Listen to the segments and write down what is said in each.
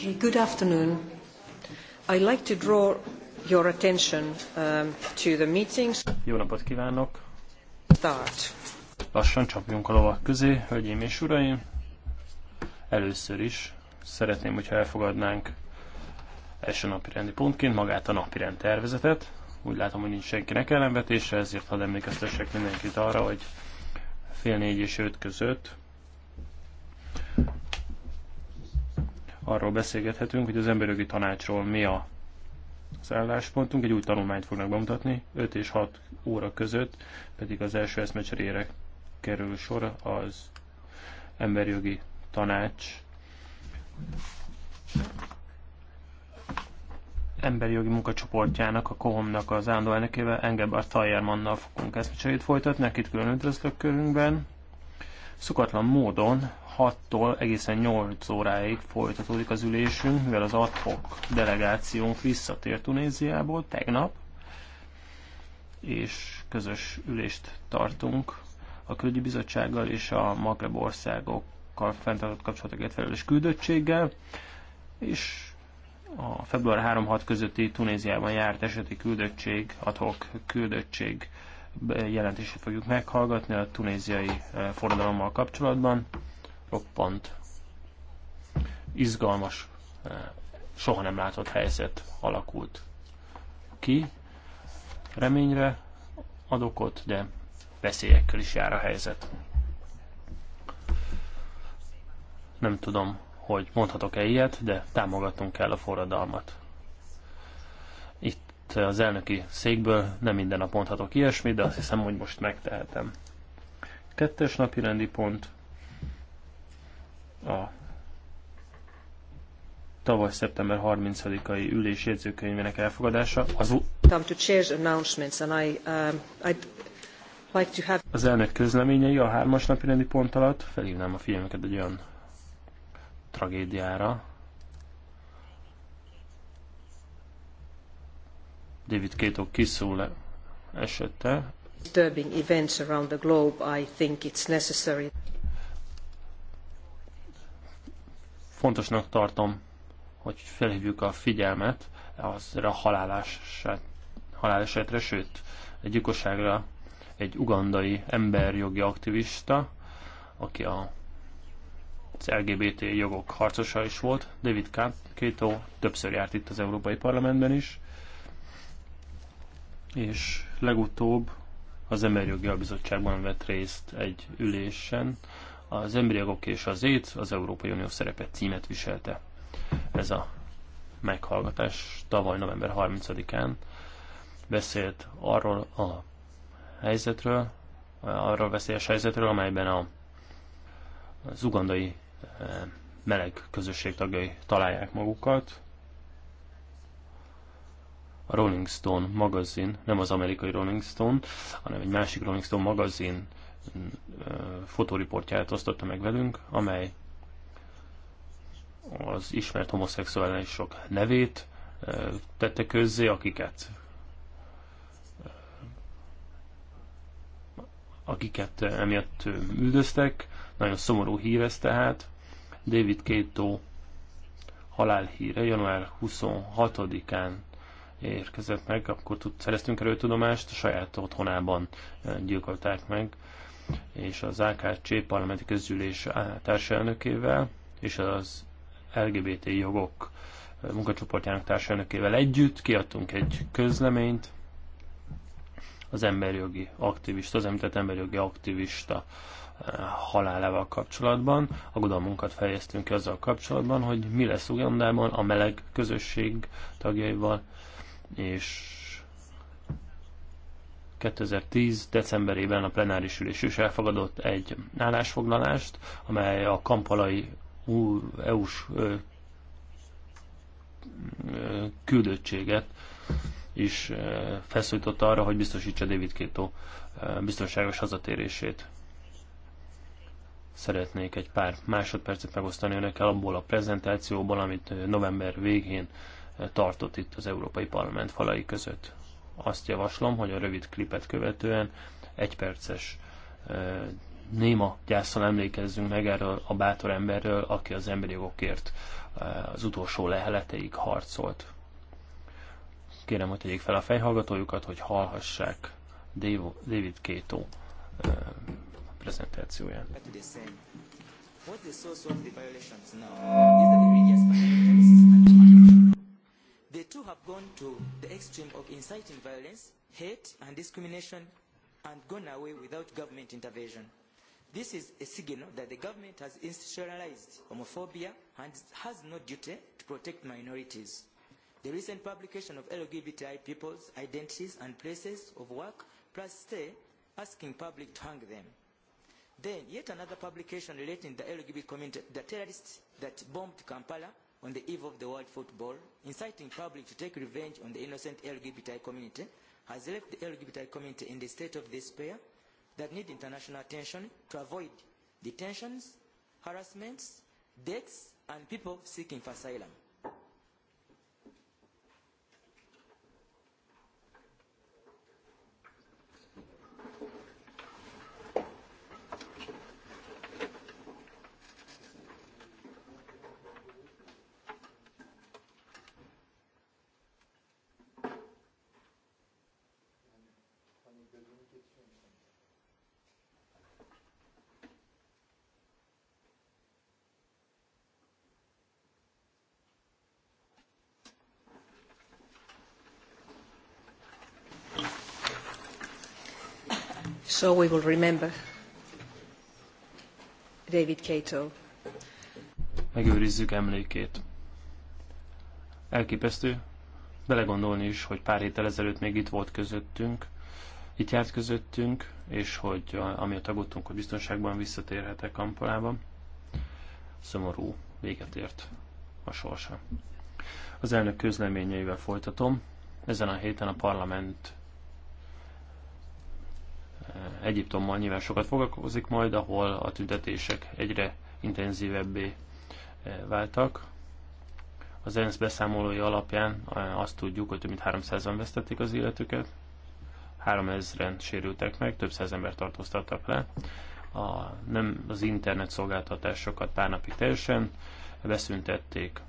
Okay, good afternoon. I'd like to draw your attention um, to the meetings. Jó napot kívánok! Start. Lassan csapjunk a lovak közé, hölgyeim és uraim. Először is szeretném, hogyha elfogadnánk első napi rendi pontként magát a napi rend tervezetet. Úgy látom, hogy nincs senkinek ellenvetése, ezért hadd emlékeztessek mindenkit arra, hogy fél négy és öt között arról beszélgethetünk, hogy az emberjogi tanácsról mi a az álláspontunk, egy új tanulmányt fognak bemutatni, 5 és 6 óra között pedig az első eszmecserére kerül sor az emberjogi tanács emberjogi munkacsoportjának, a kohomnak az állandó elnökével, Engelbart Tajermannal fogunk eszmecserét folytatni, akit külön üdvözlök körünkben. Szokatlan módon 6-tól egészen 8 óráig folytatódik az ülésünk, mivel az adhok delegációnk visszatért Tunéziából tegnap, és közös ülést tartunk a külügyi bizottsággal és a Magreb országokkal fenntartott kapcsolatokért felelős küldöttséggel, és a február 3-6 közötti Tunéziában járt eseti küldöttség, adhok küldöttség jelentését fogjuk meghallgatni a tunéziai eh, forradalommal kapcsolatban roppant izgalmas, eh, soha nem látott helyzet alakult ki. Reményre adok ott, de veszélyekkel is jár a helyzet. Nem tudom, hogy mondhatok-e ilyet, de támogatunk kell a forradalmat. Itt az elnöki székből nem minden nap mondhatok ilyesmit, de azt hiszem, hogy most megtehetem. Kettes napi rendi pont a tavaly szeptember 30-ai ülés jegyzőkönyvének elfogadása. Az, um, az elnök közleményei a hármas napi rendi pont alatt felhívnám a figyelmeket egy olyan tragédiára. David Kato kiszúl esette. Disturbing events around the globe, I think it's necessary. Fontosnak tartom, hogy felhívjuk a figyelmet az a halálesetre, halálesetre, sőt, egy gyilkosságra egy ugandai emberjogi aktivista, aki a az LGBT jogok harcosa is volt. David Kato többször járt itt az Európai Parlamentben is, és legutóbb az Emberjogi Bizottságban vett részt egy ülésen, az emberi jogok és az ÉT az Európai Unió szerepe címet viselte. Ez a meghallgatás tavaly november 30-án beszélt arról a helyzetről, arról a veszélyes helyzetről, amelyben a, az ugandai e, meleg közösség tagjai találják magukat. A Rolling Stone magazin, nem az amerikai Rolling Stone, hanem egy másik Rolling Stone magazin fotóriportját osztotta meg velünk, amely az ismert homoszexuálisok nevét tette közzé, akiket akiket emiatt üldöztek. Nagyon szomorú hír ez tehát. David Kato halálhíre január 26-án érkezett meg, akkor tud, szereztünk erről tudomást, a saját otthonában gyilkolták meg és az AKC parlamenti közgyűlés társelnökével és az LGBT jogok munkacsoportjának társelnökével együtt kiadtunk egy közleményt az emberjogi aktivista, az említett emberjogi aktivista eh, halálával kapcsolatban. Aggodalmunkat fejeztünk ki azzal kapcsolatban, hogy mi lesz Ugandában a meleg közösség tagjaival, és 2010. decemberében a plenáris ülés is elfogadott egy állásfoglalást, amely a kampalai EU-s küldöttséget is feszültotta arra, hogy biztosítsa David Kétó biztonságos hazatérését. Szeretnék egy pár másodpercet megosztani önökkel abból a prezentációból, amit november végén tartott itt az Európai Parlament falai között azt javaslom, hogy a rövid klipet követően egy perces néma gyászsal emlékezzünk meg erről a bátor emberről, aki az emberi jogokért az utolsó leheleteig harcolt. Kérem, hogy tegyék fel a fejhallgatójukat, hogy hallhassák David Kato prezentációját. What is they too have gone to the extreme of inciting violence, hate and discrimination and gone away without government intervention. This is a signal that the government has institutionalized homophobia and has no duty to protect minorities. The recent publication of LGBTI people's identities and places of work plus stay asking public to hang them. Then yet another publication relating the LGBT community, the terrorists that bombed Kampala on the eve of the World Football, inciting public to take revenge on the innocent LGBTI community, has left the LGBTI community in the state of despair that need international attention to avoid detentions, harassments, deaths, and people seeking for asylum. So we will remember David Cato. Megőrizzük emlékét. Elképesztő belegondolni is, hogy pár héttel ezelőtt még itt volt közöttünk, itt járt közöttünk, és hogy ami a tagottunk, hogy biztonságban visszatérhetek Kampolába, szomorú véget ért a sorsa. Az elnök közleményeivel folytatom. Ezen a héten a parlament Egyiptommal nyilván sokat foglalkozik majd, ahol a tüntetések egyre intenzívebbé eh, váltak. Az ENSZ beszámolói alapján eh, azt tudjuk, hogy több mint 300-an vesztették az életüket, 3000-en sérültek meg, több száz ember tartóztattak le. A, nem az internet szolgáltatásokat pár napig teljesen beszüntették,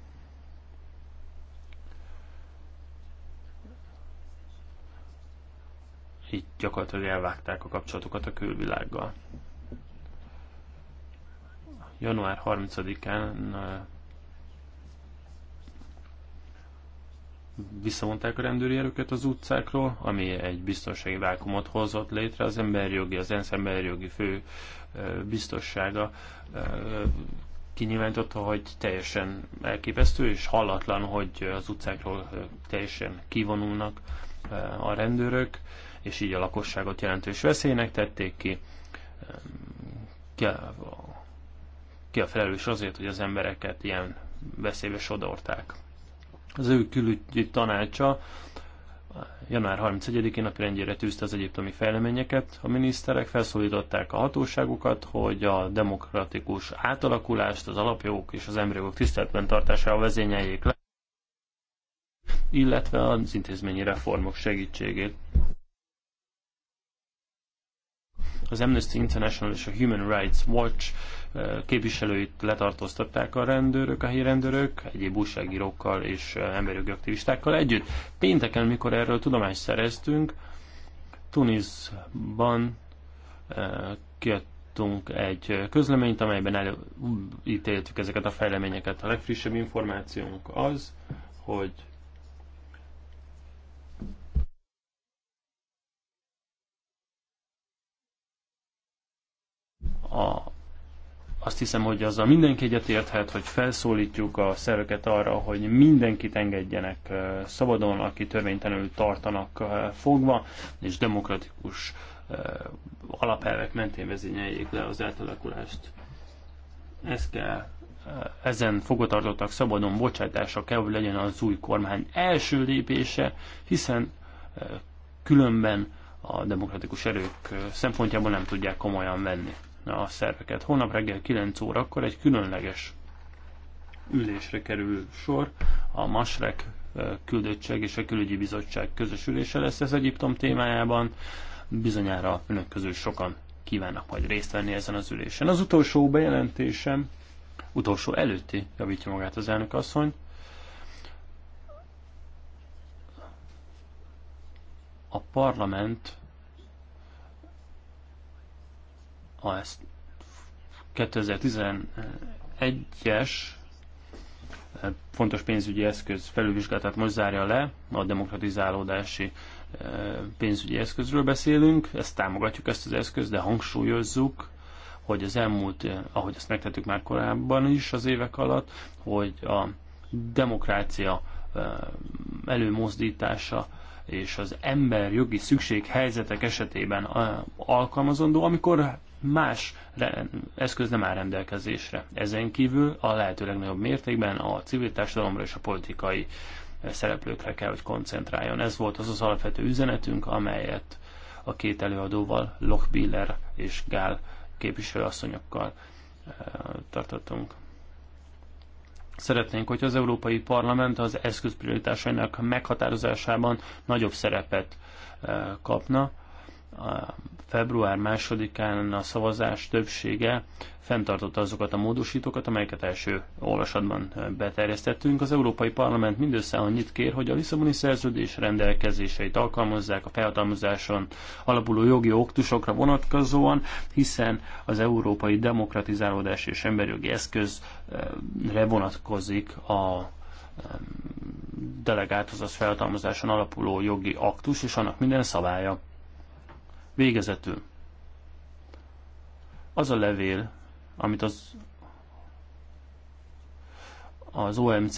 így gyakorlatilag elvágták a kapcsolatokat a külvilággal. Január 30-án visszavonták a rendőri erőket az utcákról, ami egy biztonsági vákumot hozott létre az emberjogi, az ENSZ emberjogi fő biztossága kinyilvánította, hogy teljesen elképesztő és hallatlan, hogy az utcákról teljesen kivonulnak a rendőrök és így a lakosságot jelentős veszélynek tették ki. Ki a, ki a felelős azért, hogy az embereket ilyen veszélybe sodorták. Az ő külügyi tanácsa január 31-én rendjére tűzte az egyiptomi fejleményeket. A miniszterek felszólították a hatóságokat, hogy a demokratikus átalakulást, az alapjogok és az emberjogok tiszteletben tartásával vezényeljék le, illetve az intézményi reformok segítségét az Amnesty International és a Human Rights Watch eh, képviselőit letartóztatták a rendőrök, a helyi rendőrök, egyéb újságírókkal és eh, emberjogi aktivistákkal együtt. Pénteken, mikor erről tudomást szereztünk, Tunisban eh, kiadtunk egy közleményt, amelyben elítéltük ezeket a fejleményeket. A legfrissebb információnk az, hogy a, azt hiszem, hogy azzal mindenki egyetérthet, hogy felszólítjuk a szerveket arra, hogy mindenkit engedjenek szabadon, aki törvénytelenül tartanak fogva, és demokratikus alapelvek mentén vezényeljék le az átalakulást. Ez kell, ezen fogotartottak szabadon bocsátása kell, hogy legyen az új kormány első lépése, hiszen különben a demokratikus erők szempontjából nem tudják komolyan venni a szerveket. Holnap reggel 9 órakor egy különleges ülésre kerül sor, a Masrek küldöttség és a külügyi bizottság közös ülése lesz ez Egyiptom témájában. Bizonyára önök közül sokan kívánnak majd részt venni ezen az ülésen. Az utolsó bejelentésem, utolsó előtti, javítja magát az elnök asszony, a parlament ezt 2011-es e, fontos pénzügyi eszköz felülvizsgálatát most zárja le, a demokratizálódási e, pénzügyi eszközről beszélünk, ezt támogatjuk ezt az eszközt, de hangsúlyozzuk, hogy az elmúlt, e, ahogy ezt megtettük már korábban is az évek alatt, hogy a demokrácia előmozdítása és az ember jogi szükséghelyzetek esetében alkalmazandó, amikor más eszköz nem áll rendelkezésre. Ezen kívül a lehető legnagyobb mértékben a civil társadalomra és a politikai eh, szereplőkre kell, hogy koncentráljon. Ez volt az az alapvető üzenetünk, amelyet a két előadóval, Lochbiller és Gál képviselőasszonyokkal eh, tartottunk. Szeretnénk, hogy az Európai Parlament az eszközprioritásainak meghatározásában nagyobb szerepet eh, kapna, a február másodikán a szavazás többsége fenntartotta azokat a módosítókat, amelyeket első olvasatban beterjesztettünk. Az Európai Parlament mindössze annyit kér, hogy a Lisszaboni szerződés rendelkezéseit alkalmazzák a felhatalmazáson alapuló jogi oktusokra vonatkozóan, hiszen az európai demokratizálódás és emberjogi eszközre vonatkozik a delegált, azaz felhatalmazáson alapuló jogi aktus és annak minden szabálya. Végezetül. Az a levél, amit az, az OMC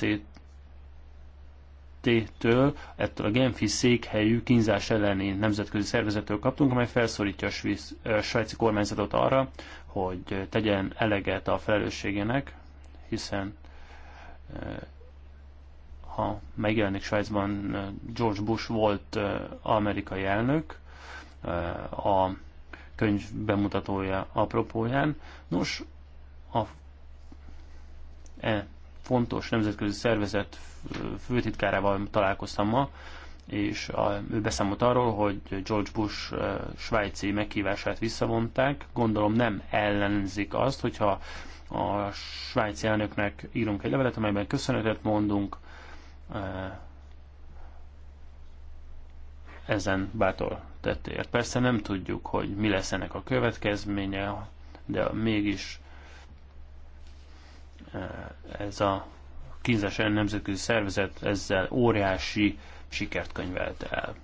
T-től, ettől a Genfi székhelyű kínzás elleni nemzetközi szervezettől kaptunk, amely felszólítja a, svisz, a svájci kormányzatot arra, hogy tegyen eleget a felelősségének, hiszen ha megjelenik Svájcban George Bush volt amerikai elnök, Eh, a könyv bemutatója apropóján. Nos, a e fontos nemzetközi szervezet főtitkárával találkoztam ma, és a, ő beszámolt arról, hogy George Bush eh, svájci meghívását visszavonták. Gondolom nem ellenzik azt, hogyha a svájci elnöknek írunk egy levelet, amelyben köszönetet mondunk, eh, ezen bátor tettet ért. Persze nem tudjuk, hogy mi lesz ennek a következménye, de mégis eh, ez a kínzás nemzetközi szervezet ezzel óriási sikert könyvelt el.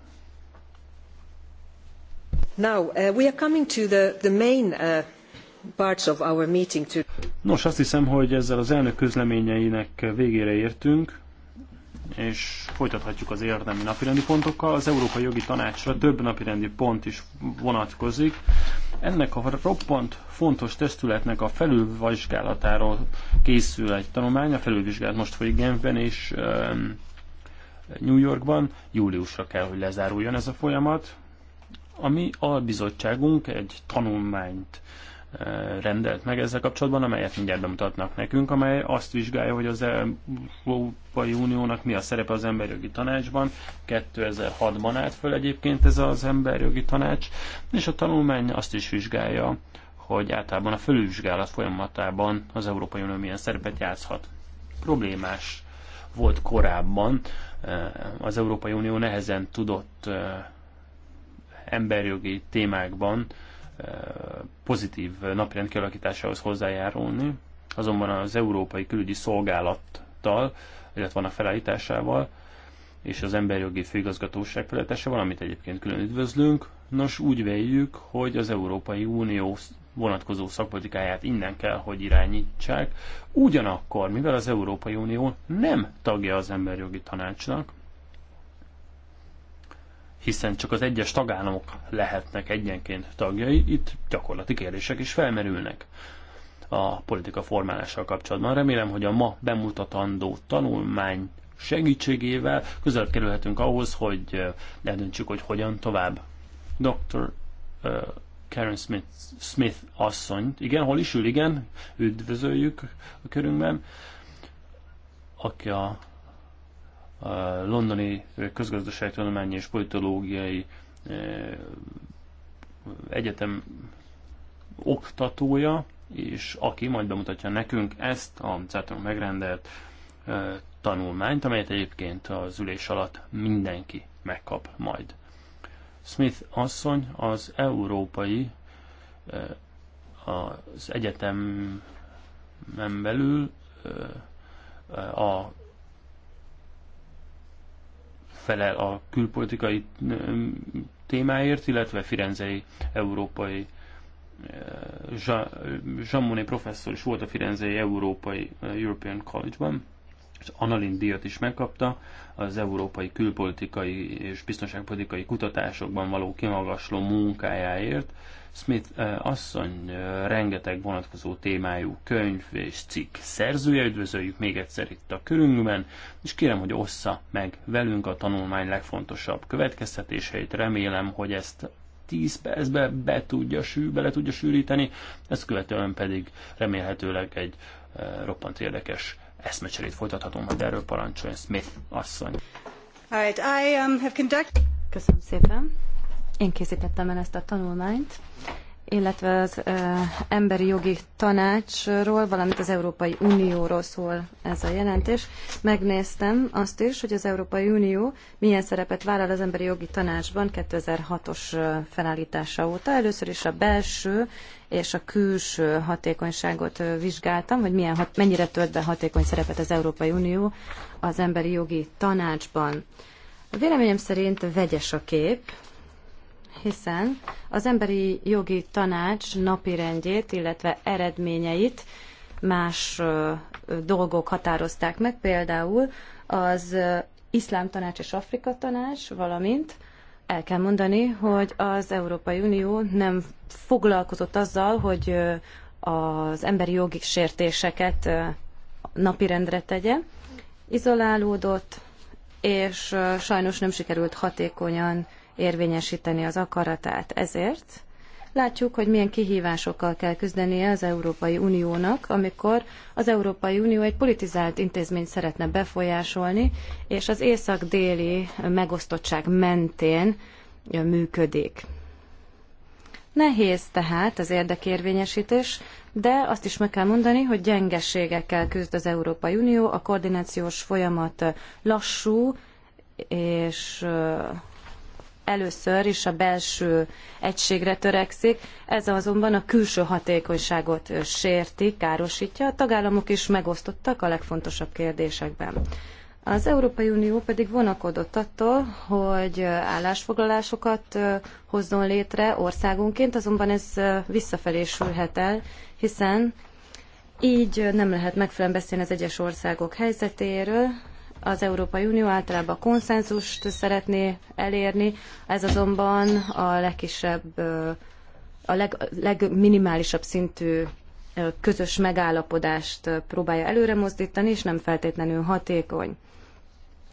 Now, uh, we are coming to the, the main uh, parts of our meeting to... Nos, azt hiszem, hogy ezzel az elnök közleményeinek végére értünk és folytathatjuk az érdemi napirendi pontokkal. Az Európai Jogi Tanácsra több napirendi pont is vonatkozik. Ennek a roppant fontos testületnek a felülvizsgálatáról készül egy tanulmány. A felülvizsgálat most folyik Genfben és New Yorkban. Júliusra kell, hogy lezáruljon ez a folyamat. A mi albizottságunk egy tanulmányt Eh, rendelt meg ezzel kapcsolatban, amelyet mindjárt bemutatnak nekünk, amely azt vizsgálja, hogy az Európai Uniónak mi a szerepe az emberjogi tanácsban. 2006-ban állt föl egyébként ez az emberjogi tanács, és a tanulmány azt is vizsgálja, hogy általában a fölülvizsgálat folyamatában az Európai Unió milyen szerepet játszhat. Problémás volt korábban, eh, az Európai Unió nehezen tudott eh, emberjogi témákban pozitív napirend kialakításához hozzájárulni, azonban az Európai Külügyi Szolgálattal, illetve annak felállításával és az Emberjogi Főigazgatóság felállítása, valamit egyébként külön üdvözlünk, nos úgy véljük, hogy az Európai Unió vonatkozó szakpolitikáját innen kell, hogy irányítsák. Ugyanakkor, mivel az Európai Unió nem tagja az Emberjogi Tanácsnak, hiszen csak az egyes tagállamok lehetnek egyenként tagjai, itt gyakorlati kérdések is felmerülnek a politika formálással kapcsolatban. Remélem, hogy a ma bemutatandó tanulmány segítségével közelebb kerülhetünk ahhoz, hogy eldöntsük, hogy hogyan tovább. Dr. Karen Smith, Smith asszony, igen, hol is ül, igen, üdvözöljük a körünkben, aki a a londoni közgazdaságtudományi és politológiai e, egyetem oktatója, és aki majd bemutatja nekünk ezt a általunk megrendelt e, tanulmányt, amelyet egyébként az ülés alatt mindenki megkap majd. Smith asszony az európai e, az egyetemen belül a felel a külpolitikai témáért, illetve Firenzei Európai Jean professzor is volt a Firenzei Európai European College-ban, és Analin díjat is megkapta az európai külpolitikai és biztonságpolitikai kutatásokban való kimagasló munkájáért, Smith asszony rengeteg vonatkozó témájú könyv és cikk szerzője, üdvözöljük még egyszer itt a körünkben, és kérem, hogy ossza meg velünk a tanulmány legfontosabb következtetéseit. Remélem, hogy ezt 10 percbe be tudja sű, bele tudja sűríteni, ezt követően pedig remélhetőleg egy roppant érdekes eszmecserét folytathatunk, majd erről parancsoljon Smith asszony. All right, I, um, have conduct... Köszönöm szépen. Én készítettem el ezt a tanulmányt, illetve az Emberi Jogi Tanácsról, valamint az Európai Unióról szól ez a jelentés. Megnéztem azt is, hogy az Európai Unió milyen szerepet vállal az Emberi Jogi Tanácsban 2006-os felállítása óta. Először is a belső és a külső hatékonyságot vizsgáltam, hogy milyen, hat, mennyire tölt be hatékony szerepet az Európai Unió az Emberi Jogi Tanácsban. A véleményem szerint vegyes a kép, hiszen az Emberi Jogi Tanács napirendjét, illetve eredményeit más dolgok határozták meg, például az Iszlám Tanács és Afrika Tanács, valamint el kell mondani, hogy az Európai Unió nem foglalkozott azzal, hogy az emberi jogi sértéseket napirendre tegye. Izolálódott, és sajnos nem sikerült hatékonyan érvényesíteni az akaratát. Ezért látjuk, hogy milyen kihívásokkal kell küzdenie az Európai Uniónak, amikor az Európai Unió egy politizált intézményt szeretne befolyásolni, és az észak-déli megosztottság mentén működik. Nehéz tehát az érdekérvényesítés, de azt is meg kell mondani, hogy gyengeségekkel küzd az Európai Unió, a koordinációs folyamat lassú, és először is a belső egységre törekszik, ez azonban a külső hatékonyságot sérti, károsítja, a tagállamok is megosztottak a legfontosabb kérdésekben. Az Európai Unió pedig vonakodott attól, hogy állásfoglalásokat hozzon létre országonként, azonban ez visszafelé sülhet el, hiszen így nem lehet megfelelően beszélni az egyes országok helyzetéről, az Európai Unió általában konszenzust szeretné elérni, ez azonban a legkisebb, a leg, legminimálisabb szintű közös megállapodást próbálja előre mozdítani, és nem feltétlenül hatékony.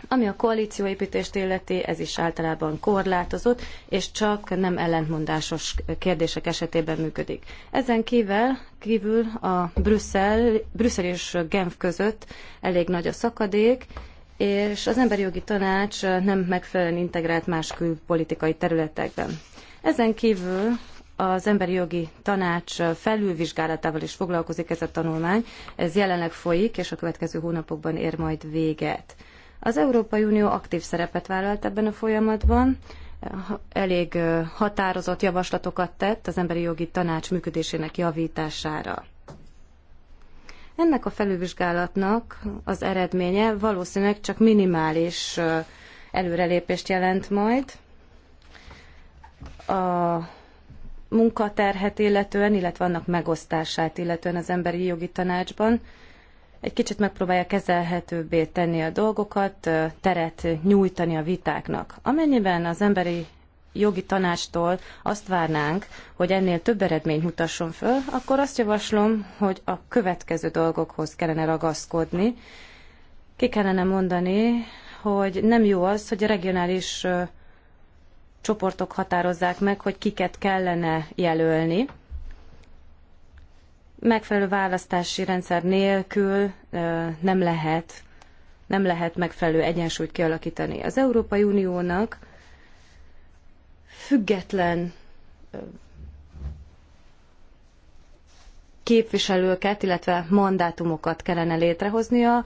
Ami a koalícióépítést illeti, ez is általában korlátozott, és csak nem ellentmondásos kérdések esetében működik. Ezen kívül, kívül a Brüsszel, Brüsszel és Genf között elég nagy a szakadék, és az emberi jogi tanács nem megfelelően integrált más külpolitikai területekben. Ezen kívül az emberi jogi tanács felülvizsgálatával is foglalkozik ez a tanulmány. Ez jelenleg folyik, és a következő hónapokban ér majd véget. Az Európai Unió aktív szerepet vállalt ebben a folyamatban, elég határozott javaslatokat tett az emberi jogi tanács működésének javítására. Ennek a felülvizsgálatnak az eredménye valószínűleg csak minimális előrelépést jelent majd. A munkaterhet illetően, illetve annak megosztását illetően az emberi jogi tanácsban egy kicsit megpróbálja kezelhetőbbé tenni a dolgokat, teret nyújtani a vitáknak. Amennyiben az emberi jogi tanástól azt várnánk, hogy ennél több eredményt mutasson föl, akkor azt javaslom, hogy a következő dolgokhoz kellene ragaszkodni. Ki kellene mondani, hogy nem jó az, hogy a regionális csoportok határozzák meg, hogy kiket kellene jelölni. Megfelelő választási rendszer nélkül nem lehet, nem lehet megfelelő egyensúlyt kialakítani. Az Európai Uniónak független képviselőket, illetve mandátumokat kellene létrehoznia,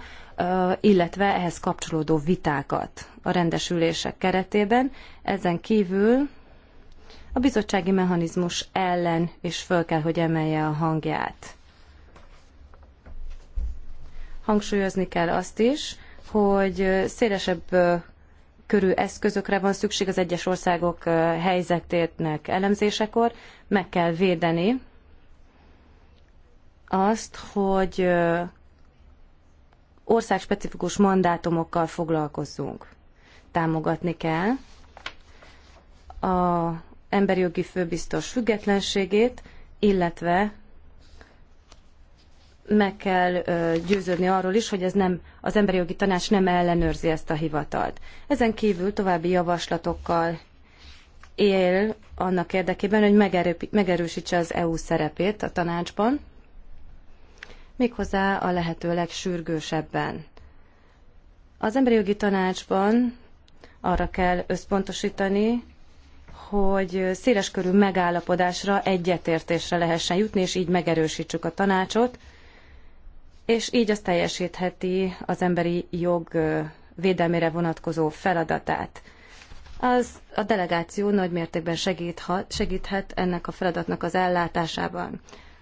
illetve ehhez kapcsolódó vitákat a rendesülések keretében. Ezen kívül a bizottsági mechanizmus ellen is föl kell, hogy emelje a hangját. Hangsúlyozni kell azt is, hogy szélesebb körű eszközökre van szükség az egyes országok helyzetének elemzésekor. Meg kell védeni azt, hogy országspecifikus mandátumokkal foglalkozzunk. Támogatni kell a emberi jogi főbiztos függetlenségét, illetve meg kell győződni arról is, hogy ez nem, az emberi jogi tanács nem ellenőrzi ezt a hivatalt. Ezen kívül további javaslatokkal él annak érdekében, hogy megerő, megerősítse az EU szerepét a tanácsban, méghozzá a lehető legsürgősebben. Az emberi jogi tanácsban arra kell összpontosítani, hogy széleskörű megállapodásra, egyetértésre lehessen jutni, és így megerősítsük a tanácsot, és így az teljesítheti az emberi jog védelmére vonatkozó feladatát. Az a delegáció nagy mértékben segíthat, segíthet ennek a feladatnak az ellátásában.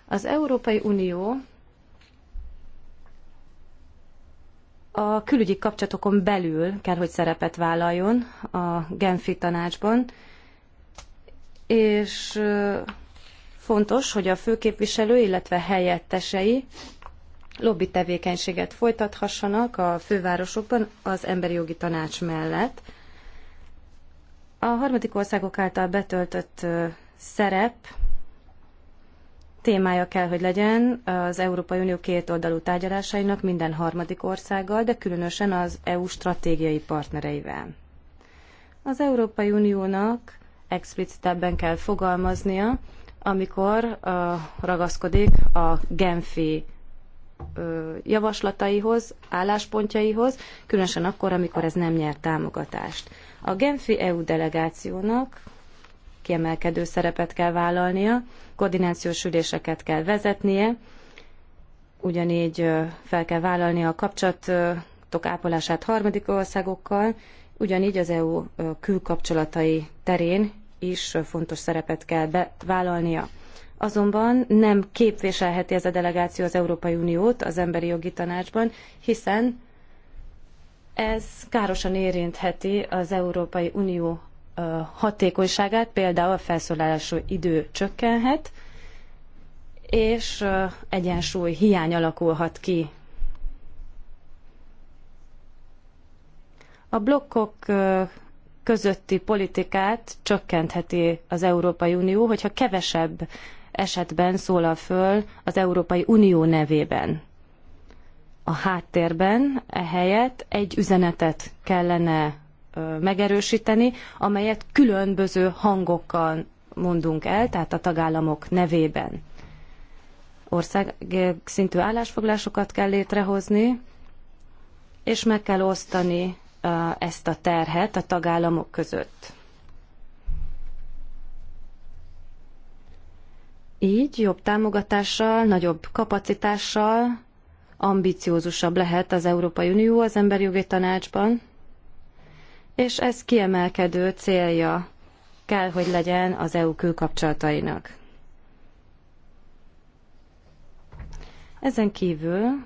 Az Európai Unió a külügyi kapcsolatokon belül kell, hogy szerepet vállaljon a Genfi tanácsban, és fontos, hogy a főképviselő, illetve helyettesei lobby tevékenységet folytathassanak a fővárosokban az emberi jogi tanács mellett. A harmadik országok által betöltött szerep témája kell, hogy legyen az Európai Unió két oldalú tárgyalásainak minden harmadik országgal, de különösen az EU stratégiai partnereivel. Az Európai Uniónak explicitebben kell fogalmaznia, amikor ragaszkodik a Genfi javaslataihoz, álláspontjaihoz, különösen akkor, amikor ez nem nyert támogatást. A Genfi EU delegációnak kiemelkedő szerepet kell vállalnia, koordinációs üléseket kell vezetnie, ugyanígy fel kell vállalnia a kapcsolatok ápolását harmadik országokkal, ugyanígy az EU külkapcsolatai terén is fontos szerepet kell bevállalnia azonban nem képviselheti ez a delegáció az Európai Uniót az Emberi Jogi Tanácsban, hiszen ez károsan érintheti az Európai Unió hatékonyságát, például a felszólalású idő csökkenhet, és egyensúly hiány alakulhat ki. A blokkok közötti politikát csökkentheti az Európai Unió, hogyha kevesebb esetben szólal föl az Európai Unió nevében. A háttérben ehelyett egy üzenetet kellene megerősíteni, amelyet különböző hangokkal mondunk el, tehát a tagállamok nevében. Országszintű állásfoglalásokat állásfoglásokat kell létrehozni, és meg kell osztani ezt a terhet a tagállamok között. Így jobb támogatással, nagyobb kapacitással ambiciózusabb lehet az Európai Unió az emberi jogi tanácsban, és ez kiemelkedő célja kell, hogy legyen az EU külkapcsolatainak. Ezen kívül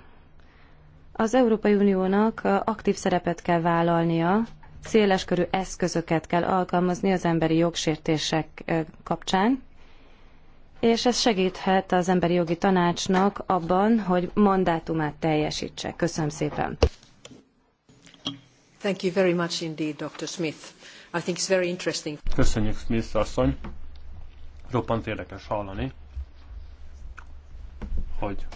az Európai Uniónak aktív szerepet kell vállalnia, széleskörű eszközöket kell alkalmazni az emberi jogsértések kapcsán, és ez segíthet az Emberi Jogi Tanácsnak abban, hogy mandátumát teljesítse. Köszönöm szépen. Thank you very much indeed, Dr. Smith. I think it's very interesting. Köszönjük, Smith asszony. Roppant érdekes hallani, hogy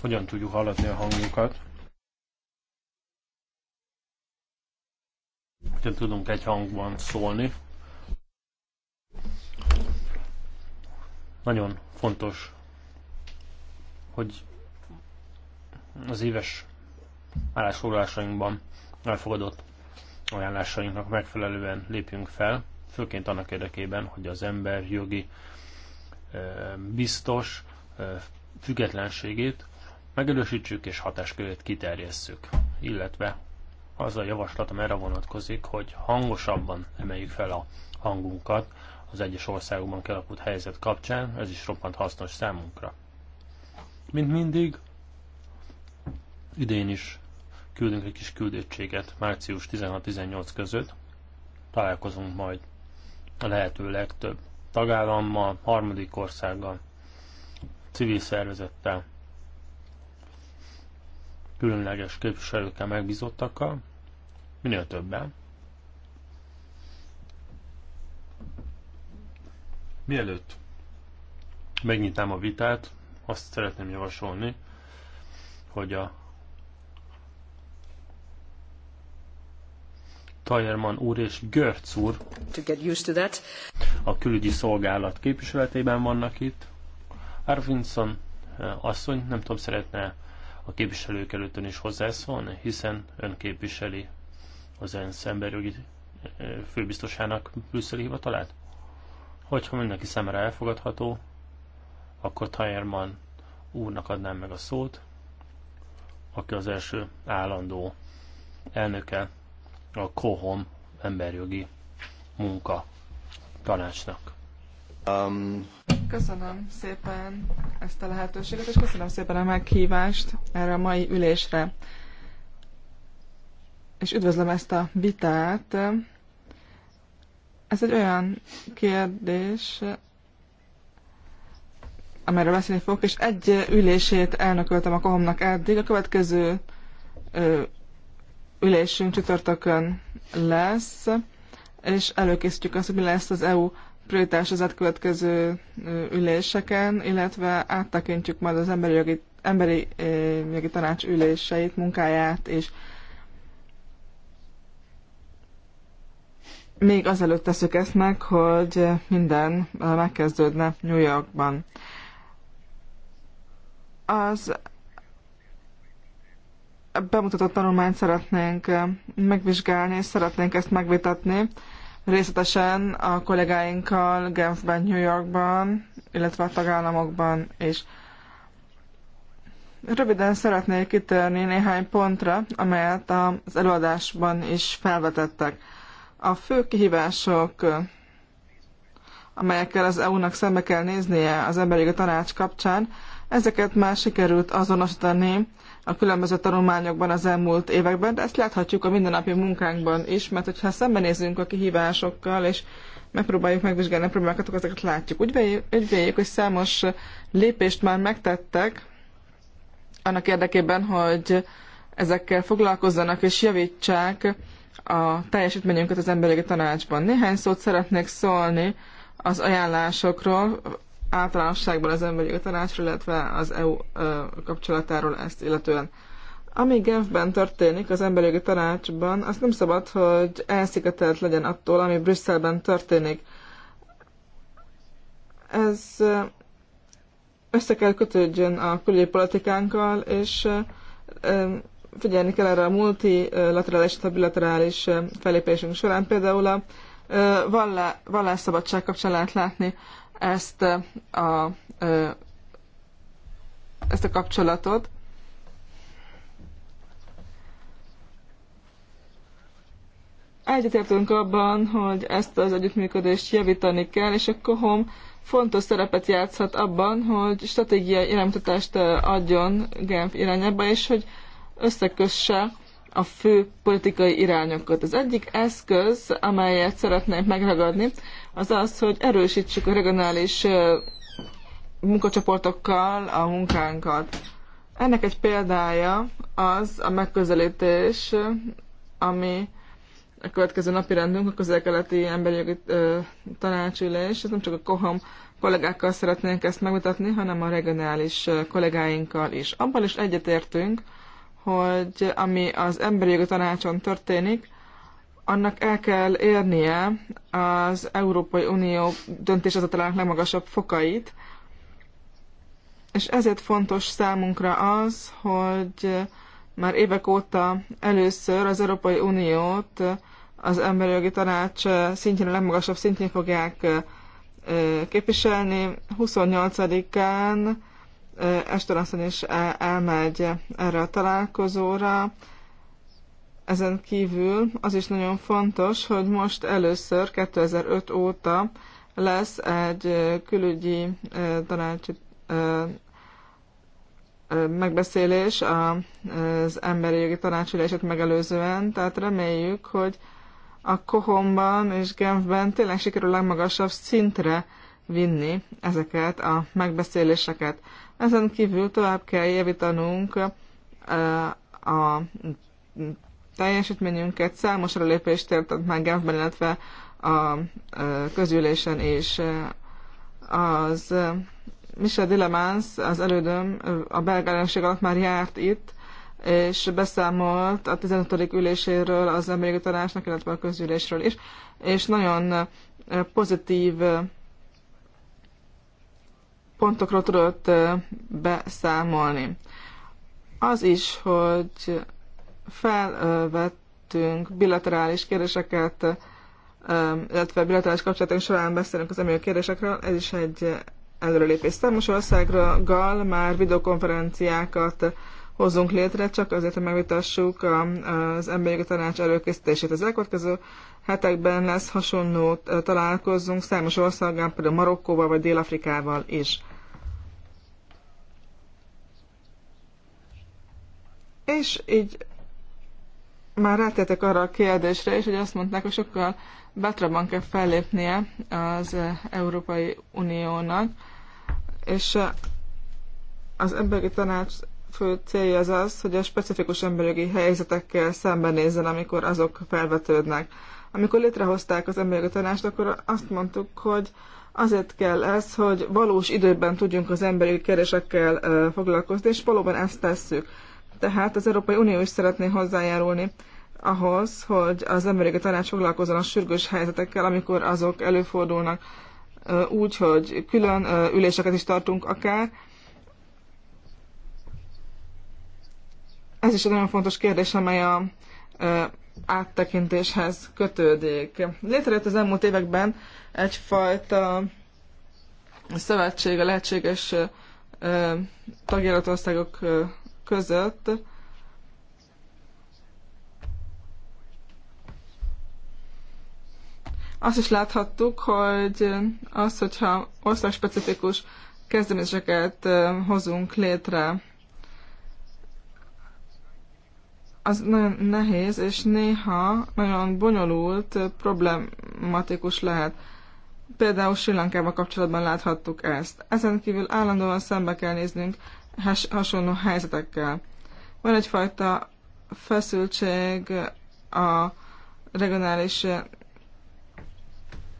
hogyan tudjuk hallatni a hangunkat, hogyan tudunk egy hangban szólni, Nagyon fontos, hogy az éves állásfoglalásainkban elfogadott ajánlásainknak megfelelően lépjünk fel, főként annak érdekében, hogy az ember jogi biztos függetlenségét megerősítsük és hatáskörét kiterjesszük, illetve az a javaslat erre vonatkozik, hogy hangosabban emeljük fel a hangunkat az egyes országokban kialakult helyzet kapcsán, ez is roppant hasznos számunkra. Mint mindig, idén is küldünk egy kis küldöttséget március 16-18 között. Találkozunk majd a lehető legtöbb tagállammal, harmadik országgal, civil szervezettel, különleges képviselőkkel, megbízottakkal, minél többen, Mielőtt megnyitám a vitát, azt szeretném javasolni, hogy a Tajerman úr és Görc úr to get used to that. a külügyi szolgálat képviseletében vannak itt. Arvinson eh, asszony, nem tudom, szeretne a képviselők előtt ön is hozzászólni, hiszen ön képviseli az ENSZ emberjogi eh, főbiztosának brüsszeli hivatalát? Hogyha mindenki szemre elfogadható, akkor Tajerman úrnak adnám meg a szót, aki az első állandó elnöke a KOHOM emberjogi munka tanácsnak. Um... Köszönöm szépen ezt a lehetőséget, és köszönöm szépen a meghívást erre a mai ülésre. És üdvözlöm ezt a vitát, ez egy olyan kérdés, amelyről beszélni fogok, és egy ülését elnököltem a kohomnak eddig. A következő ö, ülésünk csütörtökön lesz, és előkészítjük azt, hogy mi lesz az EU prioritás az átkövetkező üléseken, illetve áttekintjük majd az emberi jogi, emberi jogi tanács üléseit, munkáját és még azelőtt teszük ezt meg, hogy minden megkezdődne New Yorkban. Az bemutatott tanulmányt szeretnénk megvizsgálni, és szeretnénk ezt megvitatni részletesen a kollégáinkkal Genfben, New Yorkban, illetve a tagállamokban is. Röviden szeretnék kitérni néhány pontra, amelyet az előadásban is felvetettek. A fő kihívások, amelyekkel az EU-nak szembe kell néznie az emberi tanács kapcsán, ezeket már sikerült azonosítani a különböző tanulmányokban az elmúlt években, de ezt láthatjuk a mindennapi munkánkban is, mert hogyha szembenézünk a kihívásokkal, és megpróbáljuk megvizsgálni a problémákat, akkor ezeket látjuk. Úgy véljük, hogy számos lépést már megtettek annak érdekében, hogy ezekkel foglalkozzanak és javítsák a teljesítményünket az emberi tanácsban. Néhány szót szeretnék szólni az ajánlásokról, általánosságban az emberi tanácsról, illetve az EU kapcsolatáról ezt illetően. Ami Genfben történik az emberi jogi tanácsban, azt nem szabad, hogy elszigetelt legyen attól, ami Brüsszelben történik. Ez össze kell kötődjön a külügyi politikánkkal, és figyelni kell erre a multilaterális, a bilaterális felépésünk során. Például a vallásszabadság kapcsán lehet látni ezt a, ezt a kapcsolatot. Egyetértünk abban, hogy ezt az együttműködést javítani kell, és a kohom fontos szerepet játszhat abban, hogy stratégiai iránymutatást adjon Genf irányába, és hogy összekösse a fő politikai irányokat. Az egyik eszköz, amelyet szeretnénk megragadni, az az, hogy erősítsük a regionális munkacsoportokkal a munkánkat. Ennek egy példája az a megközelítés, ami a következő napi rendünk, a közel-keleti emberi jogi tanácsülés. Ez nem csak a kohom kollégákkal szeretnénk ezt megmutatni, hanem a regionális kollégáinkkal is. Abban is egyetértünk, hogy ami az emberi jogi tanácson történik, annak el kell érnie az Európai Unió döntéshozatalának legmagasabb fokait, és ezért fontos számunkra az, hogy már évek óta először az Európai Uniót az Emberi Jogi Tanács szintjén, a legmagasabb szintjén fogják képviselni. 28-án Eston asszony is e, elmegy erre a találkozóra. Ezen kívül az is nagyon fontos, hogy most először 2005 óta lesz egy e, külügyi e, tanács megbeszélés az emberi jogi tanácsülését megelőzően, tehát reméljük, hogy a Kohomban és Genfben tényleg sikerül legmagasabb szintre vinni ezeket a megbeszéléseket. Ezen kívül tovább kell javítanunk a teljesítményünket. Számos lépést történt már Genfben, illetve a közülésen és az Michel Dilemans, az elődöm, a belga ellenség alatt már járt itt, és beszámolt a 15. üléséről az emberi tanácsnak, illetve a közülésről is, és nagyon pozitív pontokról tudott beszámolni. Az is, hogy felvettünk bilaterális kérdéseket, illetve bilaterális kapcsolatunk során beszélünk az emlő kérdésekről, ez is egy előrelépés. Számos országgal már videokonferenciákat hozzunk létre, csak azért, hogy megvitassuk az emberi tanács előkészítését. Az elkövetkező hetekben lesz hasonló találkozunk számos országgal, például Marokkóval vagy Dél-Afrikával is. És így már rátértek arra a kérdésre is, hogy azt mondták, hogy sokkal bátrabban kell fellépnie az eh, Európai Uniónak, és eh, az emberi tanács fő célja az az, hogy a specifikus emberi helyzetekkel szembenézzen, amikor azok felvetődnek. Amikor létrehozták az emberi tanást, akkor azt mondtuk, hogy azért kell ez, hogy valós időben tudjunk az emberi kérésekkel eh, foglalkozni, és valóban ezt tesszük. Tehát az Európai Unió is szeretné hozzájárulni ahhoz, hogy az amerikai tanács foglalkozzon a sürgős helyzetekkel, amikor azok előfordulnak úgy, hogy külön üléseket is tartunk akár. Ez is egy nagyon fontos kérdés, amely a áttekintéshez kötődik. Létrejött az elmúlt években egyfajta szövetség a lehetséges tagjelölt országok között azt is láthattuk, hogy az, hogyha országspecifikus kezdeményezéseket hozunk létre, az nagyon nehéz, és néha nagyon bonyolult, problematikus lehet. Például Sri Lankával kapcsolatban láthattuk ezt. Ezen kívül állandóan szembe kell néznünk hasonló helyzetekkel. Van egyfajta feszültség a regionális eh,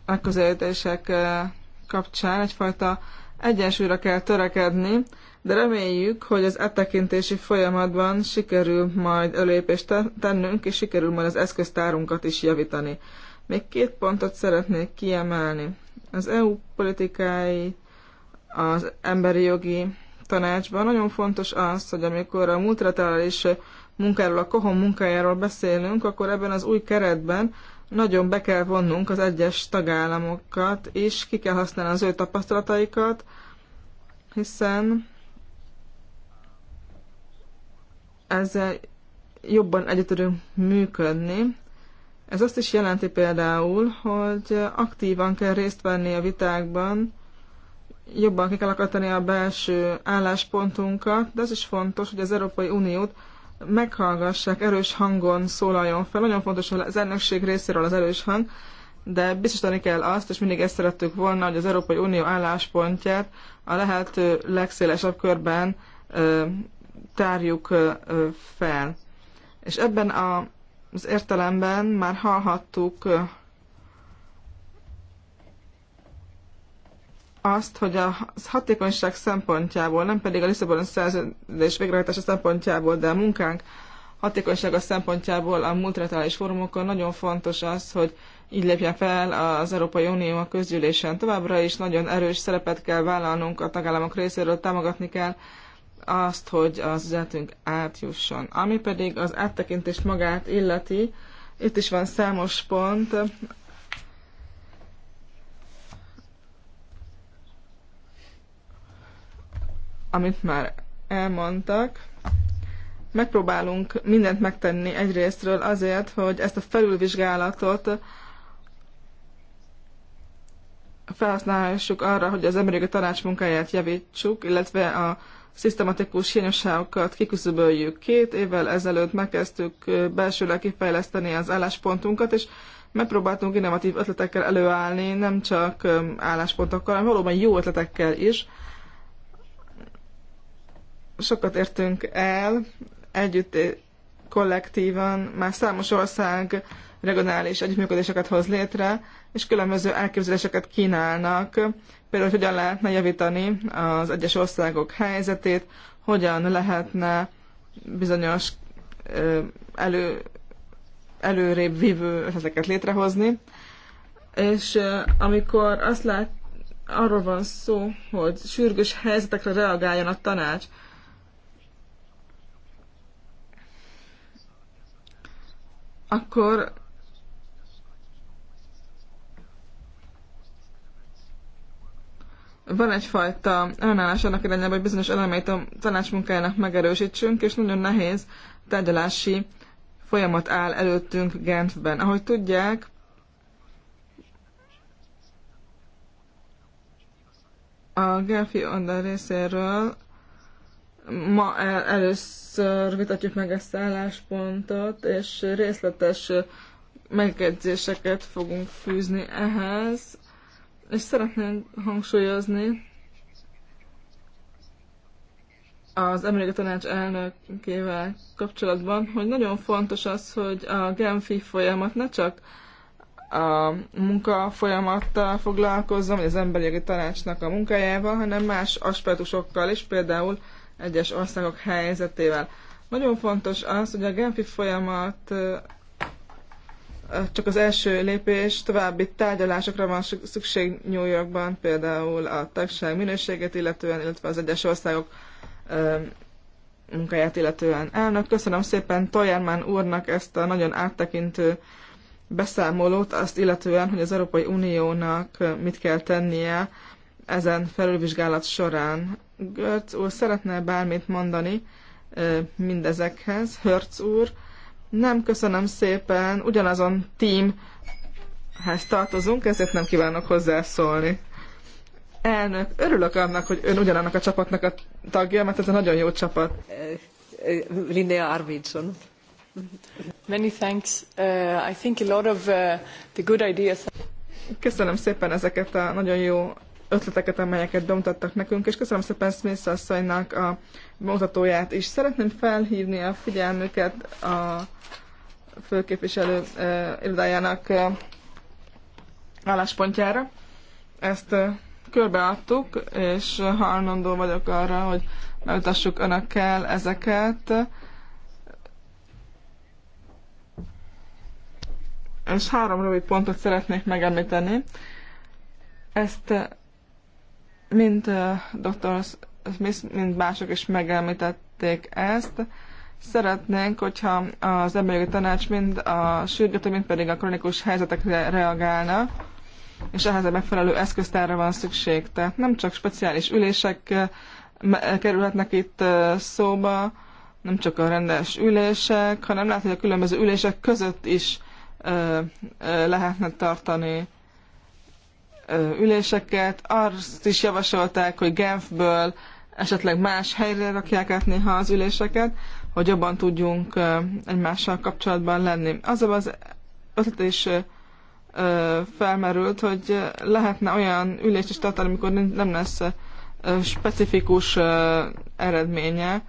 megközelítések eh, kapcsán, egyfajta egyensúlyra kell törekedni, de reméljük, hogy az áttekintési e folyamatban sikerül majd előépést tennünk, és sikerül majd az eszköztárunkat is javítani. Még két pontot szeretnék kiemelni. Az EU politikái, az emberi jogi tanácsban. Nagyon fontos az, hogy amikor a multilaterális munkáról, a kohon munkájáról beszélünk, akkor ebben az új keretben nagyon be kell vonnunk az egyes tagállamokat, és ki kell használni az ő tapasztalataikat, hiszen ezzel jobban együtt tudunk működni. Ez azt is jelenti például, hogy aktívan kell részt venni a vitákban, jobban ki kell akartani a belső álláspontunkat, de az is fontos, hogy az Európai Uniót meghallgassák, erős hangon szólaljon fel. Nagyon fontos, hogy az elnökség részéről az erős hang, de biztosítani kell azt, és mindig ezt szerettük volna, hogy az Európai Unió álláspontját a lehető legszélesebb körben tárjuk fel. És ebben a, az értelemben már hallhattuk azt, hogy a hatékonyság szempontjából, nem pedig a Lisszaboni szerződés végrehajtása szempontjából, de a munkánk hatékonysága szempontjából a multilaterális fórumokon nagyon fontos az, hogy így lépjen fel az Európai Unió a közgyűlésen. Továbbra is nagyon erős szerepet kell vállalnunk a tagállamok részéről, támogatni kell azt, hogy az üzletünk átjusson. Ami pedig az áttekintést magát illeti, itt is van számos pont, amit már elmondtak. Megpróbálunk mindent megtenni egyrésztről azért, hogy ezt a felülvizsgálatot felhasználhassuk arra, hogy az emberi tanács munkáját javítsuk, illetve a szisztematikus hiányosságokat kiküszöböljük. Két évvel ezelőtt megkezdtük belsőleg kifejleszteni az álláspontunkat, és megpróbáltunk innovatív ötletekkel előállni, nem csak álláspontokkal, hanem valóban jó ötletekkel is sokat értünk el, együtt kollektívan, már számos ország regionális együttműködéseket hoz létre, és különböző elképzeléseket kínálnak, például hogy hogyan lehetne javítani az egyes országok helyzetét, hogyan lehetne bizonyos elő, előrébb vívő ezeket létrehozni. És amikor azt lát, arról van szó, hogy sürgős helyzetekre reagáljon a tanács, akkor van egyfajta önállás annak irányában, hogy bizonyos elemeit a tanácsmunkájának megerősítsünk, és nagyon nehéz tárgyalási folyamat áll előttünk Genfben. Ahogy tudják, a Gelfi Onda részéről ma el, először vitatjuk meg ezt álláspontot, és részletes megjegyzéseket fogunk fűzni ehhez, és szeretném hangsúlyozni az Amerikai Tanács elnökével kapcsolatban, hogy nagyon fontos az, hogy a Genfi folyamat ne csak a munka folyamattal foglalkozzon, vagy az emberi tanácsnak a munkájával, hanem más aspektusokkal is, például egyes országok helyzetével. Nagyon fontos az, hogy a Genfi folyamat csak az első lépés, további tárgyalásokra van szükség New Yorkban, például a tagság minőséget illetően, illetve az egyes országok munkáját illetően. Elnök, köszönöm szépen Tojermán úrnak ezt a nagyon áttekintő beszámolót, azt illetően, hogy az Európai Uniónak mit kell tennie ezen felülvizsgálat során. Görc úr szeretne bármit mondani mindezekhez. Hörc úr, nem köszönöm szépen, ugyanazon teamhez tartozunk, ezért nem kívánok hozzászólni. Elnök, örülök annak, hogy ön ugyanannak a csapatnak a tagja, mert ez a nagyon jó csapat. Linnea Arvidsson. Many thanks. Uh, I think a lot of uh, the good ideas. Köszönöm szépen ezeket a nagyon jó ötleteket, amelyeket bemutattak nekünk, és köszönöm szépen Smith asszonynak a mutatóját is. Szeretném felhívni a figyelmüket a főképviselő uh, irodájának uh, álláspontjára. Ezt uh, körbeadtuk, és hajlandó vagyok arra, hogy megmutassuk önökkel ezeket. És három rövid pontot szeretnék megemlíteni. Ezt mint dr. Smith, mint mások is megelmítették ezt, szeretnénk, hogyha az emberi tanács mind a sürgető, mind pedig a kronikus helyzetekre reagálna, és ehhez a megfelelő eszköztárra van szükség. Tehát nem csak speciális ülések kerülhetnek itt szóba, nem csak a rendes ülések, hanem lehet, hogy a különböző ülések között is lehetne tartani üléseket. Azt is javasolták, hogy Genfből esetleg más helyre rakják át néha az üléseket, hogy jobban tudjunk egymással kapcsolatban lenni. Az az ötlet is felmerült, hogy lehetne olyan ülést is tartani, amikor nem lesz specifikus eredménye.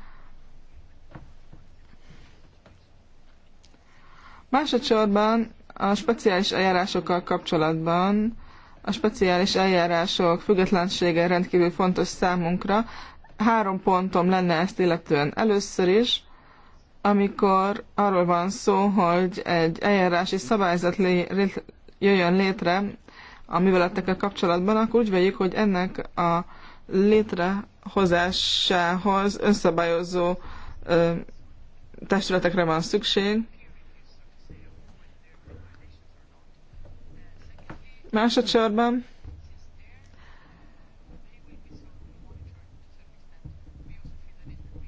Másodszorban a speciális eljárásokkal kapcsolatban a speciális eljárások függetlensége rendkívül fontos számunkra. Három pontom lenne ezt illetően. Először is, amikor arról van szó, hogy egy eljárási szabályzat lé- jöjjön létre a műveletekkel kapcsolatban, akkor úgy vegyük, hogy ennek a létrehozásához önszabályozó ö, testületekre van szükség, Másodszorban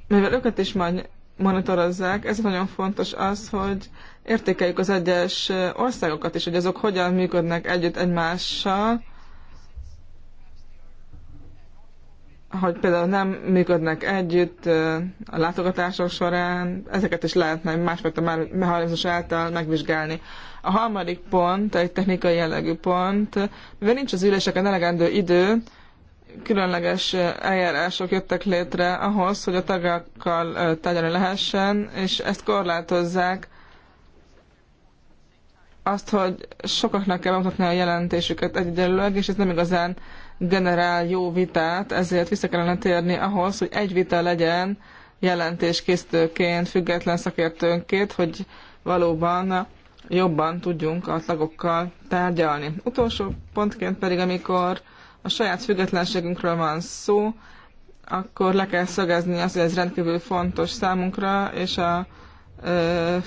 mivel őket is majd monitorozzák, ez nagyon fontos az, hogy értékeljük az egyes országokat is, hogy azok hogyan működnek együtt egymással, hogy például nem működnek együtt a látogatások során, ezeket is lehetne másfajta mechanizmus által megvizsgálni. A harmadik pont egy technikai jellegű pont, mivel nincs az üléseken elegendő idő, különleges eljárások jöttek létre ahhoz, hogy a tagokkal tárgyalni lehessen, és ezt korlátozzák azt, hogy sokaknak kell bemutatni a jelentésüket egyedülőleg, és ez nem igazán uh, generál jó vitát, ezért vissza kellene térni ahhoz, hogy egy vita legyen jelentéskészítőként, független szakértőnként, hogy valóban jobban tudjunk a tagokkal tárgyalni. Utolsó pontként pedig, amikor a saját függetlenségünkről van szó, akkor le kell szögezni azt, hogy ez rendkívül fontos számunkra, és a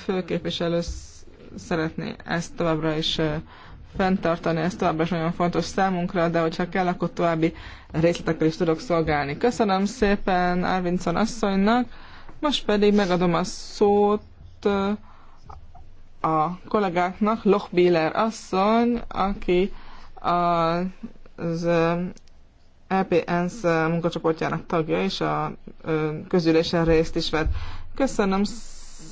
főképviselő szeretné ezt továbbra is fenntartani, ez továbbra is nagyon fontos számunkra, de hogyha kell, akkor további részletekkel is tudok szolgálni. Köszönöm szépen Árvincon asszonynak, most pedig megadom a szót a kollégáknak, Loch Bieler asszony, aki az LPNS e munkacsoportjának tagja, és a közülésen részt is vett. Köszönöm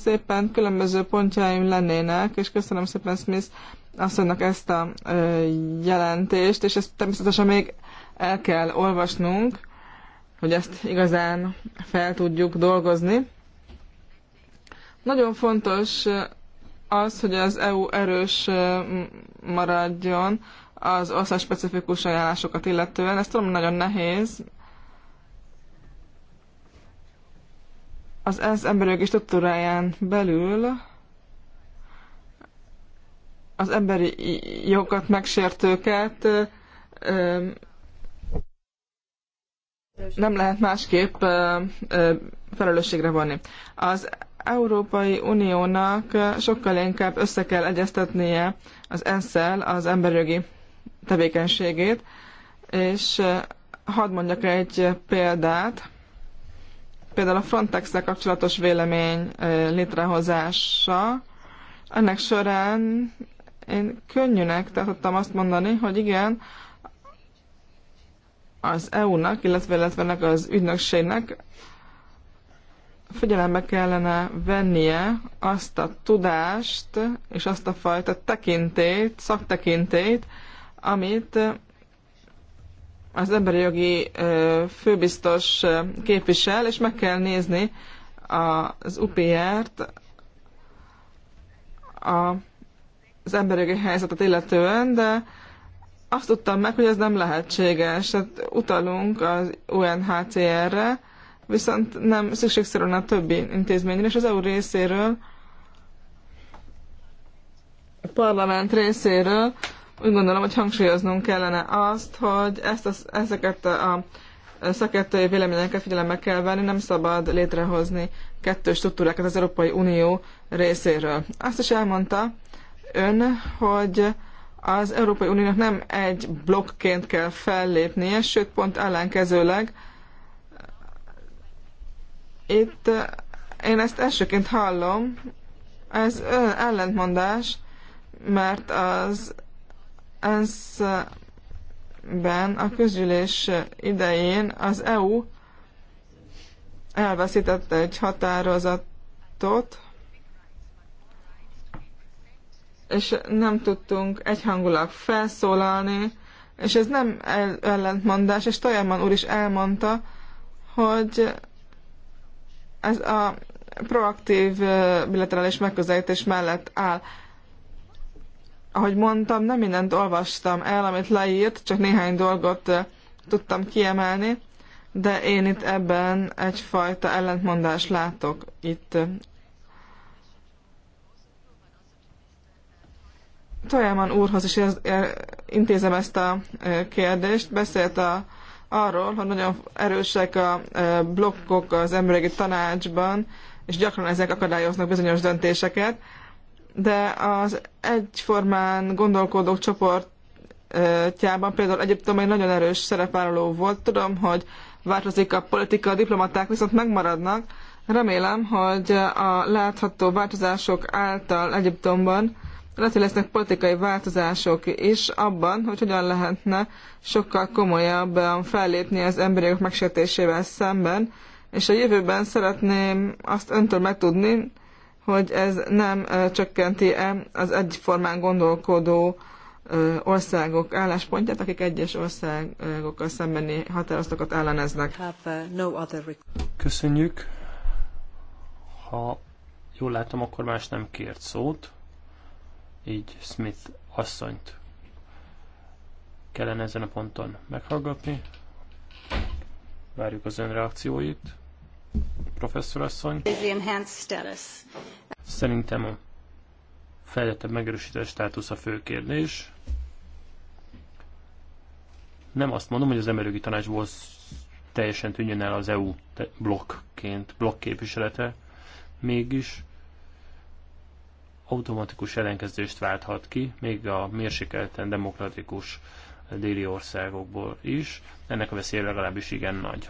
szépen, különböző pontjaim lennének, és köszönöm szépen Smith asszonynak ezt a jelentést, és ezt természetesen még el kell olvasnunk, hogy ezt igazán fel tudjuk dolgozni. Nagyon fontos az, hogy az EU erős maradjon az ország specifikus ajánlásokat illetően. Ez tudom, nagyon nehéz. Az emberek is tudtóráján belül az emberi jogokat megsértőket nem lehet másképp felelősségre vonni. Az Európai Uniónak sokkal inkább össze kell egyeztetnie az ensz az emberjogi tevékenységét, és hadd mondjak egy példát, például a frontex kapcsolatos vélemény létrehozása, ennek során én könnyűnek tartottam azt mondani, hogy igen, az EU-nak, illetve, illetve ennek az ügynökségnek figyelembe kellene vennie azt a tudást és azt a fajta tekintét, szaktekintét, amit az emberi jogi főbiztos képvisel, és meg kell nézni az UPR-t a az emberi helyzetet illetően, de azt tudtam meg, hogy ez nem lehetséges. Tehát utalunk az UNHCR-re, viszont nem szükségszerűen a többi intézményre, és az EU részéről, a parlament részéről úgy gondolom, hogy hangsúlyoznunk kellene azt, hogy ezt a, ezeket a szakértői véleményeket figyelembe kell venni, nem szabad létrehozni kettős struktúrákat az Európai Unió részéről. Azt is elmondta, ön, hogy az Európai Uniónak nem egy blokkként kell fellépnie, sőt pont ellenkezőleg. Itt eh, én ezt elsőként hallom, ez ön ellentmondás, mert az ENSZ-ben a közgyűlés idején az EU elveszítette egy határozatot, és nem tudtunk egyhangulag felszólalni, és ez nem ellentmondás, és Toyerman úr is elmondta, hogy ez a proaktív bilaterális megközelítés mellett áll. Ahogy mondtam, nem mindent olvastam el, amit leírt, csak néhány dolgot tudtam kiemelni, de én itt ebben egyfajta ellentmondást látok itt Tojáman úrhoz is ez, e- intézem ezt a e, kérdést. Beszélt a, arról, hogy nagyon erősek a e, blokkok az emberi tanácsban, és gyakran ezek akadályoznak bizonyos döntéseket, de az egyformán gondolkodók csoportjában például Egyiptom egy nagyon erős szerepvállaló volt. Tudom, hogy változik a politika, a diplomaták viszont megmaradnak. Remélem, hogy a látható változások által Egyiptomban lehet, lesznek politikai változások is abban, hogy hogyan lehetne sokkal komolyabban fellépni az emberi jogok megsértésével szemben, és a jövőben szeretném azt öntől megtudni, hogy ez nem csökkenti-e az egyformán gondolkodó országok álláspontját, akik egyes országokkal szembeni határozatokat elleneznek. Köszönjük. Ha jól látom, akkor más nem kért szót így Smith asszonyt kellene ezen a ponton meghallgatni. Várjuk az ön reakcióit. Professzor asszony. Szerintem a fejlettebb megerősített státusz a fő kérdés. Nem azt mondom, hogy az emberi tanácsból teljesen tűnjön el az EU blokkként, blokk képviselete. Mégis automatikus ellenkezést válthat ki, még a mérsékelten demokratikus déli országokból is. Ennek a veszélye legalábbis igen nagy.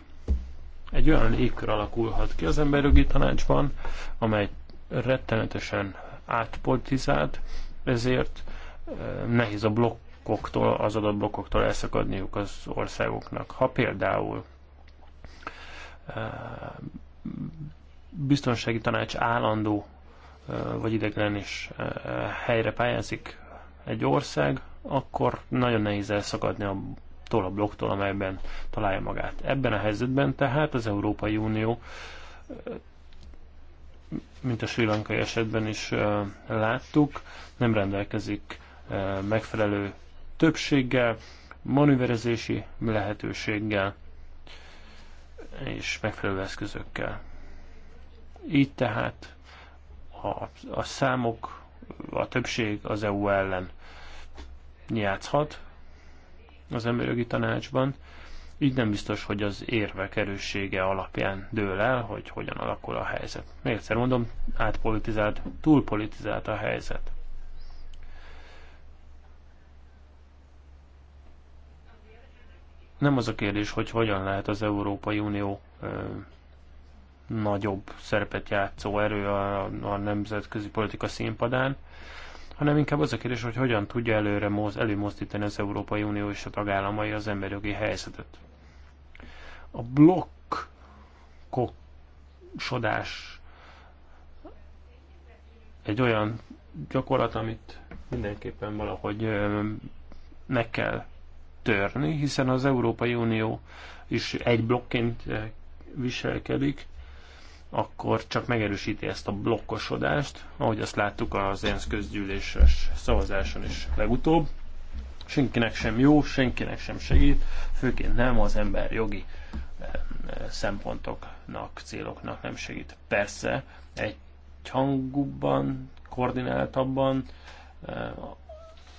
Egy olyan légkör alakulhat ki az emberjogi tanácsban, amely rettenetesen átpolitizált, ezért eh, nehéz a blokkoktól, az adott blokkoktól elszakadniuk az országoknak. Ha például eh, biztonsági tanács állandó vagy is helyre pályázik egy ország, akkor nagyon nehéz elszakadni a attól a blokktól, amelyben találja magát. Ebben a helyzetben tehát az Európai Unió, mint a sri lankai esetben is láttuk, nem rendelkezik megfelelő többséggel, manőverezési lehetőséggel és megfelelő eszközökkel. Így tehát a, a számok, a többség az EU ellen játszhat az emberi tanácsban. Így nem biztos, hogy az érvek erőssége alapján dől el, hogy hogyan alakul a helyzet. Még egyszer mondom, átpolitizált, túlpolitizált a helyzet. Nem az a kérdés, hogy hogyan lehet az Európai Unió nagyobb szerepet játszó erő a, a nemzetközi politika színpadán, hanem inkább az a kérdés, hogy hogyan tudja előre moz, előmozdítani az Európai Unió és a tagállamai az emberjogi helyzetet. A sodás egy olyan gyakorlat, amit mindenképpen valahogy meg kell törni, hiszen az Európai Unió is egy blokként viselkedik, akkor csak megerősíti ezt a blokkosodást, ahogy azt láttuk az ENSZ közgyűléses szavazáson is legutóbb. Senkinek sem jó, senkinek sem segít, főként nem az ember jogi szempontoknak, céloknak nem segít. Persze, egy hangúbban, koordináltabban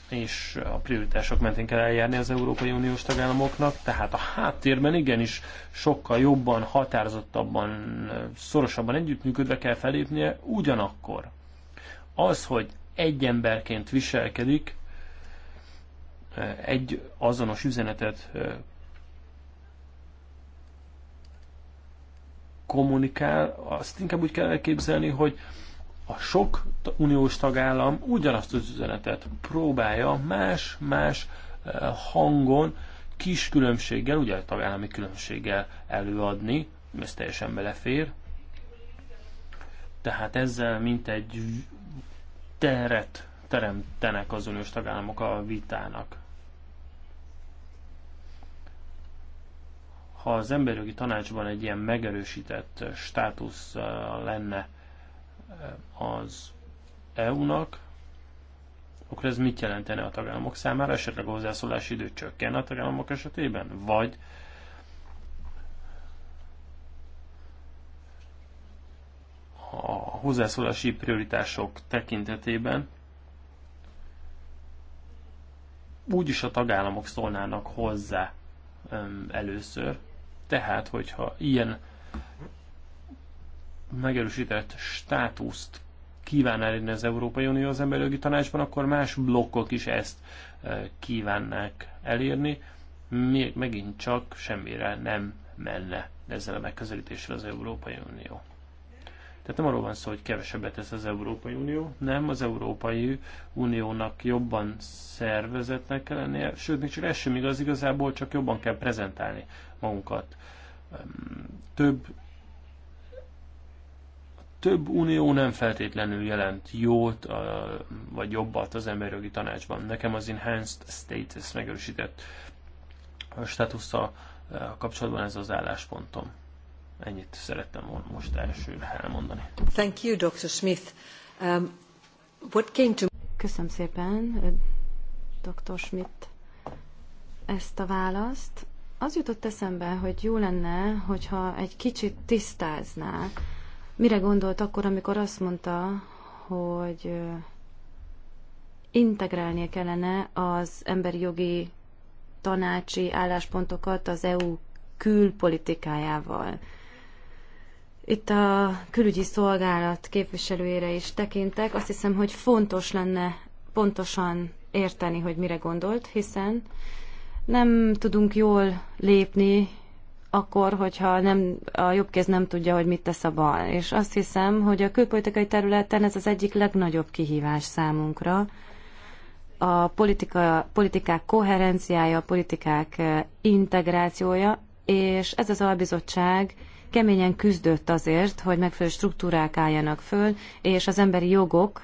és a prioritások mentén kell eljárni az Európai Uniós tagállamoknak, tehát a háttérben igenis sokkal jobban, határozottabban, szorosabban együttműködve kell felépnie, ugyanakkor az, hogy egy emberként viselkedik, eh, egy azonos üzenetet eh, kommunikál, azt inkább úgy kell elképzelni, hogy a sok uniós tagállam ugyanazt az üzenetet próbálja más-más eh, hangon, kis különbséggel, ugye a tagállami különbséggel előadni, ez teljesen belefér. Tehát ezzel mint egy teret teremtenek az uniós tagállamok a vitának. Ha az emberjogi tanácsban egy ilyen megerősített státusz eh, lenne az EU-nak, akkor ez mit jelentene a tagállamok számára? Esetleg a hozzászólási idő csökken a tagállamok esetében? Vagy a hozzászólási prioritások tekintetében úgyis a tagállamok szólnának hozzá először. Tehát, hogyha ilyen megerősített státuszt kíván elérni az Európai Unió az Emberjogi Tanácsban, akkor más blokkok is ezt e, kívánnák elérni. Még megint csak semmire nem menne ezzel a megközelítéssel az Európai Unió. Tehát nem arról van szó, hogy kevesebbet tesz az Európai Unió, nem, az Európai Uniónak jobban szervezetnek kell lennie, sőt, még csak ez sem igaz, igazából csak jobban kell prezentálni magunkat. Több több unió nem feltétlenül jelent jót, vagy jobbat az emberjogi tanácsban. Nekem az enhanced status megerősített státusza eh, kapcsolatban ez az álláspontom. Ennyit szerettem volna most elsőre elmondani. Thank you, Dr. Smith. Um, what came to... Köszönöm szépen, Dr. Smith, ezt a választ. Az jutott eszembe, hogy jó lenne, hogyha egy kicsit tisztázná Mire gondolt akkor, amikor azt mondta, hogy integrálnia kellene az emberi jogi tanácsi álláspontokat az EU külpolitikájával. Itt a külügyi szolgálat képviselőjére is tekintek. Azt hiszem, hogy fontos lenne pontosan érteni, hogy mire gondolt, hiszen nem tudunk jól lépni akkor, hogyha nem, a jobb kéz nem tudja, hogy mit tesz a bal. És azt hiszem, hogy a külpolitikai területen ez az egyik legnagyobb kihívás számunkra. A politika, politikák koherenciája, a politikák eh, integrációja, és ez az albizottság keményen küzdött azért, hogy megfelelő struktúrák álljanak föl, és az emberi jogok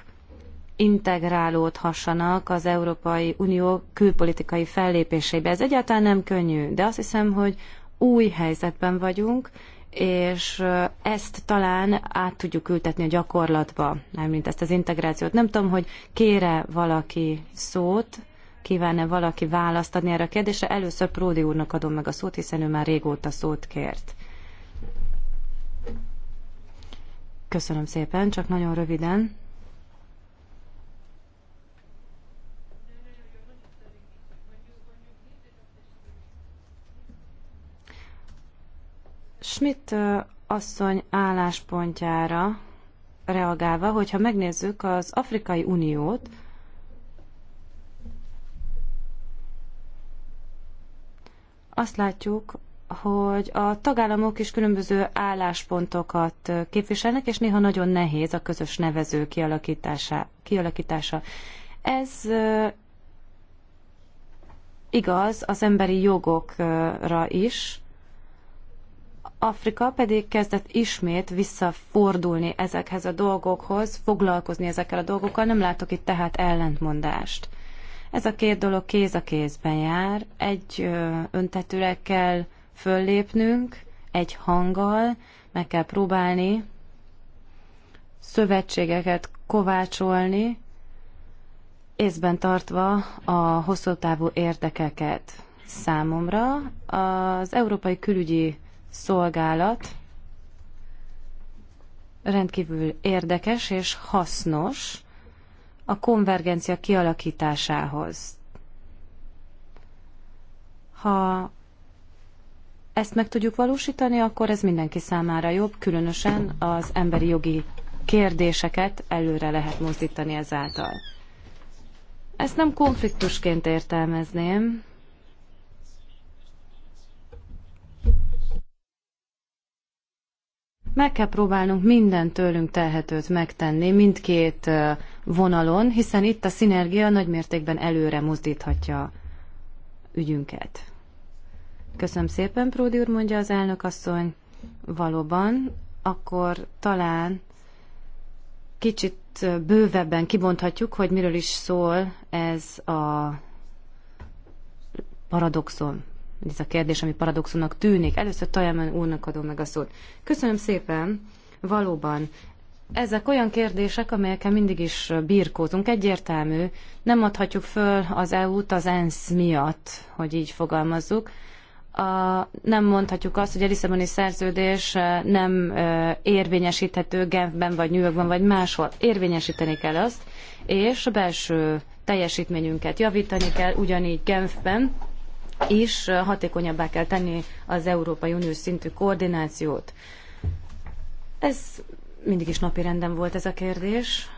integrálódhassanak az Európai Unió külpolitikai fellépéseibe. Ez egyáltalán nem könnyű, de azt hiszem, hogy új helyzetben vagyunk, és ezt talán át tudjuk ültetni a gyakorlatba, mint ezt az integrációt. Nem tudom, hogy kére valaki szót, kívánne valaki választ adni erre a kérdésre. Először Pródi úrnak adom meg a szót, hiszen ő már régóta szót kért. Köszönöm szépen, csak nagyon röviden. Schmidt asszony álláspontjára reagálva, hogyha megnézzük az Afrikai Uniót, azt látjuk, hogy a tagállamok is különböző álláspontokat képviselnek, és néha nagyon nehéz a közös nevező kialakítása. kialakítása. Ez igaz az emberi jogokra is, Afrika pedig kezdett ismét visszafordulni ezekhez a dolgokhoz, foglalkozni ezekkel a dolgokkal, nem látok itt tehát ellentmondást. Ez a két dolog kéz a kézben jár, egy öntetőre kell föllépnünk, egy hanggal, meg kell próbálni szövetségeket kovácsolni, észben tartva a hosszú távú érdekeket számomra. Az Európai Külügyi szolgálat rendkívül érdekes és hasznos a konvergencia kialakításához. Ha ezt meg tudjuk valósítani, akkor ez mindenki számára jobb, különösen az emberi jogi kérdéseket előre lehet mozdítani ezáltal. Ezt nem konfliktusként értelmezném, Meg kell próbálnunk minden tőlünk telhetőt megtenni mindkét vonalon, hiszen itt a szinergia nagymértékben előre mozdíthatja ügyünket. Köszönöm szépen, Pródi úr, mondja az elnök asszony. Valóban, akkor talán kicsit bővebben kibonthatjuk, hogy miről is szól ez a paradoxon ez a kérdés, ami paradoxonnak tűnik. Először Tajemen úrnak adom meg a szót. Köszönöm szépen, valóban. Ezek olyan kérdések, amelyekkel mindig is birkózunk. Egyértelmű, nem adhatjuk föl az EU-t az ENSZ miatt, hogy így fogalmazzuk. A, nem mondhatjuk azt, hogy a Lisszaboni szerződés eh, nem e, érvényesíthető Genfben, vagy New Yorkban, vagy máshol. Érvényesíteni kell azt, és a belső teljesítményünket javítani kell, ugyanígy Genfben, is hatékonyabbá kell tenni az Európai Unió szintű koordinációt. Ez mindig is napi volt ez a kérdés.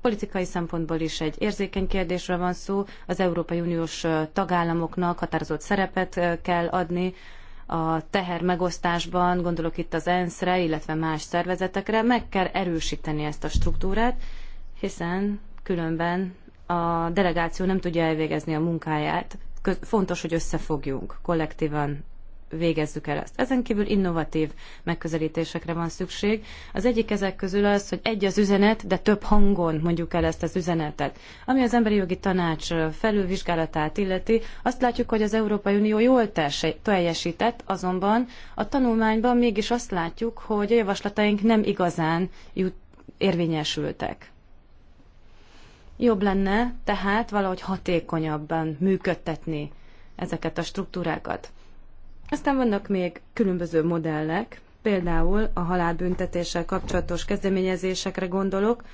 Politikai szempontból is egy érzékeny kérdésre van szó. Az Európai Uniós tagállamoknak határozott szerepet kell adni a teher megosztásban, gondolok itt az ENSZ-re, illetve más szervezetekre, meg kell erősíteni ezt a struktúrát, hiszen különben a delegáció nem tudja elvégezni a munkáját, fontos, hogy összefogjunk, kollektívan végezzük el ezt. Ezen kívül innovatív megközelítésekre van szükség. Az egyik ezek közül az, hogy egy az üzenet, de több hangon mondjuk el ezt az üzenetet. Ami az emberi jogi tanács felülvizsgálatát illeti, azt látjuk, hogy az Európai Unió jól teljesített, azonban a tanulmányban mégis azt látjuk, hogy a javaslataink nem igazán jut, érvényesültek. Jobb lenne tehát valahogy hatékonyabban működtetni ezeket a struktúrákat. Aztán vannak még különböző modellek, például a halálbüntetéssel kapcsolatos kezdeményezésekre gondolok.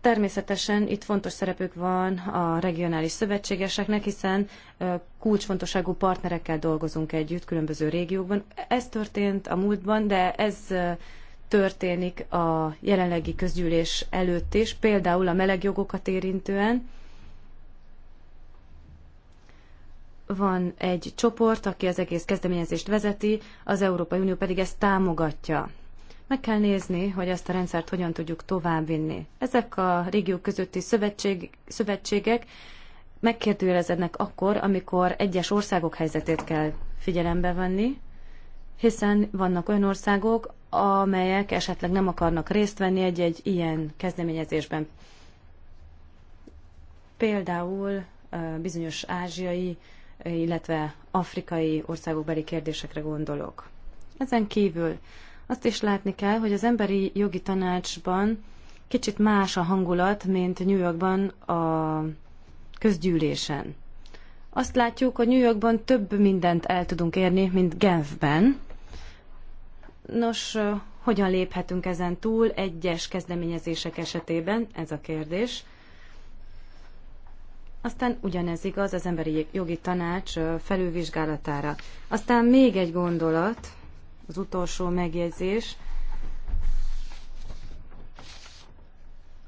Természetesen itt fontos szerepük van a regionális szövetségeseknek, hiszen kulcsfontosságú partnerekkel dolgozunk együtt különböző régiókban. Ez történt a múltban, de ez történik a jelenlegi közgyűlés előtt is, például a melegjogokat érintően. Van egy csoport, aki az egész kezdeményezést vezeti, az Európai Unió pedig ezt támogatja. Meg kell nézni, hogy ezt a rendszert hogyan tudjuk továbbvinni. Ezek a régiók közötti szövetség, szövetségek megkérdőjelezednek akkor, amikor egyes országok helyzetét kell figyelembe venni, hiszen vannak olyan országok, amelyek esetleg nem akarnak részt venni egy-egy ilyen kezdeményezésben. Például bizonyos ázsiai, illetve afrikai országokbeli kérdésekre gondolok. Ezen kívül azt is látni kell, hogy az emberi jogi tanácsban kicsit más a hangulat, mint New Yorkban a közgyűlésen. Azt látjuk, hogy New Yorkban több mindent el tudunk érni, mint Genfben, Nos, hogyan léphetünk ezen túl egyes kezdeményezések esetében? Ez a kérdés. Aztán ugyanez igaz az emberi jogi tanács felülvizsgálatára. Aztán még egy gondolat, az utolsó megjegyzés.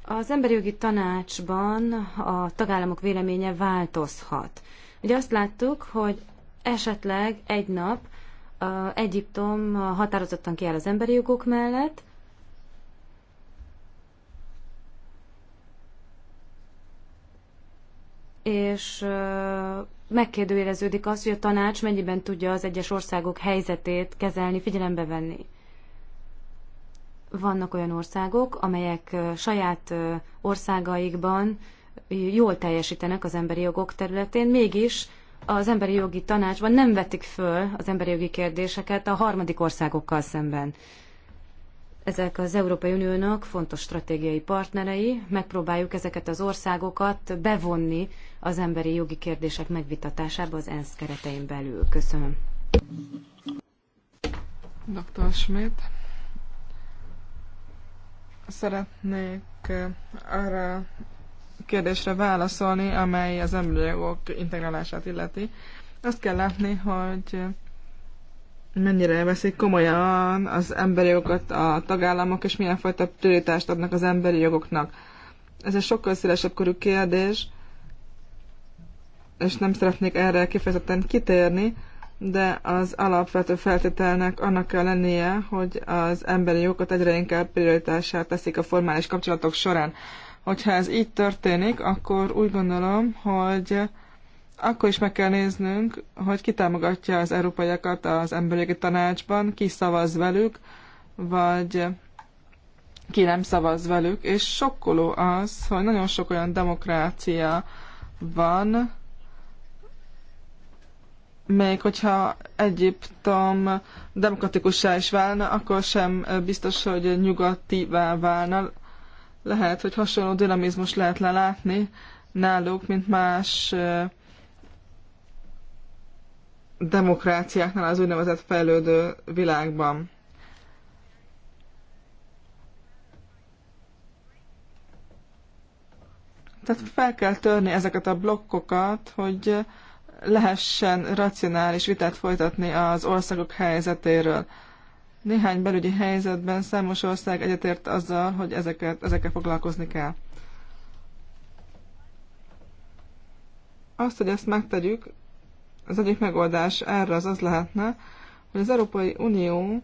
Az emberi jogi tanácsban a tagállamok véleménye változhat. Ugye azt láttuk, hogy esetleg egy nap Egyiptom határozottan kiáll az emberi jogok mellett, és megkérdőjeleződik az, hogy a tanács mennyiben tudja az egyes országok helyzetét kezelni, figyelembe venni. Vannak olyan országok, amelyek saját országaikban jól teljesítenek az emberi jogok területén, mégis az emberi jogi tanácsban nem vetik föl az emberi jogi kérdéseket a harmadik országokkal szemben. Ezek az Európai Uniónak fontos stratégiai partnerei, megpróbáljuk ezeket az országokat bevonni az emberi jogi kérdések megvitatásába az ENSZ keretein belül. Köszönöm. Dr. Schmidt, szeretnék eh, arra kérdésre válaszolni, amely az emberi jogok integrálását illeti. Azt kell látni, hogy mennyire veszik komolyan az emberi jogokat a tagállamok, és milyen fajta prioritást adnak az emberi jogoknak. Ez egy sokkal szélesebb körű kérdés, és nem szeretnék erre kifejezetten kitérni, de az alapvető feltételnek annak kell lennie, hogy az emberi jogokat egyre inkább prioritását teszik a formális kapcsolatok során. Hogyha ez így történik, akkor úgy gondolom, hogy akkor is meg kell néznünk, hogy ki támogatja az európaiakat az emberi tanácsban, ki szavaz velük, vagy ki nem szavaz velük, és sokkoló az, hogy nagyon sok olyan demokrácia van, még hogyha Egyiptom demokratikussá is válna, akkor sem biztos, hogy nyugatívá válna. Lehet, hogy hasonló dinamizmus lehet lelátni náluk, mint más demokráciáknál az úgynevezett fejlődő világban. Tehát fel kell törni ezeket a blokkokat, hogy lehessen racionális vitát folytatni az országok helyzetéről. Néhány belügyi helyzetben számos ország egyetért azzal, hogy ezeket, ezekkel foglalkozni kell. Azt, hogy ezt megtegyük, az egyik megoldás erre az az lehetne, hogy az Európai Unió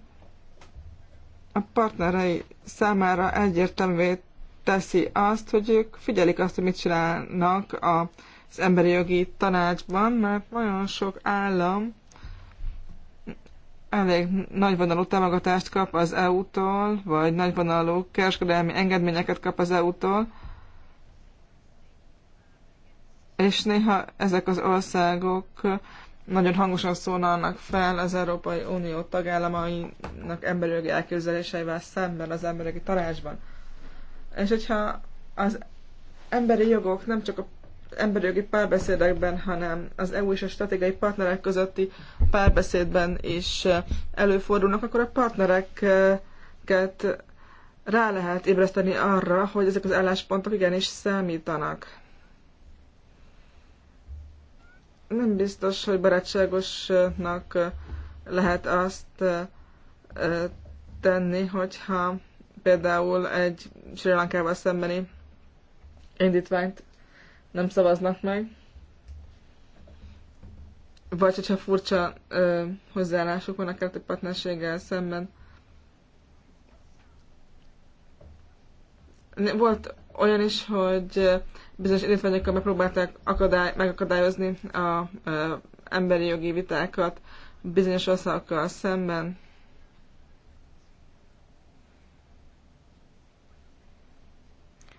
a partnerei számára egyértelművé teszi azt, hogy ők figyelik azt, hogy mit csinálnak az emberi jogi tanácsban, mert nagyon sok állam elég nagyvonalú támogatást kap az EU-tól, vagy nagyvonalú kereskedelmi engedményeket kap az EU-tól, és néha ezek az országok nagyon hangosan szólalnak fel az Európai Unió tagállamainak emberjogi elképzeléseivel szemben az emberi tanácsban. És hogyha az emberi jogok nem csak a emberjogi párbeszédekben, hanem az EU és a stratégiai partnerek közötti párbeszédben is eh, előfordulnak, akkor a partnereket eh, rá lehet ébreszteni arra, hogy ezek az álláspontok igenis számítanak. Nem biztos, hogy barátságosnak eh, lehet azt tenni, hogyha például egy Sri Lankával szembeni indítványt nem szavaznak meg. Vagy hogyha furcsa ö, hozzáállásuk van a keleti partnerséggel szemben. Volt olyan is, hogy bizonyos indítványokkal megpróbálták akadály, megakadályozni a ö, emberi jogi vitákat bizonyos országokkal szemben.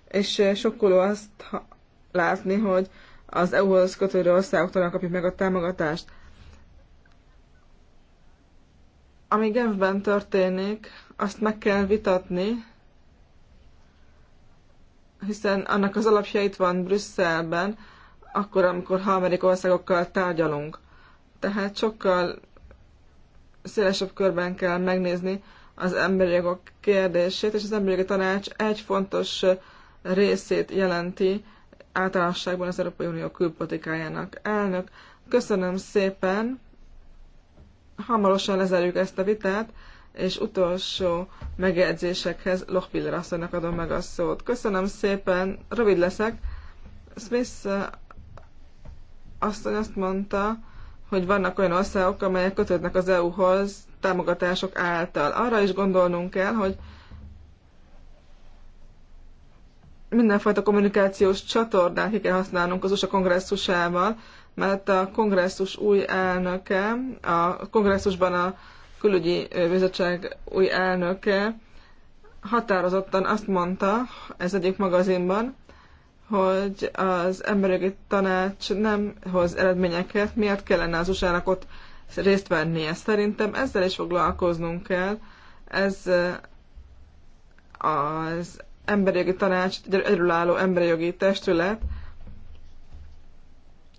És sokkoló azt látni, hogy az EU-hoz kötődő országoktól kapjuk meg a támogatást. Ami Genfben történik, azt meg kell vitatni, hiszen annak az alapja itt van Brüsszelben, akkor, amikor harmadik országokkal tárgyalunk. Tehát sokkal szélesebb körben kell megnézni az emberi jogok kérdését, és az emberi jogi tanács egy fontos részét jelenti általánosságban az Európai Unió külpolitikájának. Elnök, köszönöm szépen, hamarosan lezárjuk ezt a vitát, és utolsó megjegyzésekhez Lochpiller asszonynak adom meg a szót. Köszönöm szépen, rövid leszek. Smith eh, asszony azt mondta, hogy vannak olyan országok, amelyek kötődnek az EU-hoz támogatások által. Arra is gondolnunk kell, hogy mindenfajta kommunikációs csatornát ki kell használnunk az USA kongresszusával, mert a kongresszus új elnöke, a kongresszusban a külügyi bizottság új elnöke határozottan azt mondta ez egyik magazinban, hogy az emberi tanács nem hoz eredményeket, miért kellene az usa ott részt vennie. Szerintem ezzel is foglalkoznunk kell. Ez eh, az emberi jogi tanács, egy erőlálló emberi jogi testület,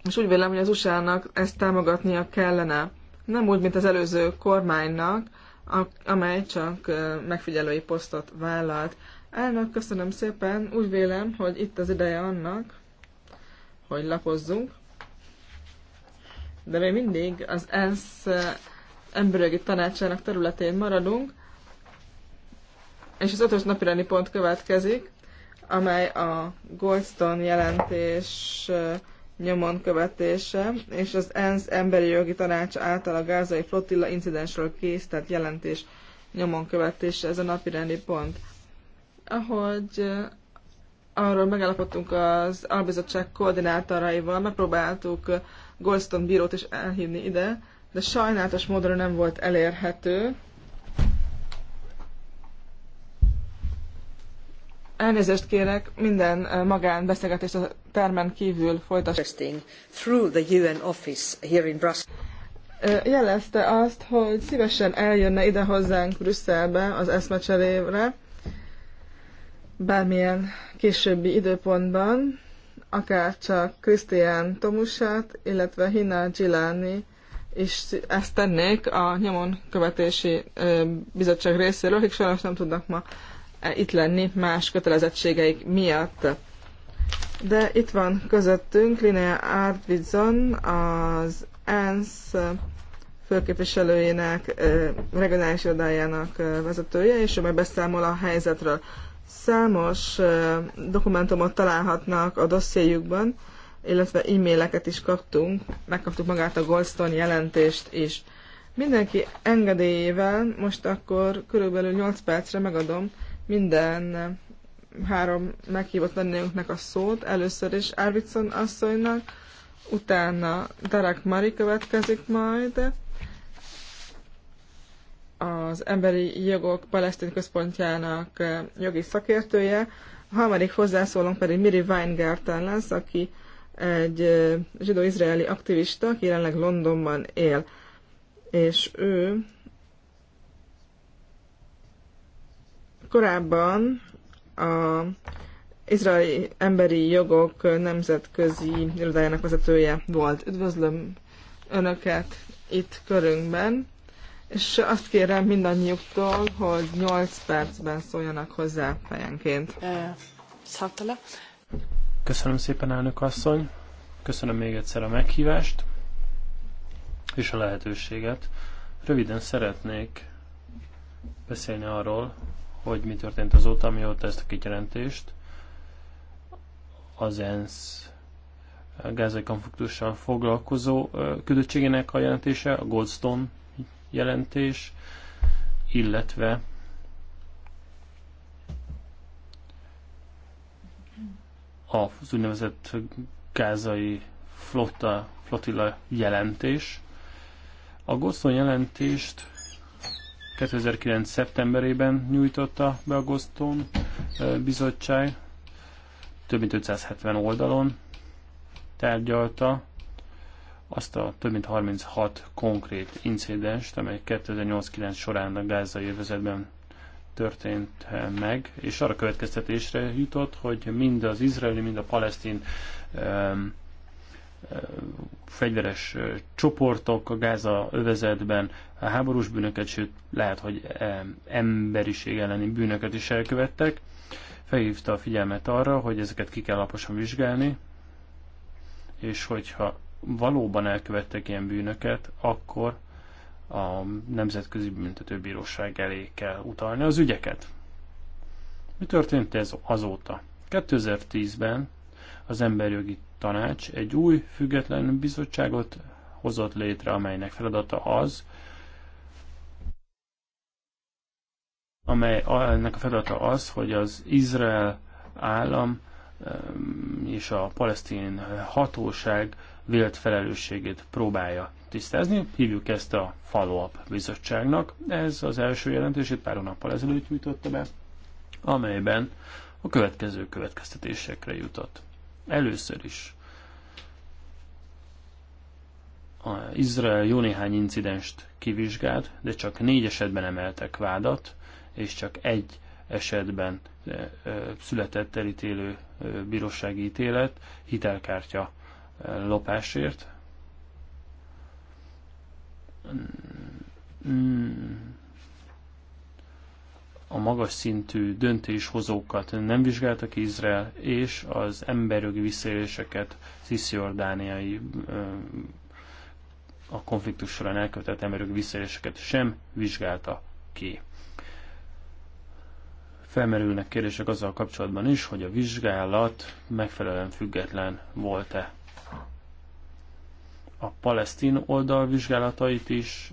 és úgy vélem, hogy az USA-nak ezt támogatnia kellene. Nem úgy, mint az előző kormánynak, amely csak megfigyelői posztot vállalt. Elnök, köszönöm szépen. Úgy vélem, hogy itt az ideje annak, hogy lapozzunk. De még mindig az ENSZ emberi jogi tanácsának területén maradunk, és az ötös napirendi pont következik, amely a Goldstone jelentés nyomon követése, és az ENSZ emberi jogi tanács által a gázai flottilla incidensről készített jelentés nyomon követése, ez a napirendi pont. Ahogy arról megállapodtunk az albizottság koordinátoraival, megpróbáltuk Goldstone bírót is elhívni ide, de sajnálatos módon nem volt elérhető, Elnézést kérek, minden magánbeszélgetést a termen kívül folytassuk. Through the UN office here in Brussels. Jelezte azt, hogy szívesen eljönne ide hozzánk Brüsszelbe az eszmecserére, bármilyen későbbi időpontban, akár csak Krisztián Tomusát, illetve Hina Gilani és ezt tennék a nyomon követési bizottság részéről, akik sajnos nem tudnak ma itt lenni más kötelezettségeik miatt. De itt van közöttünk Linnea Artvidson, az ENSZ főképviselőjének, regionális irodájának vezetője, és ő majd beszámol a helyzetről. Számos dokumentumot találhatnak a dossziéjukban, illetve e-maileket is kaptunk, megkaptuk magát a Goldstone jelentést is. Mindenki engedélyével most akkor körülbelül 8 percre megadom minden három meghívott vendégünknek a szót, először is Arvidsson asszonynak, utána Darak Mari következik majd, az Emberi Jogok Palesztin Központjának eh, jogi szakértője, a harmadik hozzászólónk pedig Miri Weingarten lesz, aki egy eh, zsidó-izraeli aktivista, aki jelenleg Londonban él, és ő Korábban a izraeli emberi jogok nemzetközi irodájának vezetője volt. Üdvözlöm Önöket itt körünkben, és azt kérem mindannyiuktól, hogy 8 percben szóljanak hozzá fejenként. Eh, Köszönöm szépen, elnök asszony. Köszönöm még egyszer a meghívást és a lehetőséget. Röviden szeretnék beszélni arról, hogy mi történt azóta, mióta ezt a kijelentést az ENSZ gázai konfliktussal foglalkozó küldöttségének a jelentése, a Goldstone jelentés, illetve az úgynevezett gázai flotta, flotilla jelentés. A Goldstone jelentést 2009. szeptemberében nyújtotta be a Goston bizottság, több mint 570 oldalon tárgyalta azt a több mint 36 konkrét incidenst, amely 2008-9 során a gázai övezetben történt meg, és arra következtetésre jutott, hogy mind az izraeli, mind a palesztin um, fegyveres csoportok a Gáza övezetben a háborús bűnöket, sőt lehet, hogy emberiség elleni bűnöket is elkövettek. Felhívta a figyelmet arra, hogy ezeket ki kell laposan vizsgálni, és hogyha valóban elkövettek ilyen bűnöket, akkor a Nemzetközi Büntetőbíróság elé kell utalni az ügyeket. Mi történt ez azóta? 2010-ben az emberjogi tanács egy új független bizottságot hozott létre, amelynek feladata az, amely ennek a feladata az, hogy az Izrael állam és a palesztin hatóság vélt felelősségét próbálja tisztázni. Hívjuk ezt a follow-up bizottságnak. Ez az első jelentését pár hónappal ezelőtt nyújtotta be, amelyben a következő következtetésekre jutott. Először is a Izrael jó néhány incidenst kivizsgált, de csak négy esetben emeltek vádat, és csak egy esetben e, e, született elítélő e, bírósági ítélet hitelkártya lopásért. Mm, mm. A magas szintű döntéshozókat nem vizsgálta ki Izrael, és az emberjogi visszaéléseket Cisziordániai a konfliktus során elkövetett emberi visszaéléseket sem vizsgálta ki. Felmerülnek kérdések azzal kapcsolatban is, hogy a vizsgálat megfelelően független volt-e. A palesztin oldal vizsgálatait is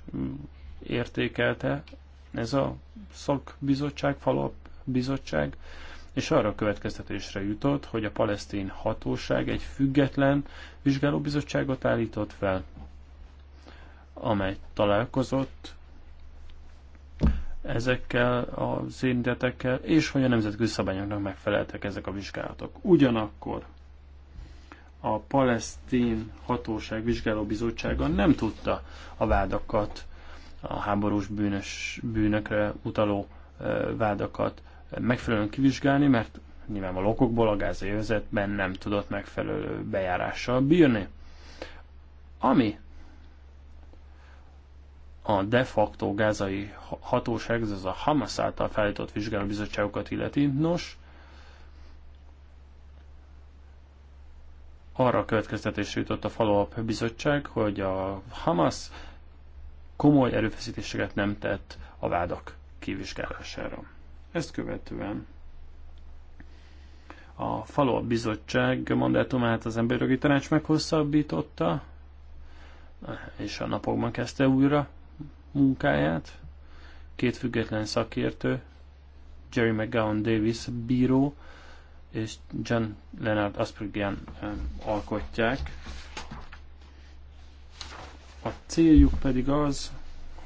értékelte ez a szakbizottság, falap bizottság, és arra a következtetésre jutott, hogy a palesztin hatóság egy független vizsgálóbizottságot állított fel, amely találkozott ezekkel az érintettekkel, és hogy a nemzetközi szabályoknak megfeleltek ezek a vizsgálatok. Ugyanakkor a palesztin hatóság vizsgáló bizottsága nem tudta a vádakat, a háborús bűnös, bűnökre utaló vádakat megfelelően kivizsgálni, mert nyilván a lokokból a gázai övezetben nem tudott megfelelő bejárással bírni. Ami a de facto gázai hatóság, ez a Hamas által felállított vizsgálóbizottságokat illeti. Nos, arra a következtetésre jutott a Follow-up Bizottság, hogy a Hamas komoly erőfeszítéseket nem tett a vádak kivizsgálására. Ezt követően a follow Bizottság mandátumát az Emberjogi Tanács meghosszabbította, és a napokban kezdte újra munkáját. Két független szakértő, Jerry McGowan Davis bíró és John Leonard Aspergian alkotják. A céljuk pedig az,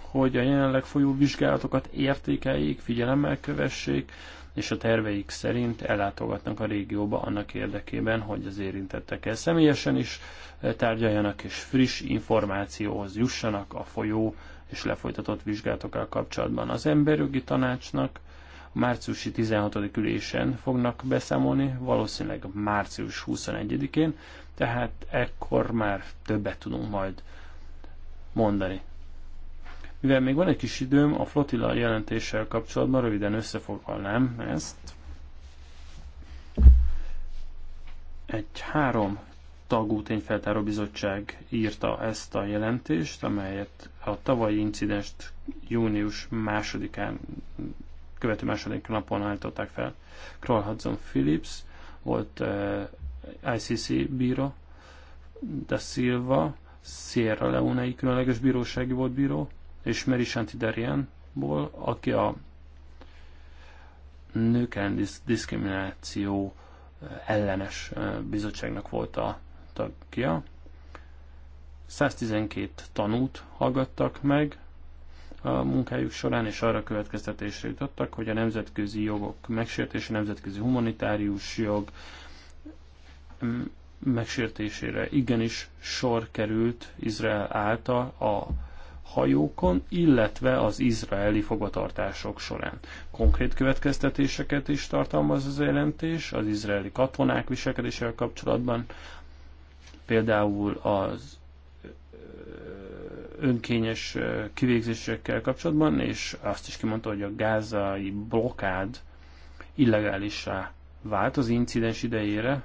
hogy a jelenleg folyó vizsgálatokat értékeljék, figyelemmel kövessék, és a terveik szerint ellátogatnak a régióba annak érdekében, hogy az érintettekkel személyesen is eh, tárgyaljanak, és friss információhoz jussanak a folyó és lefolytatott vizsgálatokkal kapcsolatban. Az emberjogi tanácsnak a márciusi 16. ülésen fognak beszámolni, valószínűleg március 21-én, tehát ekkor már többet tudunk majd mondani. Mivel még van egy kis időm, a flotilla jelentéssel kapcsolatban röviden összefoglalnám ezt. Egy három tagú tényfeltáró bizottság írta ezt a jelentést, amelyet ha a tavalyi incidenst június másodikán, követő második napon állították fel. Kroll Hudson Phillips volt uh, eh, ICC bíró, Da Silva, Sierra Leonei különleges bírósági volt bíró, és Mary Shanti Darienból, aki a nők disz- diszkrimináció eh, ellenes eh, bizottságnak volt a tagja. 112 tanút hallgattak meg a munkájuk során, és arra következtetésre jutottak, hogy a nemzetközi jogok megsértése, nemzetközi humanitárius jog mm, megsértésére igenis sor került Izrael által a hajókon, illetve az izraeli fogatartások során. Konkrét következtetéseket is tartalmaz az jelentés az izraeli katonák viselkedésével kapcsolatban, például az önkényes kivégzésekkel kapcsolatban, és azt is kimondta, hogy a gázai blokád illegálisá vált az incidens idejére,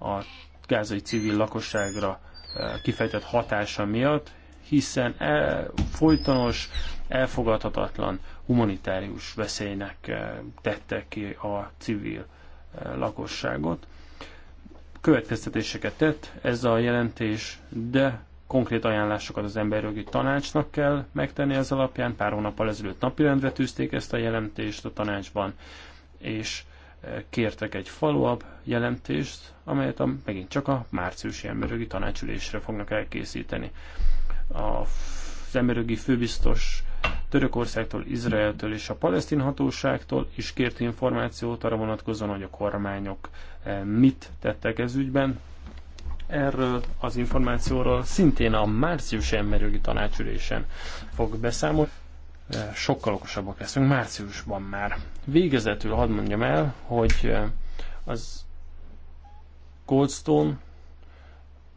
a gázai civil lakosságra kifejtett hatása miatt, hiszen el, folytonos, elfogadhatatlan humanitárius veszélynek tette ki a civil lakosságot. Következtetéseket tett ez a jelentés, de konkrét ajánlásokat az emberjogi tanácsnak kell megtenni ez alapján. Pár hónappal ezelőtt napirendre tűzték ezt a jelentést a tanácsban, és eh, kértek egy faluabb jelentést, amelyet a, megint csak a márciusi emberjogi tanácsülésre fognak elkészíteni. A az emberjogi főbiztos Törökországtól, Izraeltől és a palesztin hatóságtól is kért információt arra vonatkozóan, hogy a kormányok eh, mit tettek ez ügyben, Erről az információról szintén a márciusi emberjogi tanácsülésen fog beszámolni. Eh, sokkal okosabbak leszünk márciusban már. Végezetül hadd mondjam el, hogy eh, az Goldstone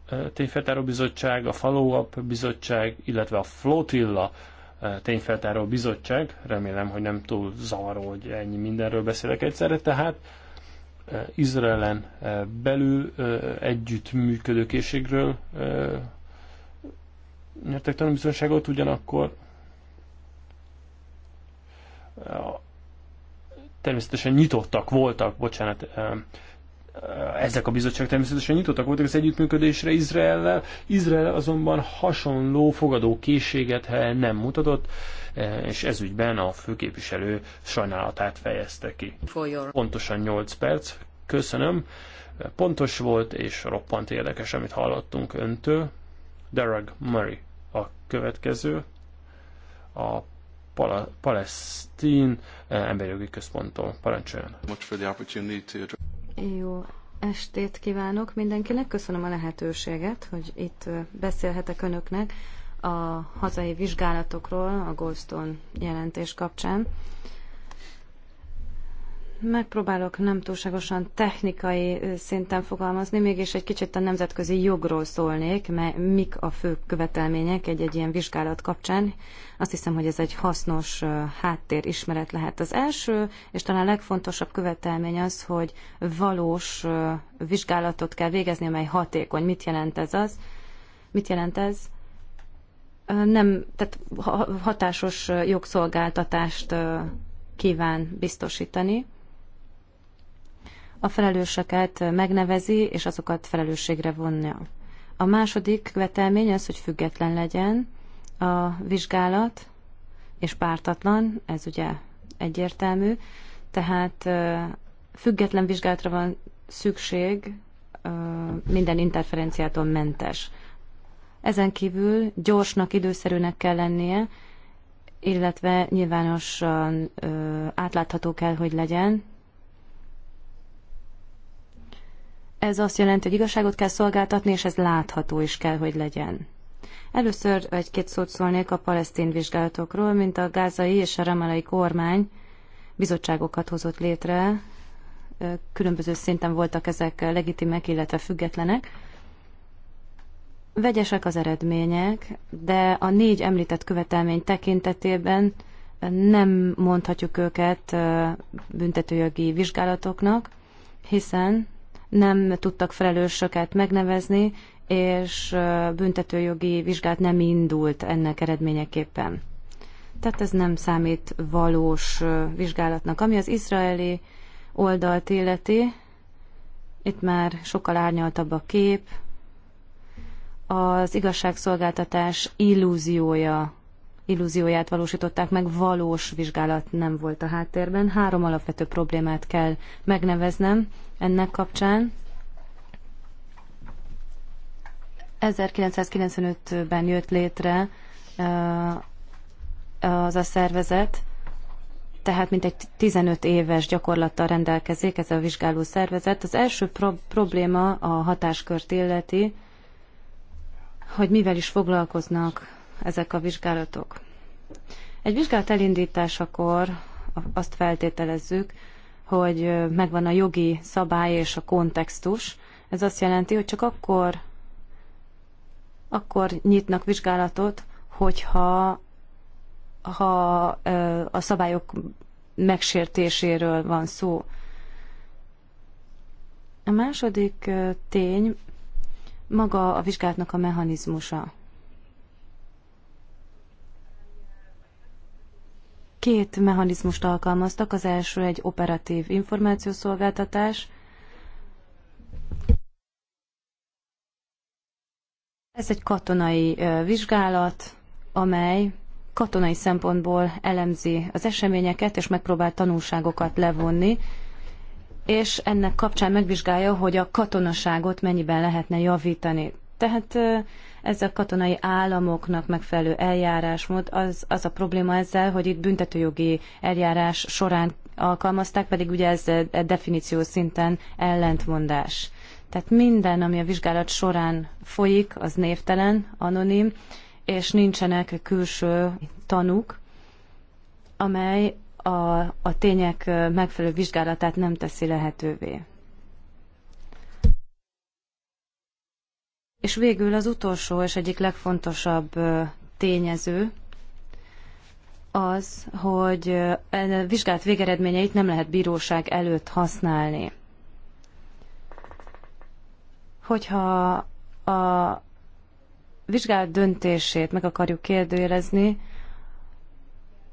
eh, tényfeltáró bizottság, a follow-up bizottság, illetve a flotilla tényfeltáró bizottság, remélem, hogy nem túl zavaró, hogy ennyi mindenről beszélek egyszerre, tehát Izraelen eh, belül eh, együttműködőkészségről eh, nyertek tanulbiztonságot, ugyanakkor természetesen nyitottak voltak, bocsánat, ezek a bizottság természetesen nyitottak voltak az együttműködésre Izraellel, Izrael azonban hasonló fogadókészséget nem mutatott, e, és ezügyben a főképviselő sajnálatát fejezte ki. Pontosan 8 perc, köszönöm. Pontos volt és roppant érdekes, amit hallottunk öntől. Derek Murray a következő, a Pala- Palesztin Emberjogi Központtól. Parancsoljon! Jó estét kívánok mindenkinek. Köszönöm a lehetőséget, hogy itt beszélhetek önöknek a hazai vizsgálatokról a Goldstone jelentés kapcsán. Megpróbálok nem túlságosan technikai szinten fogalmazni, mégis egy kicsit a nemzetközi jogról szólnék, mert mik a fő követelmények egy-egy ilyen vizsgálat kapcsán. Azt hiszem, hogy ez egy hasznos háttérismeret lehet. Az első és talán a legfontosabb követelmény az, hogy valós vizsgálatot kell végezni, amely hatékony. Mit jelent ez az? Mit jelent ez? Nem, tehát hatásos jogszolgáltatást kíván biztosítani a felelőseket megnevezi, és azokat felelősségre vonja. A második követelmény az, hogy független legyen a vizsgálat, és pártatlan, ez ugye egyértelmű, tehát független vizsgálatra van szükség, minden interferenciától mentes. Ezen kívül gyorsnak, időszerűnek kell lennie, illetve nyilvánosan átlátható kell, hogy legyen, Ez azt jelenti, hogy igazságot kell szolgáltatni, és ez látható is kell, hogy legyen. Először egy-két szót szólnék a palesztin vizsgálatokról, mint a gázai és a ramalai kormány bizottságokat hozott létre. Különböző szinten voltak ezek legitimek, illetve függetlenek. Vegyesek az eredmények, de a négy említett követelmény tekintetében nem mondhatjuk őket büntetőjogi vizsgálatoknak, hiszen nem tudtak felelősöket megnevezni, és büntetőjogi vizsgát nem indult ennek eredményeképpen. Tehát ez nem számít valós vizsgálatnak. Ami az izraeli oldalt illeti, itt már sokkal árnyaltabb a kép, az igazságszolgáltatás illúziója illúzióját valósították meg, valós vizsgálat nem volt a háttérben. Három alapvető problémát kell megneveznem ennek kapcsán. 1995-ben jött létre az a szervezet, tehát mintegy 15 éves gyakorlattal rendelkezik ez a vizsgáló szervezet. Az első pro- probléma a hatáskört illeti, hogy mivel is foglalkoznak ezek a vizsgálatok? Egy vizsgálat elindításakor azt feltételezzük, hogy megvan a jogi szabály és a kontextus. Ez azt jelenti, hogy csak akkor, akkor nyitnak vizsgálatot, hogyha ha a szabályok megsértéséről van szó. A második tény maga a vizsgálatnak a mechanizmusa. Két mechanizmust alkalmaztak, az első egy operatív információszolgáltatás, Ez egy katonai vizsgálat, amely katonai szempontból elemzi az eseményeket, és megpróbál tanulságokat levonni, és ennek kapcsán megvizsgálja, hogy a katonaságot mennyiben lehetne javítani. Tehát ez a katonai államoknak megfelelő eljárásmód, az, az a probléma ezzel, hogy itt büntetőjogi eljárás során alkalmazták, pedig ugye ez e, e, definíció szinten ellentmondás. Tehát minden, ami a vizsgálat során folyik, az névtelen, anonim, és nincsenek külső tanúk, amely a, a tények megfelelő vizsgálatát nem teszi lehetővé. És végül az utolsó és egyik legfontosabb tényező az, hogy a vizsgált végeredményeit nem lehet bíróság előtt használni. Hogyha a vizsgált döntését meg akarjuk kérdőjelezni,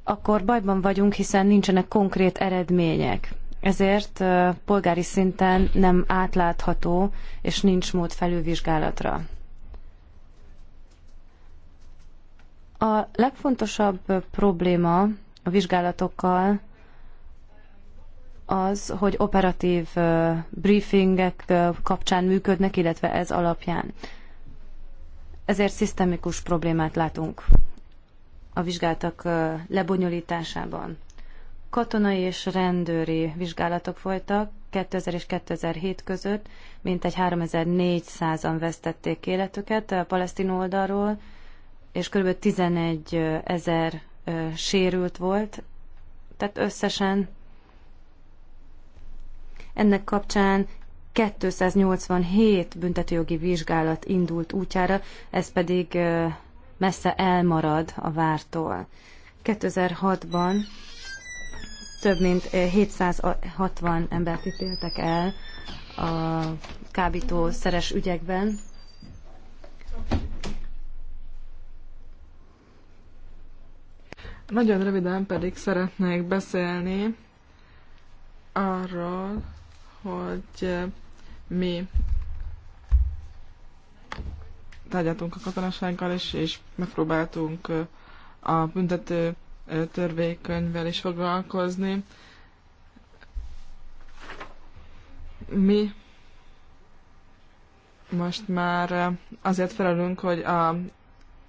akkor bajban vagyunk, hiszen nincsenek konkrét eredmények ezért polgári szinten nem átlátható, és nincs mód felülvizsgálatra. A legfontosabb probléma a vizsgálatokkal az, hogy operatív briefingek kapcsán működnek, illetve ez alapján. Ezért szisztemikus problémát látunk a vizsgáltak lebonyolításában. Katonai és rendőri vizsgálatok folytak 2000 és 2007 között, mintegy 3400-an vesztették életüket a palesztin oldalról, és kb. 11 ezer sérült volt, tehát összesen ennek kapcsán 287 büntetőjogi vizsgálat indult útjára, ez pedig messze elmarad a vártól. 2006-ban több mint 760 eh, embert ítéltek el a kábítószeres ügyekben. Nagyon röviden pedig szeretnék beszélni arról, hogy eh, mi tárgyaltunk a katonasággal, és, és megpróbáltunk eh, a büntető törvénykönyvvel is foglalkozni. Mi most már azért felelünk, hogy a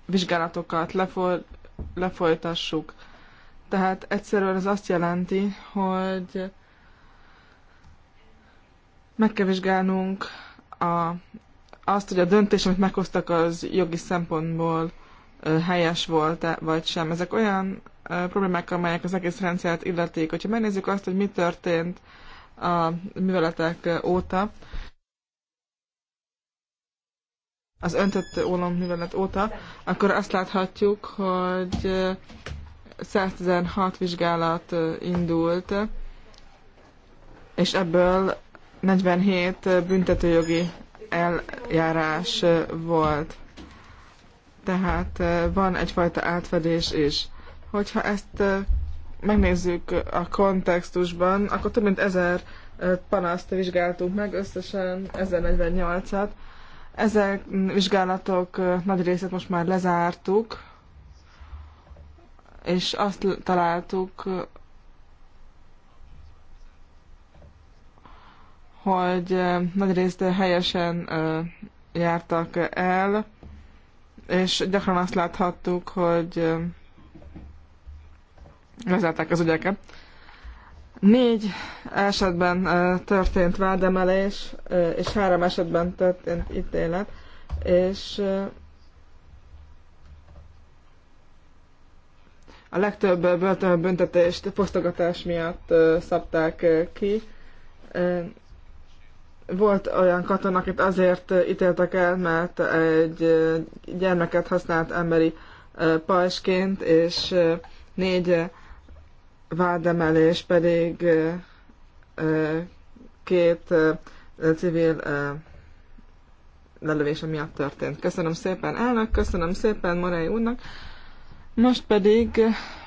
vizsgálatokat lefol- lefolytassuk. Tehát egyszerűen ez azt jelenti, hogy meg kell vizsgálnunk a, azt, hogy a döntés, amit meghoztak, az jogi szempontból helyes volt-e, vagy sem. Ezek olyan problémák, amelyek az egész rendszert illetik. Hogyha megnézzük azt, hogy mi történt a műveletek óta, az öntött ólom művelet óta, akkor azt láthatjuk, hogy 116 vizsgálat indult, és ebből 47 büntetőjogi eljárás volt tehát van egyfajta átfedés is. Hogyha ezt megnézzük a kontextusban, akkor több mint ezer panaszt vizsgáltunk meg, összesen 1048-at. Ezek vizsgálatok nagy részét most már lezártuk, és azt találtuk, hogy nagy részt helyesen jártak el, és gyakran azt láthattuk, hogy lezárták az ügyeket. Négy esetben történt vádemelés, és három esetben történt ítélet, és a legtöbb börtönbüntetést fosztogatás miatt szabták ki. Volt olyan katona, akit azért ítéltek el, mert egy gyermeket használt emberi pajsként, és négy vádemelés pedig két civil lelövése miatt történt. Köszönöm szépen elnök, köszönöm szépen marai úrnak. Most pedig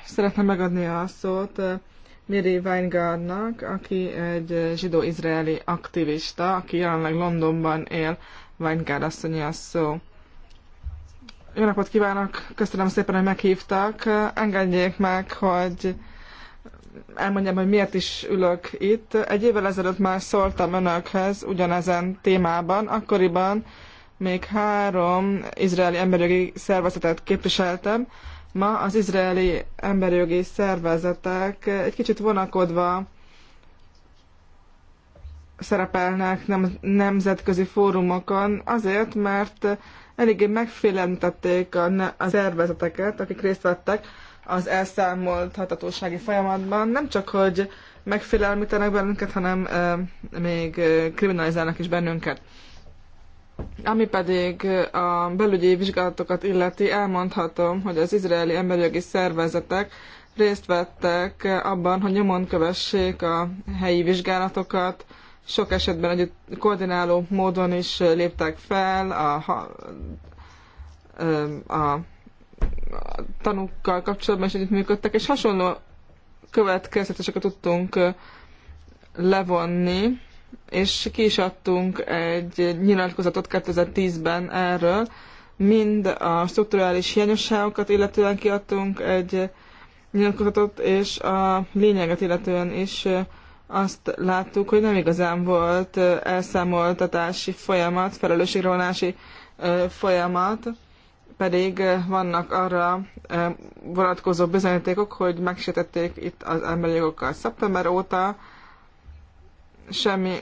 szeretném megadni a szót Miri Weingardnak, aki egy eh, zsidó-izraeli aktivista, aki jelenleg Londonban él. Weingard asszony a szó. Jó napot kívánok, köszönöm szépen, hogy meghívtak. Engedjék meg, hogy elmondjam, hogy miért is ülök itt. Egy évvel ezelőtt már szóltam önökhez ugyanezen témában, akkoriban még három izraeli emberjogi szervezetet képviseltem, Ma az izraeli emberjogi szervezetek egy kicsit vonakodva szerepelnek nem, nemzetközi fórumokon, azért, mert eléggé megfélemtették a, a szervezeteket, akik részt vettek az elszámolthatatósági folyamatban. Nem csak, hogy megfélemlítenek bennünket, hanem e, még kriminalizálnak is bennünket. Ami pedig a belügyi vizsgálatokat illeti, elmondhatom, hogy az izraeli emberjogi szervezetek részt vettek abban, hogy nyomon kövessék a helyi vizsgálatokat, sok esetben egy koordináló módon is léptek fel a, a, a tanúkkal kapcsolatban is együttműködtek, és hasonló következtetéseket tudtunk levonni és ki is adtunk egy nyilatkozatot 2010-ben erről, mind a strukturális hiányosságokat illetően kiadtunk egy nyilatkozatot, és a lényeget illetően is azt láttuk, hogy nem igazán volt elszámoltatási folyamat, felelősségrevonási folyamat, pedig vannak arra vonatkozó bizonyítékok, hogy megsértették itt az emberi jogokkal szeptember óta, semmi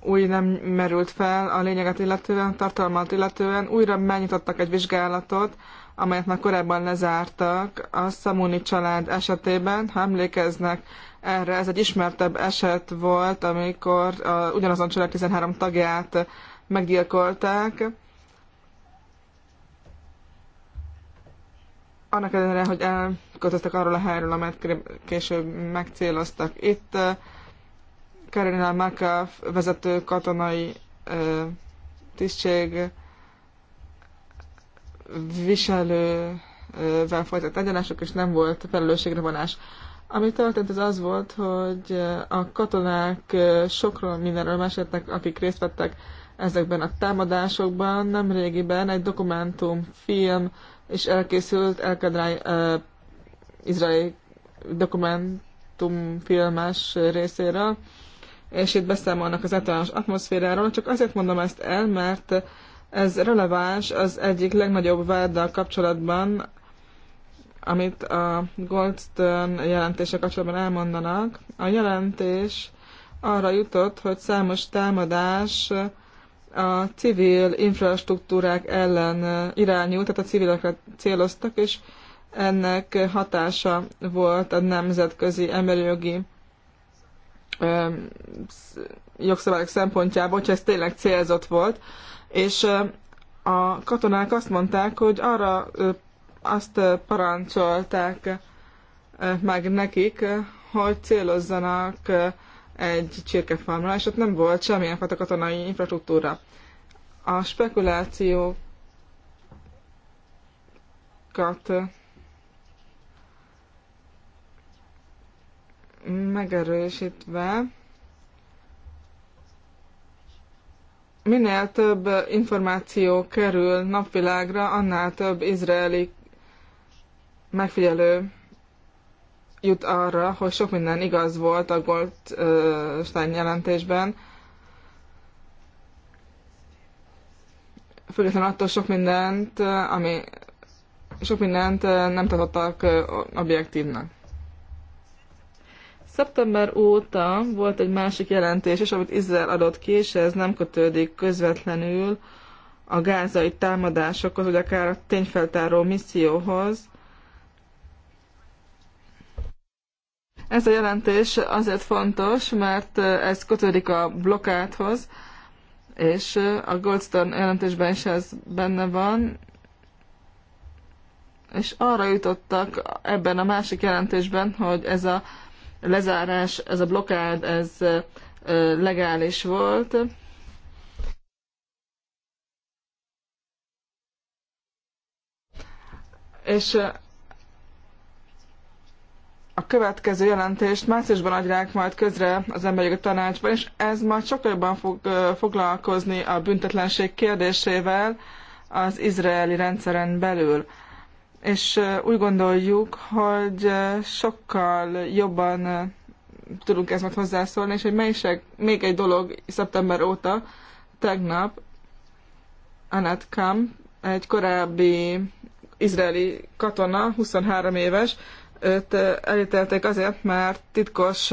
új nem merült fel a lényeget illetően, tartalmat illetően. Újra megnyitottak egy vizsgálatot, amelyet már korábban lezártak a Szamuni család esetében. Ha emlékeznek erre, ez egy ismertebb eset volt, amikor a, ugyanazon család 13 tagját meggyilkolták. Annak ellenére, hogy elköltöztek arról a helyről, amelyet később megcéloztak. Itt uh, Carolina Maca vezető katonai tisztség viselővel folytatott egyenlások, és nem volt felelősségre vonás. Ami történt, az az volt, hogy a katonák sokról mindenről meséltek, akik részt vettek ezekben a támadásokban. Nem régiben egy dokumentum film is elkészült, Elkadráj eh, izraeli dokumentumfilmes részéről és itt beszámolnak az általános atmoszféráról, csak azért mondom ezt el, mert ez releváns az egyik legnagyobb váddal kapcsolatban, amit a Goldstone jelentése kapcsolatban elmondanak. A jelentés arra jutott, hogy számos támadás a civil infrastruktúrák ellen irányult, tehát a civilekre céloztak, és ennek hatása volt a nemzetközi jogi jogszabályok szempontjából, hogyha ez tényleg célzott volt. És a katonák azt mondták, hogy arra azt parancsolták meg nekik, hogy célozzanak egy csirkefarmra, és ott nem volt semmilyen fajta katonai infrastruktúra. A spekulációkat megerősítve, minél több információ kerül napvilágra, annál több izraeli megfigyelő jut arra, hogy sok minden igaz volt a Goldstein jelentésben. Függetlenül attól sok mindent, ami sok mindent eh, nem tartottak eh, objektívnak. Szeptember óta volt egy másik jelentés és amit Izrael adott ki, és ez nem kötődik közvetlenül a gázai támadásokhoz, vagy akár a tényfeltáró misszióhoz. Ez a jelentés azért fontos, mert ez kötődik a blokádhoz, és a Goldstone jelentésben is ez benne van, és arra jutottak ebben a másik jelentésben, hogy ez a lezárás, ez a blokád, ez legális volt. És a következő jelentést márciusban adják majd közre az emberi tanácsban, és ez majd sokkal jobban fog foglalkozni a büntetlenség kérdésével az izraeli rendszeren belül és úgy gondoljuk, hogy sokkal jobban tudunk ezt majd hozzászólni, és hogy melyiség, még egy dolog szeptember óta, tegnap Anat Kam, egy korábbi izraeli katona, 23 éves, őt elítélték azért, mert titkos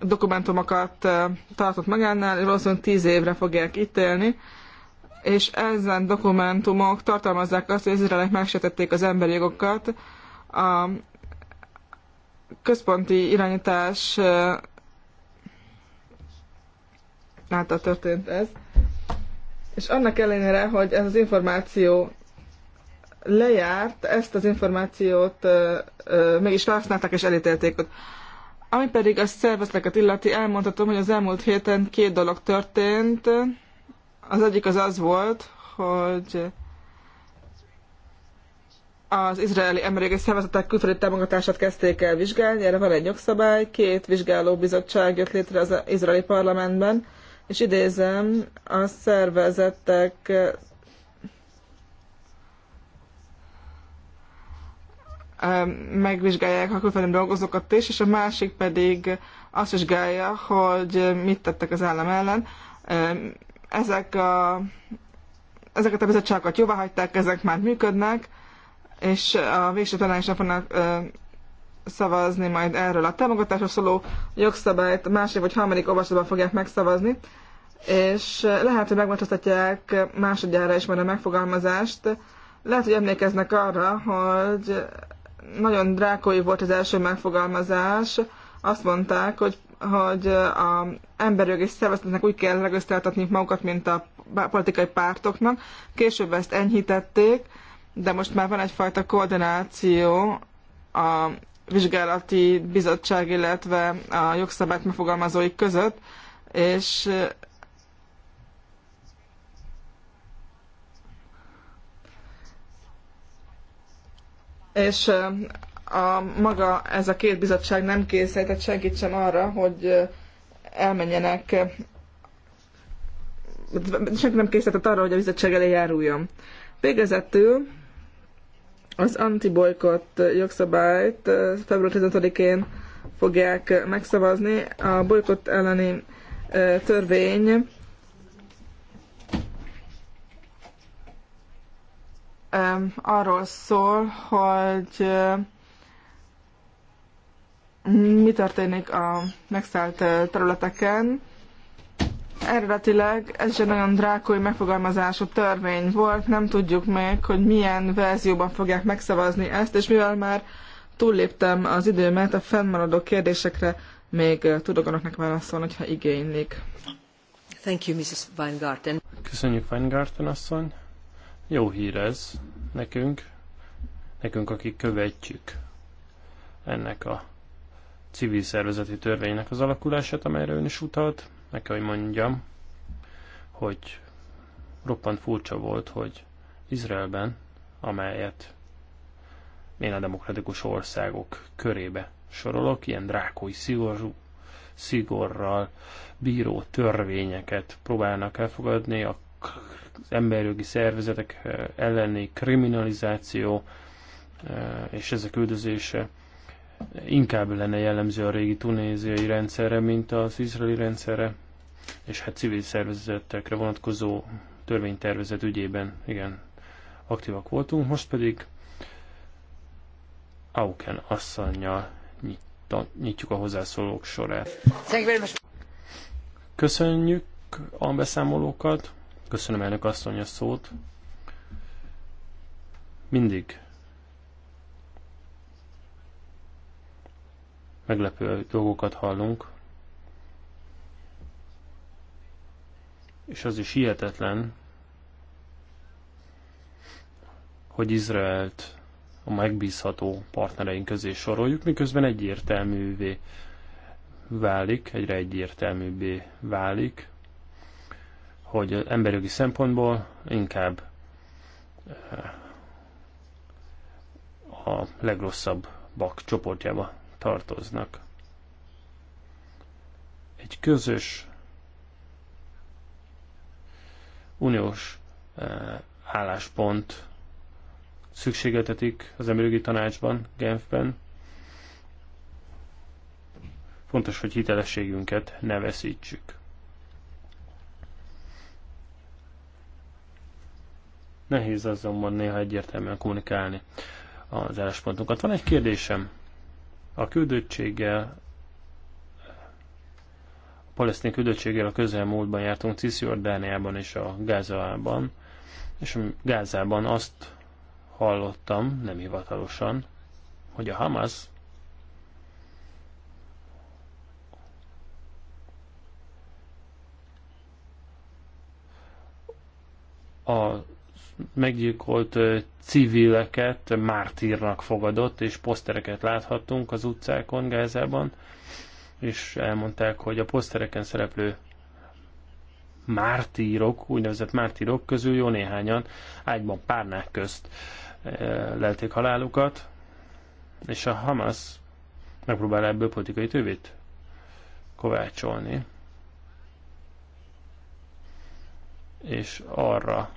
dokumentumokat tartott magánál, és valószínűleg 10 évre fogják ítélni, és ezen dokumentumok tartalmazzák azt, hogy Izraelek megsértették az emberi jogokat. A központi irányítás által történt ez. És annak ellenére, hogy ez az információ lejárt, ezt az információt ö, ö, mégis felhasználták és elítélték ott. Ami pedig a szervezeteket illeti, elmondhatom, hogy az elmúlt héten két dolog történt. Az egyik az az volt, hogy az izraeli emberi szervezetek külföldi támogatását kezdték el vizsgálni, erre van egy jogszabály, két vizsgáló bizottság jött létre az izraeli parlamentben, és idézem, a szervezetek megvizsgálják a külföldi dolgozókat is, és a másik pedig azt vizsgálja, hogy mit tettek az állam ellen, ezek a, ezeket a bizottságokat jóvá hagyták, ezek már működnek, és a végső plenárisan fognak ö, szavazni majd erről. A támogatásra szóló jogszabályt másik vagy harmadik olvasatban fogják megszavazni, és lehet, hogy megváltoztatják másodjára is majd a megfogalmazást. Lehet, hogy emlékeznek arra, hogy nagyon drákói volt az első megfogalmazás, azt mondták, hogy hogy a emberjogi szervezetnek úgy kell legözteltetniük magukat, mint a politikai pártoknak. Később ezt enyhítették, de most már van egyfajta koordináció a vizsgálati bizottság, illetve a jogszabályt megfogalmazói között, és és a maga ez a két bizottság nem készített senkit sem arra, hogy elmenjenek senki nem készített arra, hogy a bizottság elé járuljon. Végezetül az antibolykott jogszabályt február 15-én fogják megszavazni. A bolykott elleni törvény arról szól, hogy mi történik a megszállt területeken. Eredetileg ez is egy nagyon drákói megfogalmazású törvény volt, nem tudjuk még, hogy milyen verzióban fogják megszavazni ezt, és mivel már túlléptem az időmet, a fennmaradó kérdésekre még tudok önöknek válaszolni, ha igénylik. Thank you, Mrs. Weingarten. Köszönjük, Weingarten asszony. Jó hír ez nekünk, nekünk, akik követjük ennek a civil szervezeti törvénynek az alakulását, amelyre ön is utalt. Meg kell, hogy mondjam, hogy roppant furcsa volt, hogy Izraelben, amelyet én a demokratikus országok körébe sorolok, ilyen drákói szigorú, szigorral bíró törvényeket próbálnak elfogadni, a az emberjogi szervezetek eh, elleni kriminalizáció eh, és ezek üldözése inkább lenne jellemző a régi tunéziai rendszerre, mint az izraeli rendszerre, és hát civil szervezetekre vonatkozó törvénytervezet ügyében igen aktívak voltunk, most pedig Auken asszonynal nyitjuk a hozzászólók sorát. Köszönjük a beszámolókat, köszönöm elnök asszony a szót. Mindig meglepő dolgokat hallunk, és az is hihetetlen, hogy Izraelt a megbízható partnereink közé soroljuk, miközben egyértelművé válik, egyre egyértelműbbé válik, hogy emberjogi szempontból inkább eh, a bak csoportjába tartoznak. Egy közös uniós eh, álláspont szükségetetik az emberi tanácsban, Genfben. Fontos, hogy hitelességünket ne veszítsük. Nehéz azonban néha egyértelműen kommunikálni az álláspontunkat. Van egy kérdésem. A küldöttséggel, a palesztin küldöttséggel a közelmúltban jártunk cisziordániában és a Gázában, és a Gázában azt hallottam, nem hivatalosan, hogy a Hamas a meggyilkolt civileket mártírnak fogadott, és posztereket láthattunk az utcákon Gázában, és elmondták, hogy a posztereken szereplő mártírok, úgynevezett mártírok közül jó néhányan ágyban párnák közt lelték halálukat, és a Hamas megpróbál ebből politikai tővét kovácsolni, és arra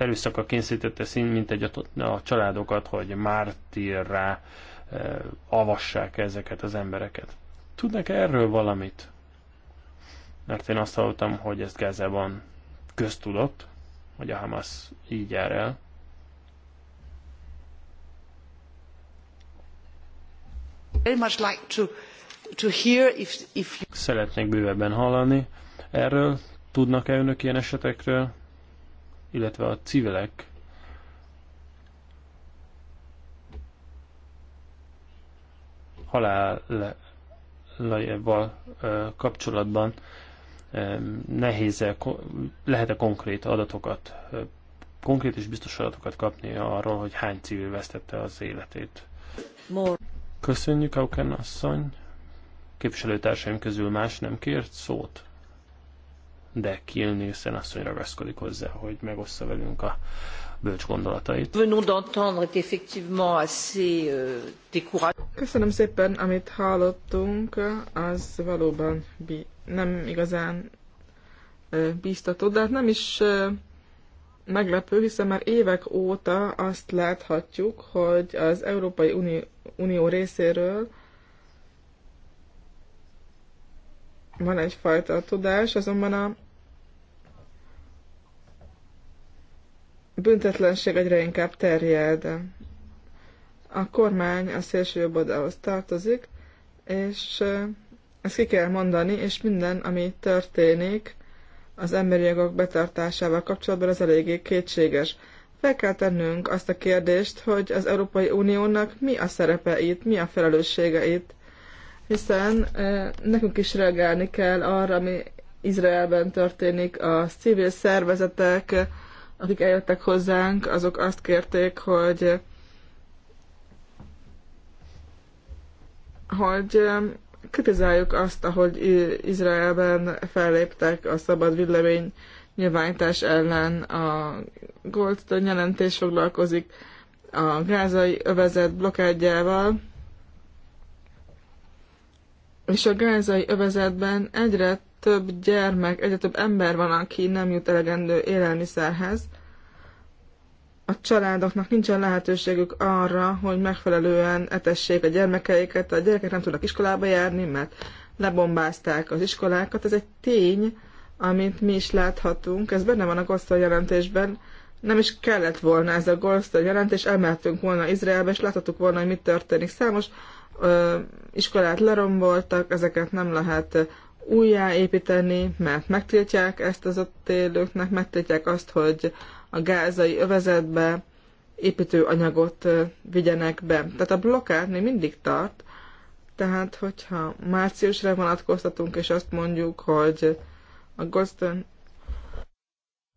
erőszaka kényszerítette szín, mint egy a, a családokat, hogy mártírra e, avassák ezeket az embereket. Tudnak -e erről valamit? Mert én azt hallottam, hogy ezt Gázában köztudott, hogy a Hamas így jár el. Very much like to, to hear if, if Szeretnék bővebben hallani erről. Tudnak-e önök ilyen esetekről? illetve a civilek halálával kapcsolatban nehéz -e, lehet-e konkrét adatokat, konkrét és biztos adatokat kapni arról, hogy hány civil vesztette az életét. More. Köszönjük, Auken asszony. Képviselőtársaim közül más nem kért szót de Kiel Nielsen asszony ragaszkodik hozzá, hogy megossza velünk a bölcs gondolatait. Euh, Köszönöm szépen, amit hallottunk, az valóban nem igazán bíztató, de hát nem is meglepő, hiszen már évek óta azt láthatjuk, hogy az Európai Unió, Unió részéről van egyfajta tudás, azonban a büntetlenség egyre inkább terjed. A kormány a szélső jobb oldalhoz tartozik, és ezt ki kell mondani, és minden, ami történik az emberi jogok betartásával kapcsolatban, az eléggé kétséges. Fel kell tennünk azt a kérdést, hogy az Európai Uniónak mi a szerepe itt, mi a felelőssége itt, hiszen nekünk is reagálni kell arra, ami Izraelben történik, a civil szervezetek, akik eljöttek hozzánk, azok azt kérték, hogy hogy um, kritizáljuk azt, ahogy Izraelben felléptek a szabad villemény nyilvánítás ellen. A Goldstone jelentés foglalkozik a gázai övezet blokádjával, és a gázai övezetben egyre több gyermek, egyre több ember van, aki nem jut elegendő élelmiszerhez. A családoknak nincsen lehetőségük arra, hogy megfelelően etessék a gyermekeiket, a gyerekek nem tudnak iskolába járni, mert lebombázták az iskolákat. Ez egy tény, amit mi is láthatunk. Ez benne van a Gosztor jelentésben. Nem is kellett volna ez a Gosztor jelentés, elmehettünk volna Izraelbe, és láthattuk volna, hogy mit történik. Számos ö, iskolát leromboltak, ezeket nem lehet újjáépíteni, mert megtiltják ezt az ott élőknek, megtiltják azt, hogy a gázai övezetbe építőanyagot vigyenek be. Tehát a blokkát még mindig tart, tehát hogyha márciusra vonatkoztatunk, és azt mondjuk, hogy a Goldstone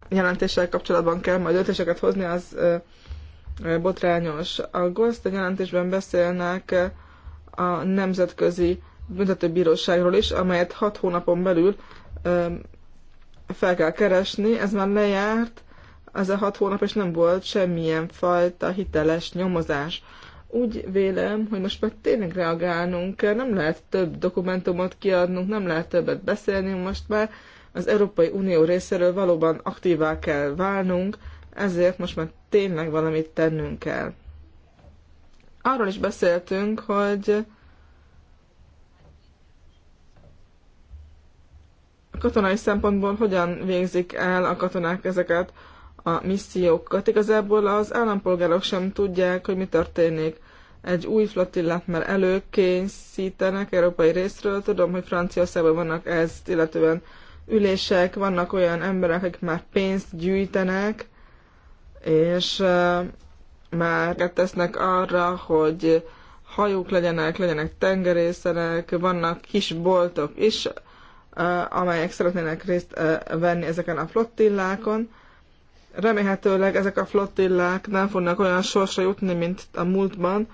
jelentéssel kapcsolatban kell majd döntéseket hozni, az botrányos. A Goldstone jelentésben beszélnek a nemzetközi büntetőbíróságról is, amelyet hat hónapon belül fel kell keresni, ez már lejárt, ez a hat hónap, és nem volt semmilyen fajta hiteles nyomozás. Úgy vélem, hogy most már tényleg reagálnunk kell, nem lehet több dokumentumot kiadnunk, nem lehet többet beszélni, most már az Európai Unió részéről valóban aktívá kell válnunk, ezért most már tényleg valamit tennünk kell. Arról is beszéltünk, hogy katonai szempontból hogyan végzik el a katonák ezeket a missziókat. Igazából az állampolgárok sem tudják, hogy mi történik. Egy új flottillát már előkészítenek európai részről. Tudom, hogy Franciaországban vannak ezt, illetően ülések, vannak olyan emberek, akik már pénzt gyűjtenek, és már tesznek arra, hogy hajók legyenek, legyenek tengerészenek, vannak kis boltok is, amelyek szeretnének részt venni ezeken a flottillákon. Remélhetőleg ezek a flottillák nem fognak olyan sorsra jutni, mint a múltban.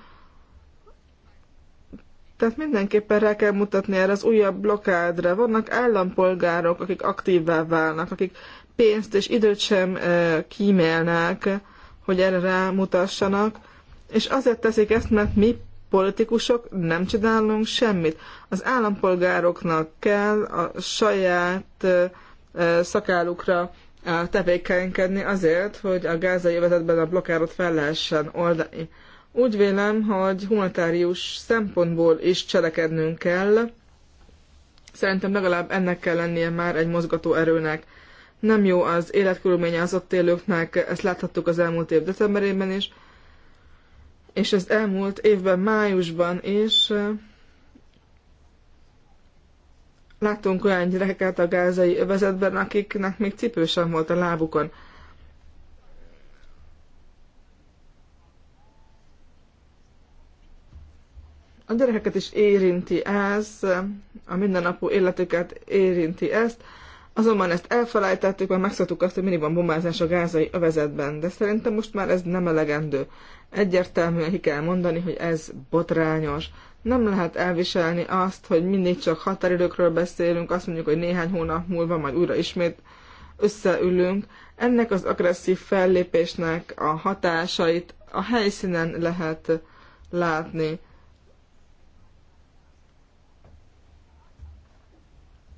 Tehát mindenképpen rá kell mutatni erre az újabb blokádra. Vannak állampolgárok, akik aktívvá válnak, akik pénzt és időt sem kímélnek, hogy erre rámutassanak. És azért teszik ezt, mert mi politikusok, nem csinálunk semmit. Az állampolgároknak kell a saját szakálukra tevékenykedni azért, hogy a gázai övezetben a blokkárot fel lehessen oldani. Úgy vélem, hogy humanitárius szempontból is cselekednünk kell. Szerintem legalább ennek kell lennie már egy mozgató erőnek. Nem jó az életkörülménye az ott élőknek, ezt láthattuk az elmúlt év decemberében is, és ez elmúlt évben, májusban is láttunk olyan gyereket a gázai övezetben, akiknek még cipő sem volt a lábukon. A gyerekeket is érinti ez, a mindennapú életüket érinti ezt, Azonban ezt elfelejtettük, mert megszoktuk azt, hogy mindig van bombázás a gázai övezetben, de szerintem most már ez nem elegendő. Egyértelműen ki kell mondani, hogy ez botrányos. Nem lehet elviselni azt, hogy mindig csak határidőkről beszélünk, azt mondjuk, hogy néhány hónap múlva majd újra ismét összeülünk. Ennek az agresszív fellépésnek a hatásait a helyszínen lehet látni.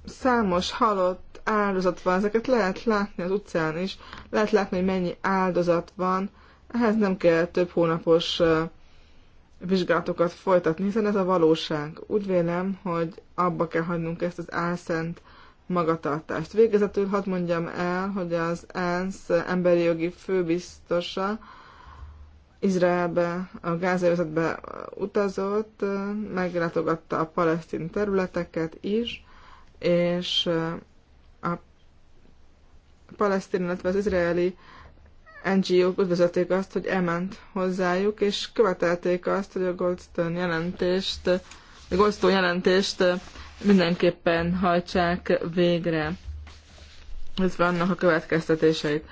Számos halott áldozat van, ezeket lehet látni az utcán is, lehet látni, hogy mennyi áldozat van, ehhez nem kell több hónapos vizsgálatokat folytatni, hiszen ez a valóság. Úgy vélem, hogy abba kell hagynunk ezt az álszent magatartást. Végezetül hadd mondjam el, hogy az ENSZ emberi jogi főbiztosa Izraelbe, a gázövezetbe utazott, meglátogatta a palesztin területeket is, és a palesztin, illetve az izraeli NGO-k üdvözölték azt, hogy elment hozzájuk, és követelték azt, hogy a Goldstone jelentést, a Goldstone jelentést mindenképpen hajtsák végre, illetve annak a következtetéseit.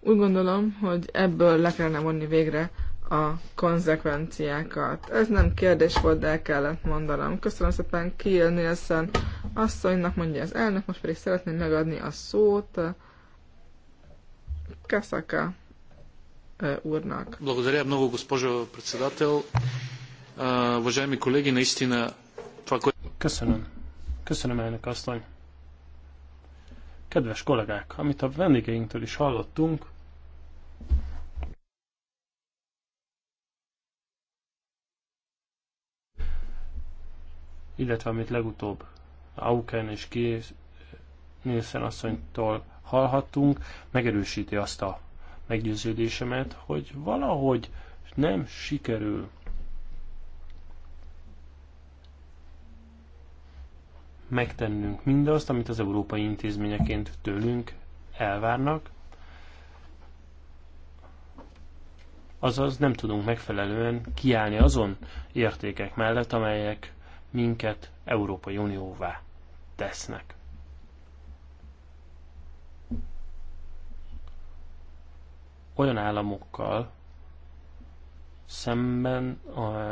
Úgy gondolom, hogy ebből le kellene vonni végre a konzekvenciákat. Ez nem kérdés volt, de el kellett mondanom. Köszönöm szépen Kiel Nielsen asszonynak, mondja az elnök, most pedig szeretném megadni a szót Kaszaka úrnak. Благодаря много, госпожо председател. Уважаеми колеги, наистина това, Köszönöm. Köszönöm, elnök asszony. Kedves kollégák, amit a vendégeinktől is hallottunk, illetve amit legutóbb Auken és Kies Nielsen asszonytól hallhattunk, megerősíti azt a meggyőződésemet, hogy valahogy nem sikerül megtennünk mindazt, amit az európai intézményeként tőlünk elvárnak, azaz nem tudunk megfelelően kiállni azon értékek mellett, amelyek minket Európai Unióvá tesznek. Olyan államokkal szemben,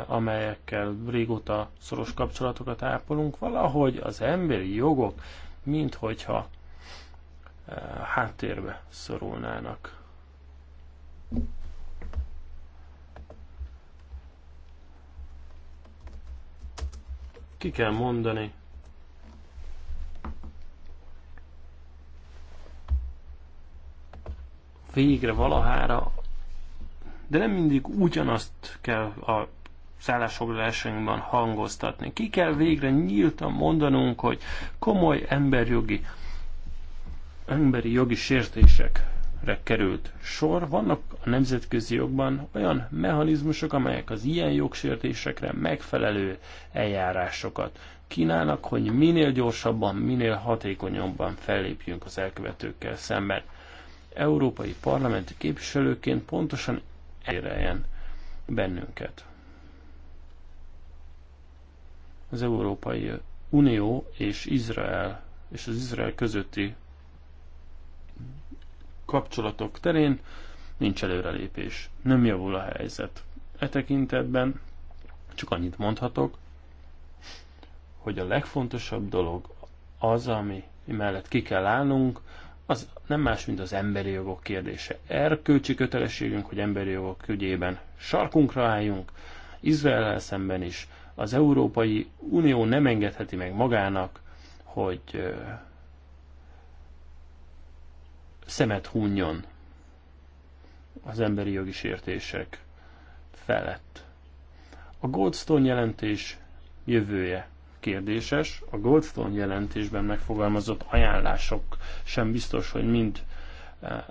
amelyekkel régóta szoros kapcsolatokat ápolunk, valahogy az emberi jogok, minthogyha eh, háttérbe szorulnának. Ki kell mondani, végre valahára, de nem mindig ugyanazt kell a szállásfoglalásainkban hangoztatni. Ki kell végre nyíltan mondanunk, hogy komoly emberjogi, emberi jogi sértések került sor, vannak a nemzetközi jogban olyan mechanizmusok, amelyek az ilyen jogsértésekre megfelelő eljárásokat kínálnak, hogy minél gyorsabban, minél hatékonyabban fellépjünk az elkövetőkkel szemben. Európai parlamenti képviselőként pontosan éreljen bennünket. Az Európai Unió és Izrael és az Izrael közötti kapcsolatok terén nincs előrelépés, nem javul a helyzet. E tekintetben csak annyit mondhatok, hogy a legfontosabb dolog az, ami mellett ki kell állnunk, az nem más, mint az emberi jogok kérdése. Erkölcsi kötelességünk, hogy emberi jogok ügyében sarkunkra álljunk, Izrael szemben is. Az Európai Unió nem engedheti meg magának, hogy szemet hunjon az emberi jogi sértések felett. A Goldstone jelentés jövője kérdéses. A Goldstone jelentésben megfogalmazott ajánlások sem biztos, hogy mind eh,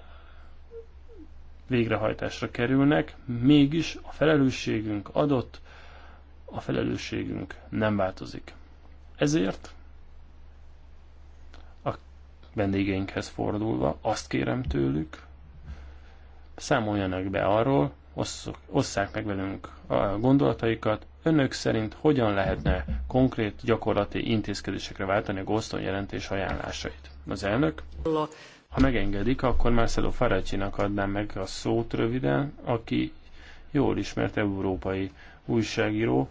végrehajtásra kerülnek, mégis a felelősségünk adott, a felelősségünk nem változik. Ezért vendégeinkhez fordulva, azt kérem tőlük, számoljanak be arról, osszok, osszák meg velünk a gondolataikat, önök szerint hogyan lehetne konkrét gyakorlati intézkedésekre váltani a Goston jelentés ajánlásait. Az elnök, ha megengedik, akkor Marcelo Faracsinak adnám meg a szót röviden, aki jól ismert európai újságíró,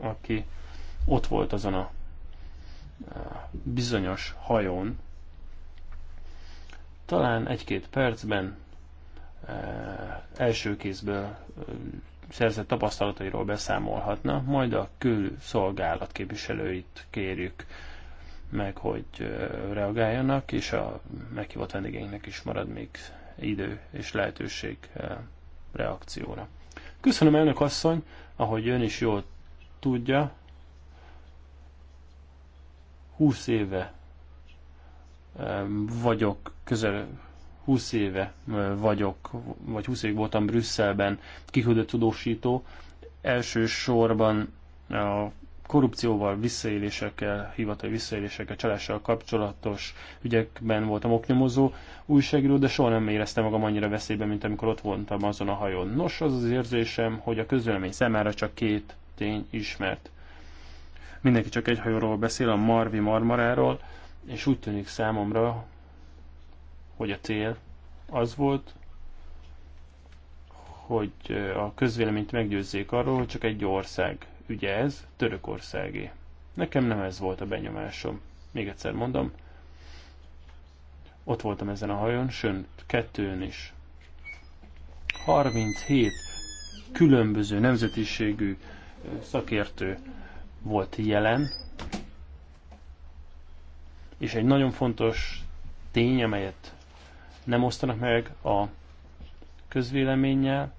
aki ott volt azon a bizonyos hajón talán egy-két percben eh, első kézből eh, szerzett tapasztalatairól beszámolhatna, majd a külszolgálat képviselőit kérjük meg, hogy eh, reagáljanak, és a meghívott vendégeinknek is marad még idő és lehetőség reakcióra. Köszönöm, elnök asszony, ahogy ön is jól tudja, 20 éve vagyok, közel 20 éve vagyok, vagy 20 év voltam Brüsszelben kiküldött tudósító. Elsősorban a korrupcióval, visszaélésekkel, hivatali visszaélésekkel, csalással kapcsolatos ügyekben voltam oknyomozó újságíró, de soha nem éreztem magam annyira veszélyben, mint amikor ott voltam azon a hajón. Nos, az az érzésem, hogy a közvélemény számára csak két tény ismert. Mindenki csak egy hajóról beszél, a Marvi Marmaráról, és úgy tűnik számomra, hogy a cél az volt, hogy eh, a közvéleményt meggyőzzék arról, hogy csak egy ország ügye ez, Törökországé. Nekem nem ez volt a benyomásom. Még egyszer mondom, ott voltam ezen a hajón, sőt, kettőn is. 37 különböző nemzetiségű eh, szakértő volt jelen, és egy nagyon fontos tény, amelyet nem osztanak meg a közvéleménnyel,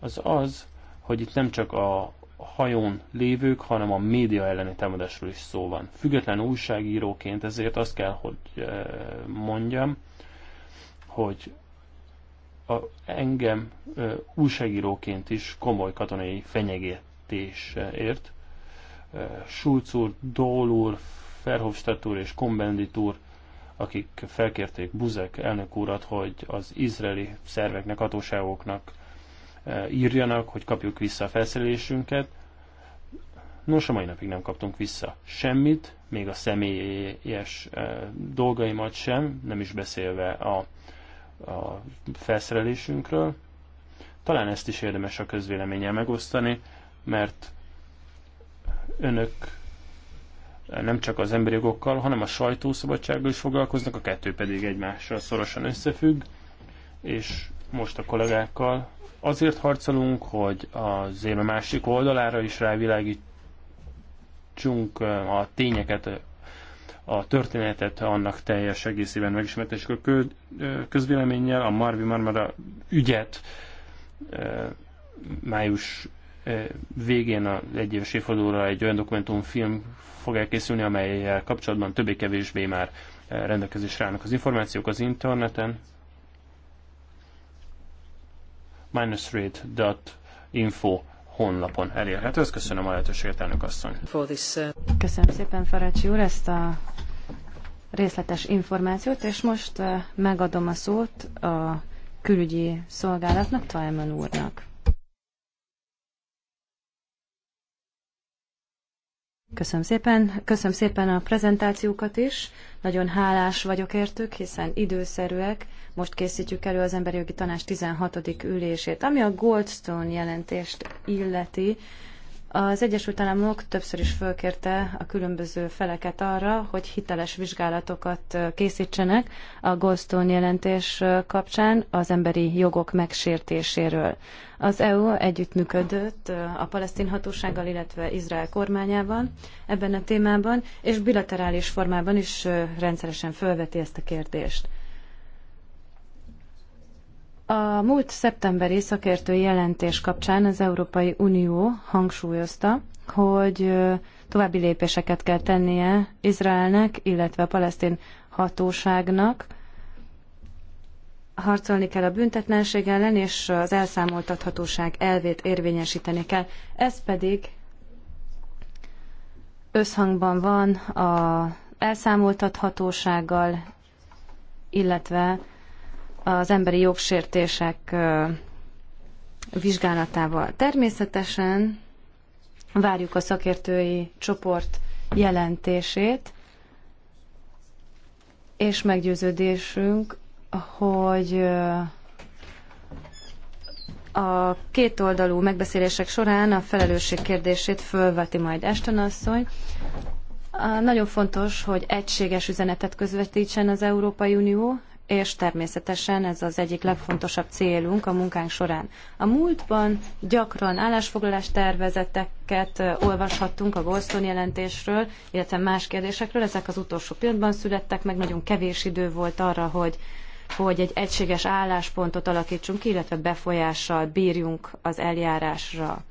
az az, hogy itt nem csak a hajón lévők, hanem a média elleni támadásról is szó van. Független újságíróként ezért azt kell, hogy eh, mondjam, hogy a, engem eh, újságíróként is komoly katonai fenyegét megértéseért. Schulz úr, Dól úr, Verhofstadt úr és Kombendit úr, akik felkérték Buzek elnök urat, hogy az izraeli szerveknek, hatóságoknak írjanak, hogy kapjuk vissza a felszerelésünket. Nos, a mai napig nem kaptunk vissza semmit, még a személyes dolgaimat sem, nem is beszélve a, a felszerelésünkről. Talán ezt is érdemes a közvéleménnyel megosztani mert önök nem csak az emberi jogokkal, hanem a sajtószabadsággal is foglalkoznak, a kettő pedig egymással szorosan összefügg, és most a kollégákkal azért harcolunk, hogy az élme másik oldalára is rávilágítsunk eh, a tényeket, a történetet annak teljes egészében megismertessük a eh, közvéleménnyel, a Marvi Marmara ügyet eh, május végén a egyéves évfordulóra egy olyan dokumentumfilm fog elkészülni, amelyel kapcsolatban többé-kevésbé már rendelkezésre állnak az információk az interneten. minusrate.info honlapon elérhető. Ezt köszönöm a lehetőséget, elnök asszony. Uh, köszönöm szépen, Faracsi úr, ezt a részletes információt, és most uh, megadom a szót a külügyi szolgálatnak, Tajman úrnak. Köszönöm szépen, köszönöm szépen a prezentációkat is. Nagyon hálás vagyok értük, hiszen időszerűek. Most készítjük elő az Emberi Jogi Tanács 16. ülését. Ami a Goldstone jelentést illeti, az Egyesült Államok többször is fölkérte a különböző feleket arra, hogy hiteles vizsgálatokat készítsenek a Goldstone jelentés kapcsán az emberi jogok megsértéséről. Az EU együttműködött a palesztin hatósággal, illetve Izrael kormányában ebben a témában, és bilaterális formában is rendszeresen felveti ezt a kérdést. A múlt szeptemberi szakértő jelentés kapcsán az Európai Unió hangsúlyozta, hogy további lépéseket kell tennie Izraelnek, illetve a palesztin hatóságnak. Harcolni kell a büntetlenség ellen, és az elszámoltathatóság elvét érvényesíteni kell. Ez pedig összhangban van az elszámoltathatósággal, illetve az emberi jogsértések vizsgálatával. Természetesen várjuk a szakértői csoport jelentését, és meggyőződésünk, hogy a kétoldalú megbeszélések során a felelősség kérdését fölveti majd Ashton asszony. Nagyon fontos, hogy egységes üzenetet közvetítsen az Európai Unió, és természetesen ez az egyik legfontosabb célunk a munkánk során. A múltban gyakran állásfoglalás tervezeteket olvashattunk a Goldstone jelentésről, illetve más kérdésekről. Ezek az utolsó pillanatban születtek, meg nagyon kevés idő volt arra, hogy hogy egy egységes álláspontot alakítsunk ki, illetve befolyással bírjunk az eljárásra.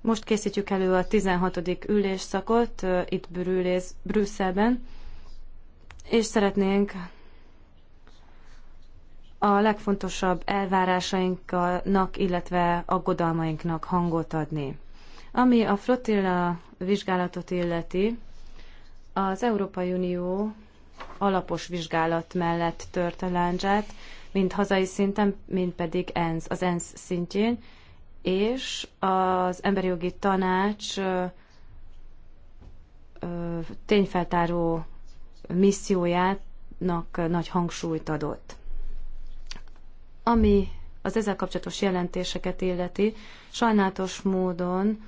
Most készítjük elő a 16. ülésszakot itt Brülész, Brüsszelben, és szeretnénk a legfontosabb elvárásainknak, illetve aggodalmainknak hangot adni. Ami a flottilla vizsgálatot illeti, az Európai Unió alapos vizsgálat mellett tört a láncsát, mind hazai szinten, mind pedig ENSZ, az ENSZ szintjén, és az Emberi Jogi Tanács tényfeltáró missziójának nagy hangsúlyt adott. Ami az ezzel kapcsolatos jelentéseket illeti, sajnálatos módon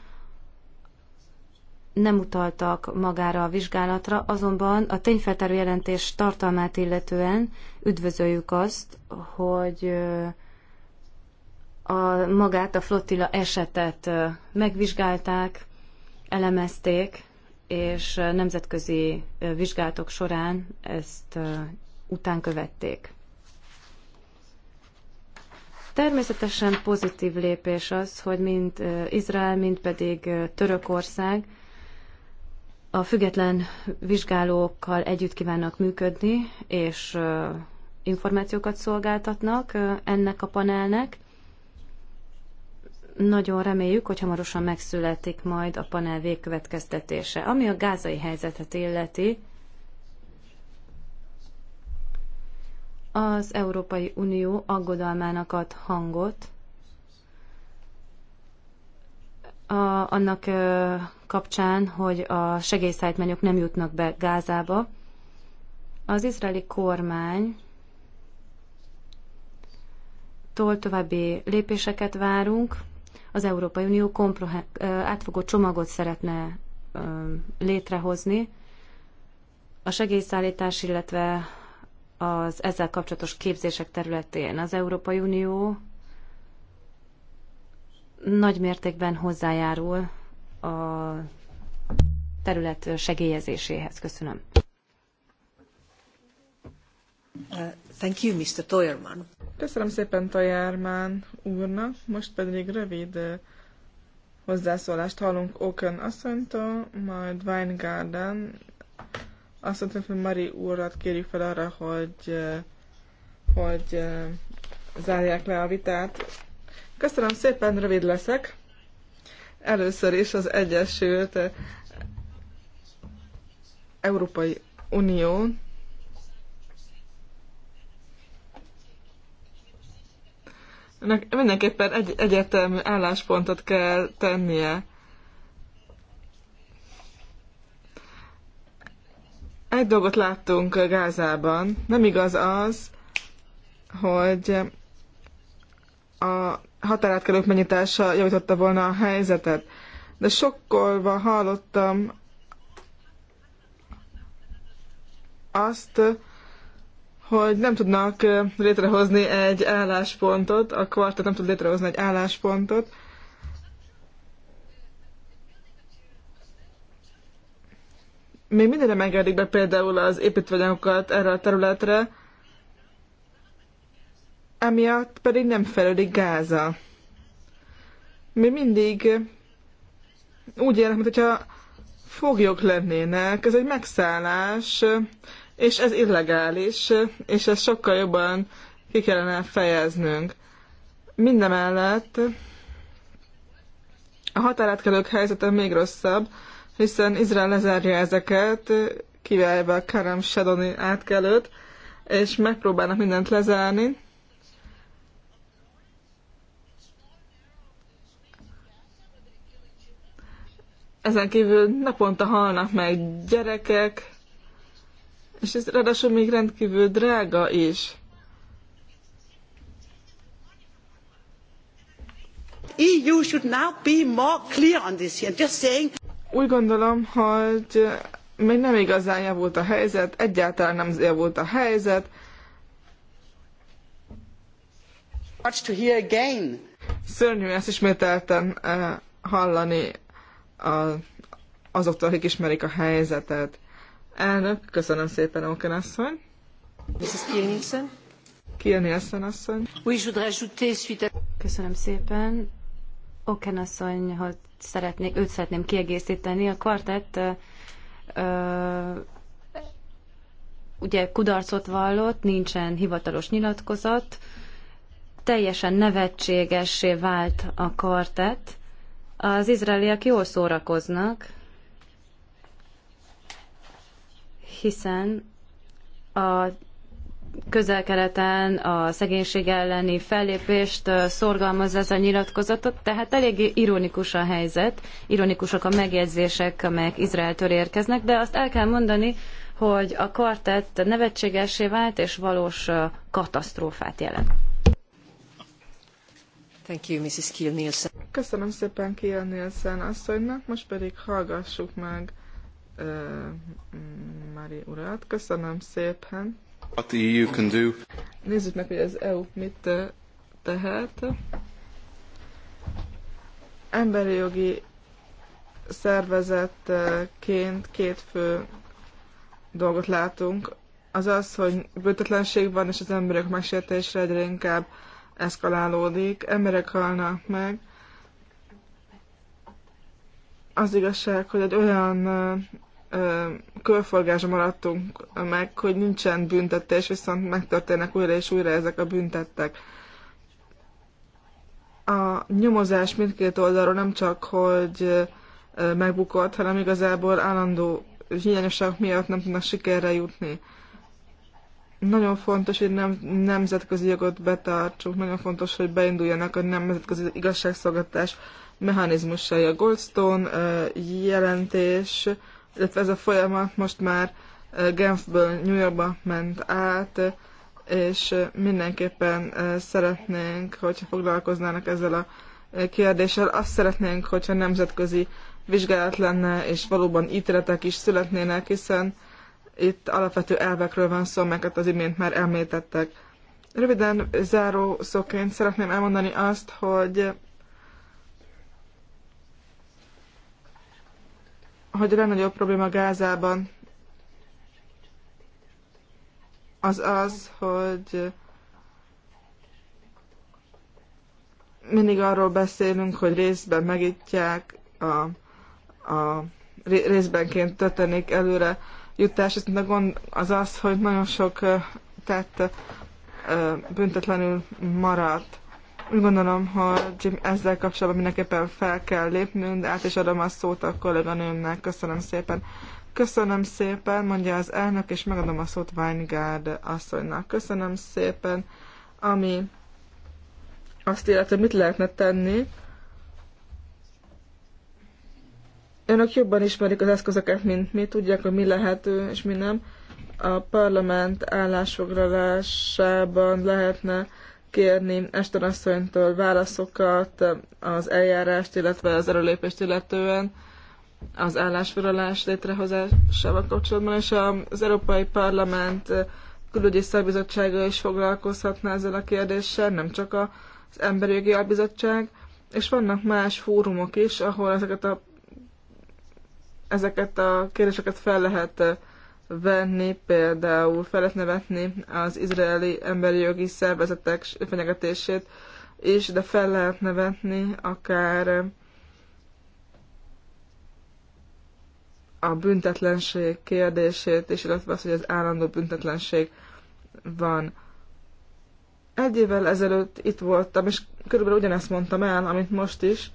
nem utaltak magára a vizsgálatra, azonban a tényfeltáró jelentés tartalmát illetően üdvözöljük azt, hogy a magát a flottilla esetet megvizsgálták, elemezték, és nemzetközi vizsgálatok során ezt után követték. Természetesen pozitív lépés az, hogy mind Izrael, mind pedig Törökország a független vizsgálókkal együtt kívánnak működni, és információkat szolgáltatnak ennek a panelnek nagyon reméljük, hogy hamarosan megszületik majd a panel végkövetkeztetése. Ami a gázai helyzetet illeti, az Európai Unió aggodalmának ad hangot a, annak ö, kapcsán, hogy a segélyszállítmányok nem jutnak be Gázába. Az izraeli kormány tól további lépéseket várunk, az Európai Unió komprohe- átfogó csomagot szeretne létrehozni. A segélyszállítás, illetve az ezzel kapcsolatos képzések területén az Európai Unió nagy mértékben hozzájárul a terület segélyezéséhez. Köszönöm. Uh, thank you, Mr. Toyerman. Köszönöm szépen Toyerman úrnak, most pedig rövid uh, hozzászólást hallunk Oken asszonytól, majd Weingarden. asszonytól, hogy Mari úrat kérjük fel arra, hogy, uh, hogy zárják le a vitát. Köszönöm szépen, rövid leszek. Először is az Egyesült Európai Unió Ennek mindenképpen egy, egyértelmű álláspontot kell tennie. Egy dolgot láttunk Gázában. Nem igaz az, hogy a határátkelők megnyitása javította volna a helyzetet. De sokkolva hallottam azt, hogy nem tudnak létrehozni egy álláspontot, a kvartet nem tud létrehozni egy álláspontot. Még mindenre megedik be például az építványokat erre a területre, emiatt pedig nem felődik Gáza. Mi mindig úgy élnek, mintha foglyok lennének. Ez egy megszállás, és ez illegális, és ezt sokkal jobban ki kellene fejeznünk. Mindemellett a határátkelők helyzete még rosszabb, hiszen Izrael lezárja ezeket, kivéve a Karam Shadoni átkelőt, és megpróbálnak mindent lezárni. Ezen kívül naponta halnak meg gyerekek, és ez ráadásul még rendkívül drága is. EU should now be more clear on this and just saying... Úgy gondolom, hogy még nem igazán javult a helyzet, egyáltalán nem javult a helyzet. Much to hear again. Szörnyű ezt ismételten eh, hallani a, azoktól, akik ismerik a helyzetet. Elnök, köszönöm szépen, Oken asszony. Mrs. Kiel Nielsen. Kiel Nielsen asszony. Oui, je voudrais ajouter suite Köszönöm szépen. Oken asszonyhoz szeretnék, őt szeretném kiegészíteni. A kvartett ugye kudarcot vallott, nincsen hivatalos nyilatkozat, teljesen nevetségessé vált a kvartett. Az izraeliek jól szórakoznak, hiszen a közelkereten a szegénység elleni fellépést szorgalmazza ez a nyilatkozatot, tehát eléggé ironikus a helyzet, ironikusak a megjegyzések, amelyek Izraeltől érkeznek, de azt el kell mondani, hogy a kvartett nevetségesé vált és valós katasztrófát jelent. Thank you, Mrs. Kiel Nielsen. Köszönöm szépen Kiel Nielsen asszonynak, most pedig hallgassuk meg Mari urat. Köszönöm szépen. What the EU can do. Nézzük meg, hogy az EU mit tehet. Emberi jogi szervezetként két fő dolgot látunk. Az az, hogy bőtetlenség van, és az emberek megsértésre egyre inkább eszkalálódik. Emberek halnak meg, az igazság, hogy egy olyan körforgásra maradtunk meg, hogy nincsen büntetés, viszont megtörténnek újra és újra ezek a büntettek. A nyomozás mindkét oldalról nem csak, hogy megbukott, hanem igazából állandó hiányosság miatt nem tudnak sikerre jutni. Nagyon fontos, hogy nem, nemzetközi jogot betartsuk, nagyon fontos, hogy beinduljanak a nemzetközi igazságszolgáltatás mechanizmusai. A Goldstone jelentés, illetve ez a folyamat most már Genfből New Yorkba ment át, és mindenképpen szeretnénk, hogyha foglalkoznának ezzel a kérdéssel. Azt szeretnénk, hogyha nemzetközi vizsgálat lenne, és valóban ítéletek is születnének, hiszen itt alapvető elvekről van szó, amelyeket az imént már említettek. Röviden záró szóként szeretném elmondani azt, hogy hogy a legnagyobb probléma Gázában az az, hogy mindig arról beszélünk, hogy részben megítják, a, a részbenként történik előre jutás, Ez a gond az az, hogy nagyon sok tett büntetlenül maradt. Úgy gondolom, hogy ezzel kapcsolatban mindenképpen fel kell lépnünk, de át is adom a szót a kolléganőmnek. Köszönöm szépen. Köszönöm szépen, mondja az elnök, és megadom a szót Weingard asszonynak. Köszönöm szépen, ami azt illetve, mit lehetne tenni. Önök jobban ismerik az eszközöket, mint mi, tudják, hogy mi lehető és mi nem. A parlament állásfoglalásában lehetne kérni Eston asszonytól válaszokat az eljárást, illetve az erőlépést illetően az állásfoglalás létrehozásával kapcsolatban, és az Európai Parlament külügyi szakbizottsága is foglalkozhatna ezzel a kérdéssel, nem csak az Emberi Jogi Albizottság, és vannak más fórumok is, ahol ezeket a, ezeket a kérdéseket fel lehet venni, például felett vetni az izraeli emberi jogi szervezetek fenyegetését is, de fel lehet nevetni akár a büntetlenség kérdését, és illetve az, hogy az állandó büntetlenség van. Egy évvel ezelőtt itt voltam, és körülbelül ugyanezt mondtam el, amit most is.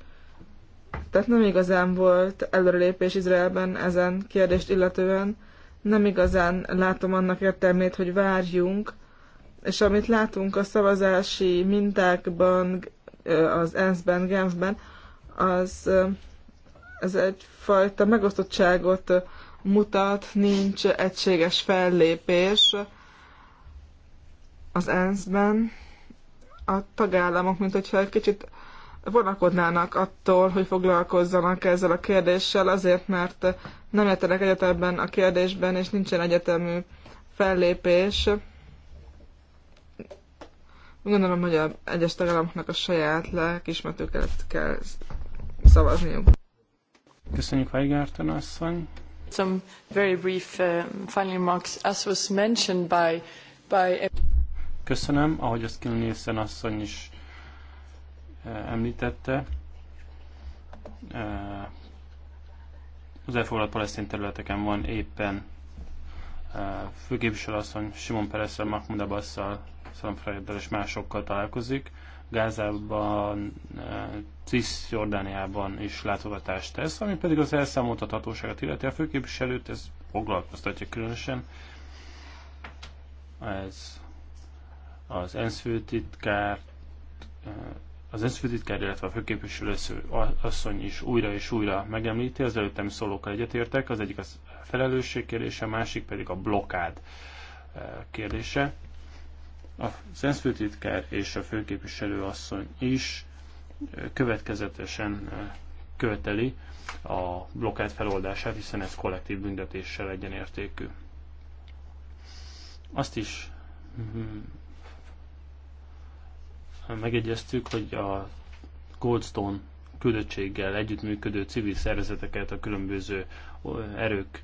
Tehát nem igazán volt előrelépés Izraelben ezen kérdést illetően, nem igazán látom annak értelmét, hogy várjunk, és amit látunk a szavazási mintákban, az ENSZ-ben, Genfben, az ez egyfajta megosztottságot mutat, nincs egységes fellépés az ENSZ-ben. A tagállamok, mint hogyha egy kicsit vonakodnának attól, hogy foglalkozzanak ezzel a kérdéssel, azért, mert nem értenek egyetemben a kérdésben, és nincsen egyetemű fellépés. Gondolom, hogy az egyes tagállamoknak a saját lelkismertőket kell szavazniuk. Köszönjük, Weigárton asszony. Some very brief uh, final remarks, as was mentioned by, by... Köszönöm, ahogy azt Kilnészen asszony is említette. Az elfoglalt palesztin területeken van éppen főképviselőasszony Simon Peresszel, Mahmoud Abbasszal, Szamfreddel és másokkal találkozik. Gázában, Cisjordániában is látogatást tesz, ami pedig az elszámoltathatóságot illeti a főképviselőt, ez foglalkoztatja különösen. Ez az ENSZ főtitkár az ENSZ illetve a főképviselő asszony is újra és újra megemlíti, az előttem szólókkal egyetértek, az egyik az felelősség kérdése, a másik pedig a blokád eh, kérdése. A ENSZ és a főképviselő asszony is eh, következetesen eh, követeli a blokkád feloldását, hiszen ez kollektív büntetéssel egyenértékű. Azt is mm, megegyeztük, hogy a Goldstone küldöttséggel együttműködő civil szervezeteket a különböző erők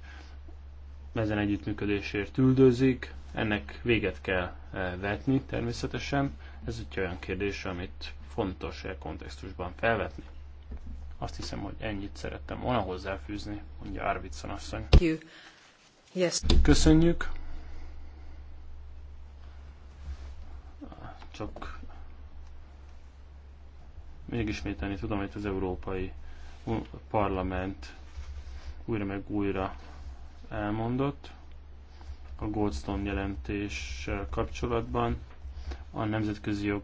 ezen együttműködésért üldözik. Ennek véget kell vetni természetesen. Ez egy olyan kérdés, amit fontos e kontextusban felvetni. Azt hiszem, hogy ennyit szerettem volna hozzáfűzni, mondja Arvidsson asszony. Yes. Köszönjük. Csak még ismételni tudom, hogy az Európai Parlament újra meg újra elmondott a Goldstone jelentés kapcsolatban a nemzetközi jog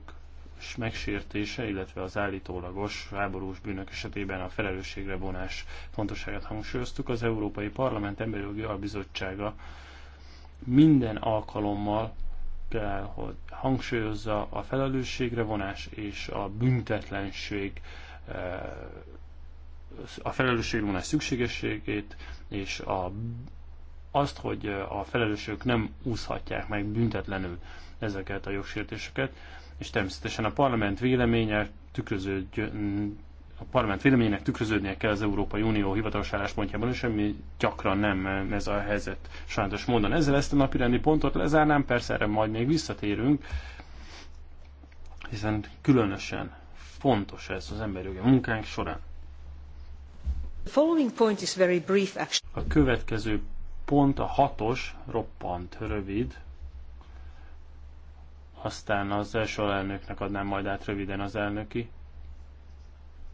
megsértése, illetve az állítólagos háborús bűnök esetében a felelősségre vonás fontosságát hangsúlyoztuk. Az Európai Parlament Emberi Jogi Albizottsága minden alkalommal kell, hogy hangsúlyozza a felelősségre vonás és a büntetlenség eh, a felelősségre vonás szükségességét, és a, azt, hogy a felelősök nem úszhatják meg büntetlenül ezeket a jogsértéseket, és természetesen a parlament véleménye tükröződjön a parlament véleményének tükröződnie kell az Európai Unió hivatalos álláspontjában, és ami gyakran nem ez a helyzet sajnos mondan. Ezzel ezt a napirendi pontot lezárnám, persze erre majd még visszatérünk, hiszen különösen fontos ez az emberjogi munkánk során. A következő pont, a hatos, roppant rövid, aztán az első alelnöknek adnám majd át röviden az elnöki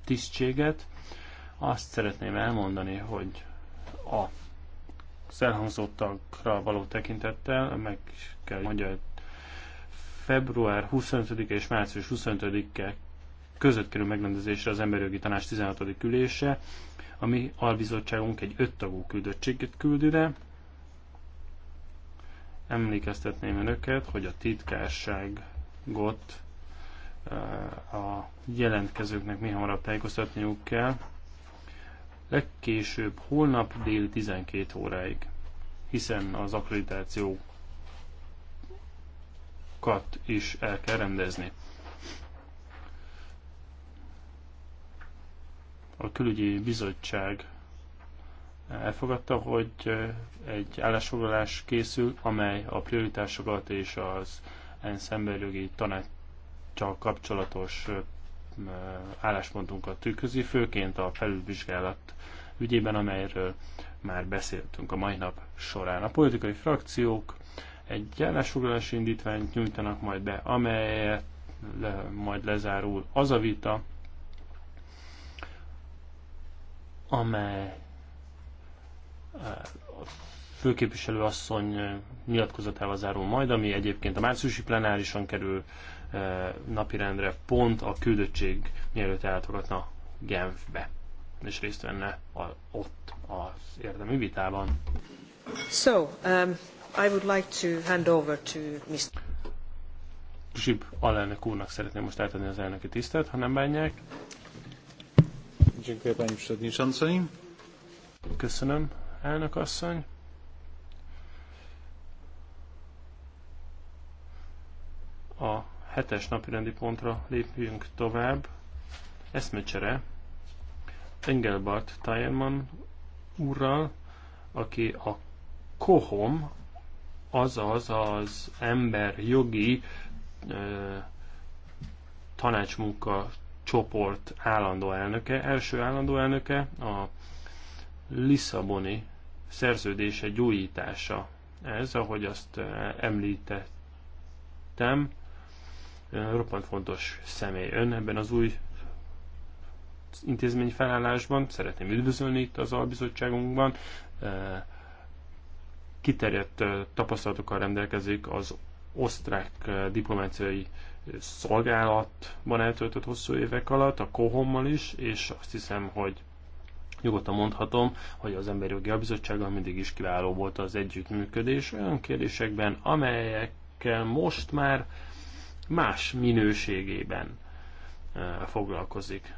tisztséget. Azt szeretném elmondani, hogy a szelhangzottakra való tekintettel meg kell mondja, hogy február 25 és március 25-e között kerül megrendezésre az Emberjogi Tanács 16. ülése, ami albizottságunk egy öttagú küldöttséget küld ide. Emlékeztetném önöket, hogy a titkárságot Eh, a jelentkezőknek mi hamarabb tájékoztatniuk kell, legkésőbb holnap dél 12 óráig, hiszen az akkreditációkat is el kell rendezni. A külügyi bizottság elfogadta, hogy egy állásfoglalás készül, amely a prioritásokat és az ENSZ emberjogi tanács csak kapcsolatos álláspontunkat tükrözi, főként a felülvizsgálat ügyében, amelyről már beszéltünk a mai nap során. A politikai frakciók egy állásfoglalási indítványt nyújtanak majd be, amelyet le, majd lezárul az a vita, amely a főképviselő asszony nyilatkozatával zárul majd, ami egyébként a márciusi plenárison kerül napirendre pont a küldöttség mielőtt eltogatna Genfbe, és részt venne a, ott az érdemi vitában. So, um, I would like to hand over to Mr. Zsib alelnök úrnak szeretném most átadni az elnöki tisztelt, ha nem bánják. Köszönöm, elnök asszony. A hetes napirendi pontra lépjünk tovább. Eszmecsere Engelbart Tajerman úrral, aki a KOHOM, azaz az ember jogi ö, tanácsmunka csoport állandó elnöke, első állandó elnöke, a Lisszaboni szerződése gyújítása. Ez, ahogy azt említettem, roppant fontos személy ön ebben az új intézmény felállásban. Szeretném üdvözölni itt az albizottságunkban. Eh, kiterjedt eh, tapasztalatokkal rendelkezik az osztrák eh, diplomáciai szolgálatban eltöltött hosszú évek alatt, a Kohommal is, és azt hiszem, hogy nyugodtan mondhatom, hogy az Emberi Jogi Albizottsággal mindig is kiváló volt az együttműködés olyan kérdésekben, amelyekkel most már más minőségében eh, foglalkozik.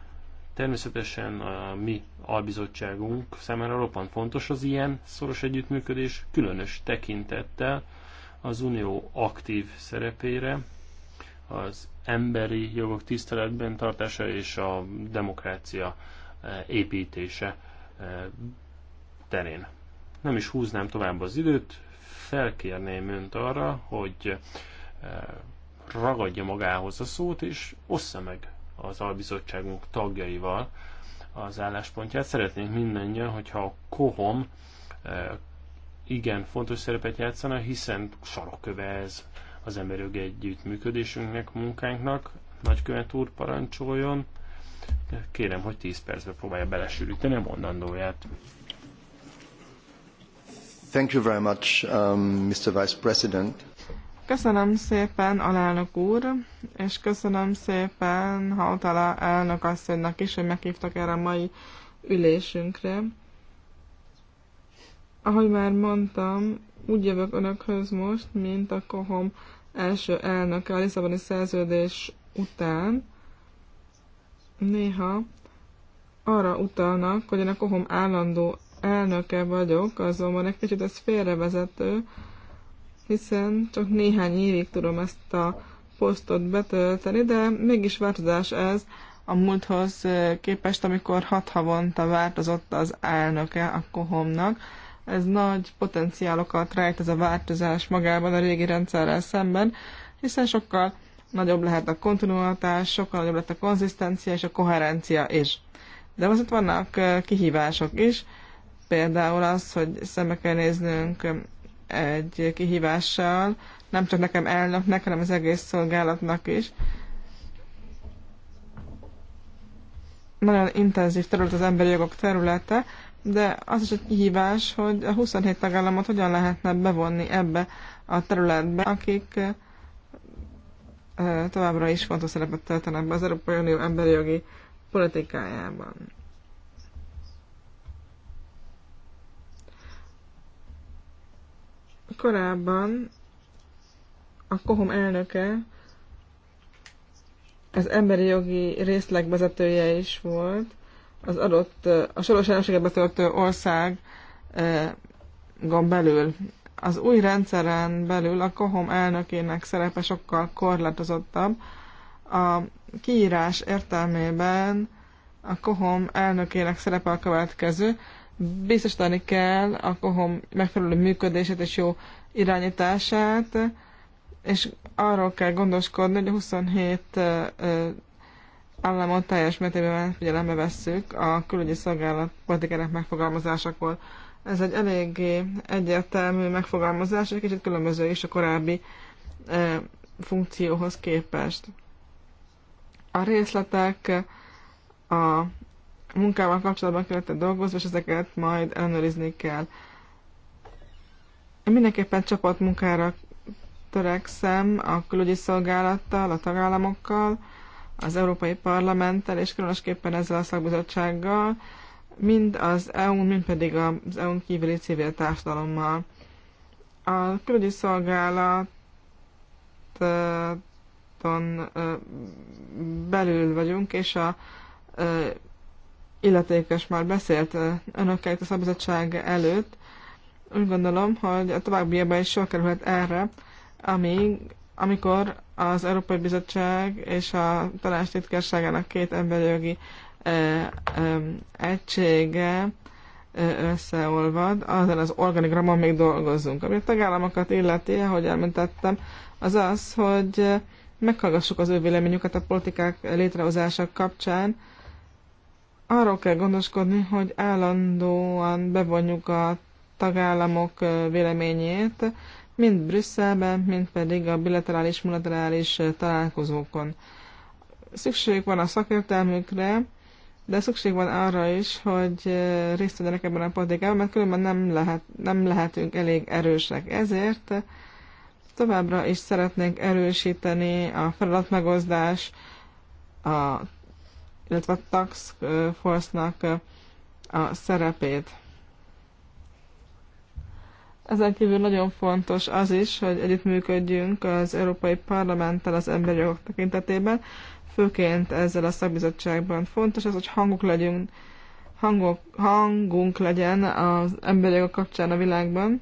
Természetesen a mi albizottságunk számára roppant fontos az ilyen szoros együttműködés, különös tekintettel az unió aktív szerepére, az emberi jogok tiszteletben tartása és a demokrácia eh, építése eh, terén. Nem is húznám tovább az időt, felkérném önt arra, hogy ragadja magához a szót, és ossza meg az albizottságunk tagjaival az álláspontját. Szeretnénk mindannyian, hogyha a kohom eh, igen fontos szerepet játszana, hiszen sarokköve ez az emberög együttműködésünknek, munkánknak. Nagykövet úr parancsoljon. Kérem, hogy 10 percbe próbálja belesűríteni a mondandóját. Thank you very much, um, Mr. Vice President. Köszönöm szépen, alelnök úr, és köszönöm szépen Hautala elnök asszonynak is, hogy meghívtak erre a mai ülésünkre. Ahogy már mondtam, úgy jövök önökhöz most, mint a kohom első elnöke a Lisszaboni szerződés után. Néha arra utalnak, hogy én a kohom állandó elnöke vagyok, azonban egy kicsit ez félrevezető, hiszen csak néhány évig tudom ezt a posztot betölteni, de mégis változás ez a múlthoz eh, képest, amikor hat havonta változott az elnöke a kohomnak. Ez nagy potenciálokat rejt ez a változás magában a régi rendszerrel szemben, hiszen sokkal nagyobb lehet a kontinuitás, sokkal nagyobb lett a konzisztencia és a koherencia is. De azért vannak eh, kihívások is, például az, hogy szembe kell néznünk egy kihívással, nem csak nekem elnöknek, hanem az egész szolgálatnak is. Nagyon intenzív terület az emberi jogok területe, de az is egy kihívás, hogy a 27 tagállamot hogyan lehetne bevonni ebbe a területbe, akik továbbra is fontos szerepet töltenek be az Európai Unió emberi jogi politikájában. Korábban a Kohom elnöke az emberi jogi részleg vezetője is volt, az adott, a soros elnökségbe töltő gomb belül. Az új rendszeren belül a Kohom elnökének szerepe sokkal korlátozottabb. A kiírás értelmében a Kohom elnökének szerepe a következő biztosítani kell a kohom megfelelő működését és jó irányítását, és arról kell gondoskodni, hogy a 27 államot teljes mértékben figyelembe vesszük a külügyi szolgálat politikának megfogalmazásakor. Ez egy eléggé egyértelmű megfogalmazás, egy kicsit különböző is a korábbi funkcióhoz képest. A részletek, a munkával kapcsolatban kellett dolgozni, és ezeket majd ellenőrizni kell. Én mindenképpen csapatmunkára törekszem a külügyi szolgálattal, a tagállamokkal, az Európai Parlamenttel, és különösképpen ezzel a szakbizottsággal, mind az EU-n, mind pedig az EU-n kívüli civil társadalommal. A külügyi szolgálaton belül vagyunk, és a illetékes már beszélt eh, önökkel itt a szabadság előtt. Úgy gondolom, hogy a továbbiakban is sor kerülhet erre, amíg, amikor az Európai Bizottság és a tanács titkárságának két emberjogi e, e, egysége eh, összeolvad, azon az organigramon még dolgozzunk. Ami a tagállamokat illeti, ahogy elmentettem, az az, hogy meghallgassuk az ő véleményüket a politikák létrehozása kapcsán, arról kell gondoskodni, hogy állandóan bevonjuk a tagállamok véleményét, mind Brüsszelben, mind pedig a bilaterális, multilaterális találkozókon. Szükség van a szakértelmükre, de szükség van arra is, hogy részt vegyenek ebben a politikában, mert különben nem, lehet, nem lehetünk elég erősek. Ezért továbbra is szeretnénk erősíteni a feladatmegozdás, a illetve a Tax Force-nak a szerepét. Ezen kívül nagyon fontos az is, hogy együttműködjünk az Európai Parlamenttel az emberi jogok tekintetében, főként ezzel a szakbizottságban. Fontos az, hogy hangok legyünk, hangok, hangunk legyen az emberi jogok kapcsán a világban.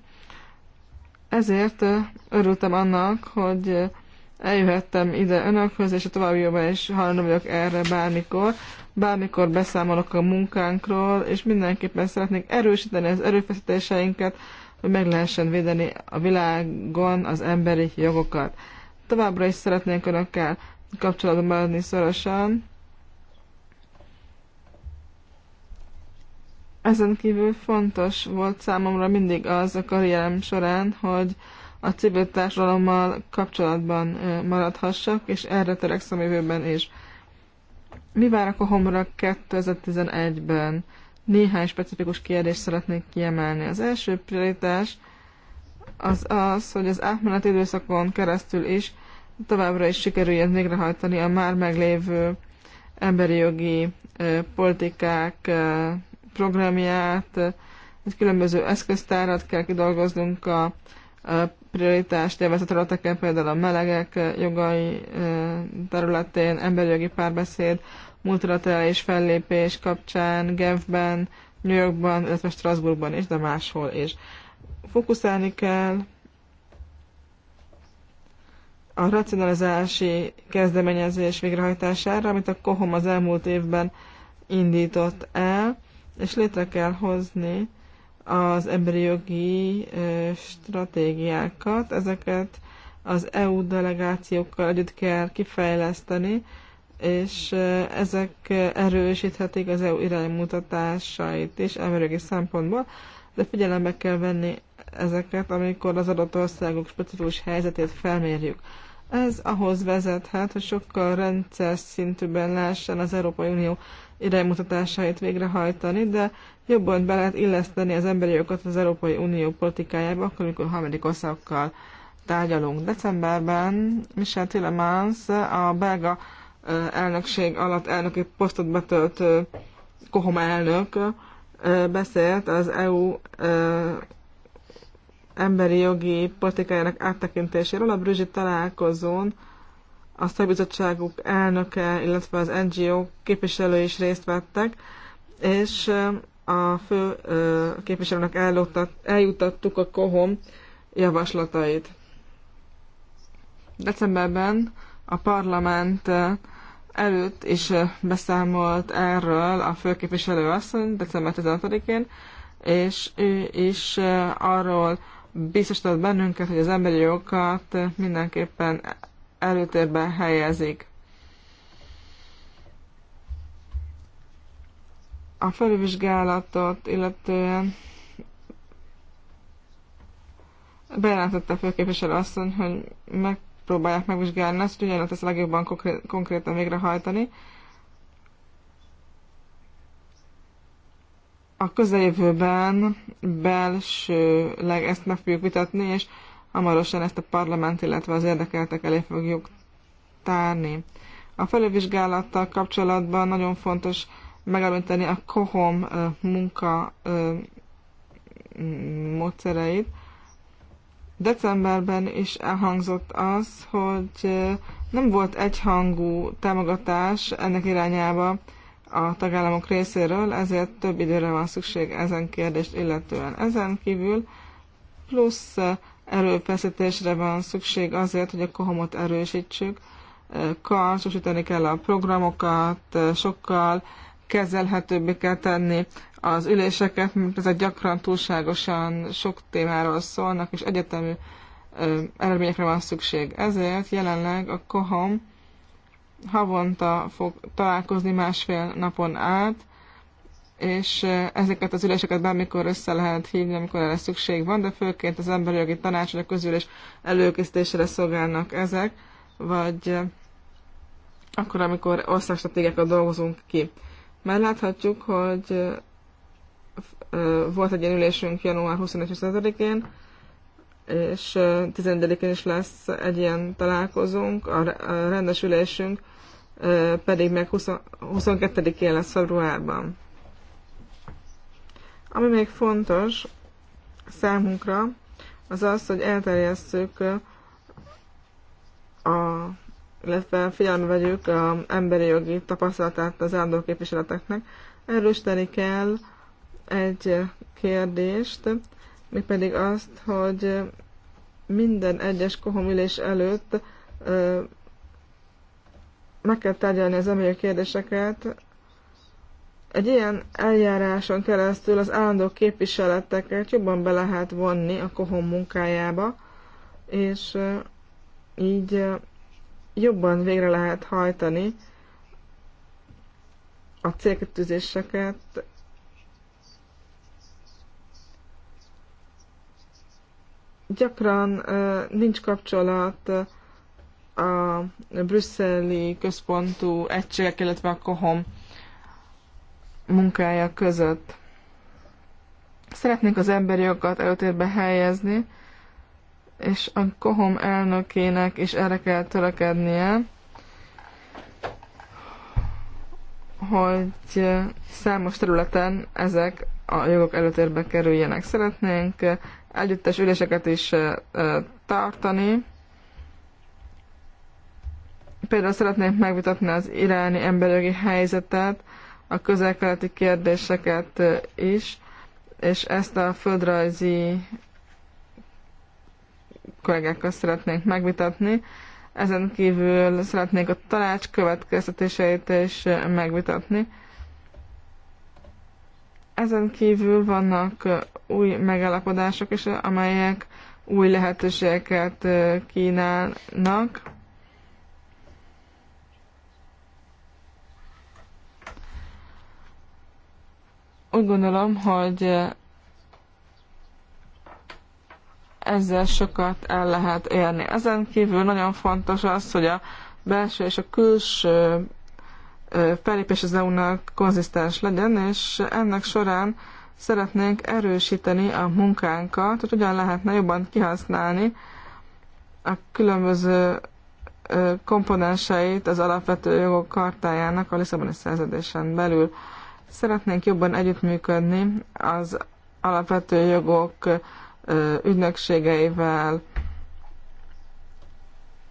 Ezért örültem annak, hogy eljöhettem ide önökhöz, és a továbbiakban is hajlandó vagyok erre bármikor. Bármikor beszámolok a munkánkról, és mindenképpen szeretnék erősíteni az erőfeszítéseinket, hogy meg lehessen védeni a világon az emberi jogokat. Továbbra is szeretnénk önökkel kapcsolatban maradni szorosan. Ezen kívül fontos volt számomra mindig az a karrierem során, hogy a civil társadalommal kapcsolatban maradhassak, és erre törekszem jövőben is. Mi vár a kohomra 2011-ben? Néhány specifikus kérdést szeretnék kiemelni. Az első prioritás az az, hogy az átmeneti időszakon keresztül is továbbra is sikerüljön végrehajtani a már meglévő emberi jogi politikák programját, egy különböző eszköztárat kell kidolgoznunk a prioritást élvező területeken, például a melegek eh, jogai eh, területén, emberi jogi párbeszéd, multilaterális fellépés kapcsán, Genfben, New Yorkban, illetve Strasbourgban is, de máshol is. Fokuszálni kell a racionalizási kezdeményezés végrehajtására, amit a Kohom az elmúlt évben indított el, és létre kell hozni az emberi jogi stratégiákat. Ezeket az EU delegációkkal együtt kell kifejleszteni, és ezek erősíthetik az EU iránymutatásait is emberi szempontból, de figyelembe kell venni ezeket, amikor az adott országok specifikus helyzetét felmérjük. Ez ahhoz vezethet, hogy sokkal rendszer szintűben lássan az Európai Unió iránymutatásait végrehajtani, de jobban be lehet illeszteni az emberi jogokat az Európai Unió politikájába, akkor, amikor harmadik országokkal tárgyalunk. Decemberben Michel Tillemans, a belga elnökség alatt elnöki posztot betölt Kohom elnök beszélt az EU emberi jogi politikájának áttekintéséről a Brüzsi találkozón a szakbizottságuk elnöke, illetve az NGO képviselői is részt vettek, és a fő képviselőnek eljutattuk a kohom javaslatait. Decemberben a parlament előtt is beszámolt erről a főképviselő asszony december 15-én, és ő is arról biztosított bennünket, hogy az emberi jogokat mindenképpen előtérbe helyezik. A felülvizsgálatot illetően bejelentette a főképviselő asszony, hogy megpróbálják megvizsgálni ezt, hogy hogyan lehet ezt a legjobban konkrétan végrehajtani. A közeljövőben belsőleg ezt meg fogjuk vitatni, és hamarosan ezt a parlament, illetve az érdekeltek elé fogjuk tárni. A felővizsgálattal kapcsolatban nagyon fontos megelőnteni a kohom munka módszereit. Decemberben is elhangzott az, hogy nem volt egyhangú támogatás ennek irányába a tagállamok részéről, ezért több időre van szükség ezen kérdést illetően. Ezen kívül plusz erőfeszítésre van szükség azért, hogy a kohomot erősítsük. Karcsúsítani kell a programokat, sokkal kezelhetőbbé kell tenni az üléseket, mert ezek gyakran túlságosan sok témáról szólnak, és egyetemű eredményekre van szükség. Ezért jelenleg a kohom havonta fog találkozni másfél napon át, és ezeket az üléseket bármikor össze lehet hívni, amikor erre szükség van, de főként az emberi jogi tanács vagy a közülés előkészítésére szolgálnak ezek, vagy akkor, amikor országstratégiákat dolgozunk ki. Már láthatjuk, hogy volt egy ilyen ülésünk január 25-én, és 11-én is lesz egy ilyen találkozunk, a rendes ülésünk pedig meg 22-én lesz februárban. Ami még fontos számunkra, az az, hogy elterjesszük a, illetve figyelme vegyük a emberi jogi tapasztalatát az állandó képviseleteknek. Erősíteni kell egy kérdést, pedig azt, hogy minden egyes kohomülés előtt meg kell tárgyalni az emberi kérdéseket egy ilyen eljáráson keresztül az állandó képviseleteket jobban be lehet vonni a kohon munkájába, és így jobban végre lehet hajtani a célkötőzéseket, gyakran nincs kapcsolat a brüsszeli központú egységek, illetve a kohom munkája között. Szeretnék az emberi jogokat előtérbe helyezni, és a Kohom elnökének is erre kell törekednie, hogy számos területen ezek a jogok előtérbe kerüljenek. Szeretnénk együttes üléseket is tartani. Például szeretnénk megvitatni az iráni jogi helyzetet, a közelkeleti kérdéseket is, és ezt a földrajzi kollégákkal szeretnénk megvitatni. Ezen kívül szeretnék a tanács következtetéseit is megvitatni. Ezen kívül vannak új megállapodások is, amelyek új lehetőségeket kínálnak. Úgy gondolom, hogy eh, ezzel sokat el lehet érni. Ezen kívül nagyon fontos az, hogy a belső és a külső eh, felépés az EU-nak konzisztens legyen, és ennek során szeretnénk erősíteni a munkánkat, hogy hogyan lehetne jobban kihasználni a különböző eh, komponenseit az alapvető jogok kartájának a Lisszaboni szerződésen belül. Szeretnénk jobban együttműködni az alapvető jogok ügynökségeivel,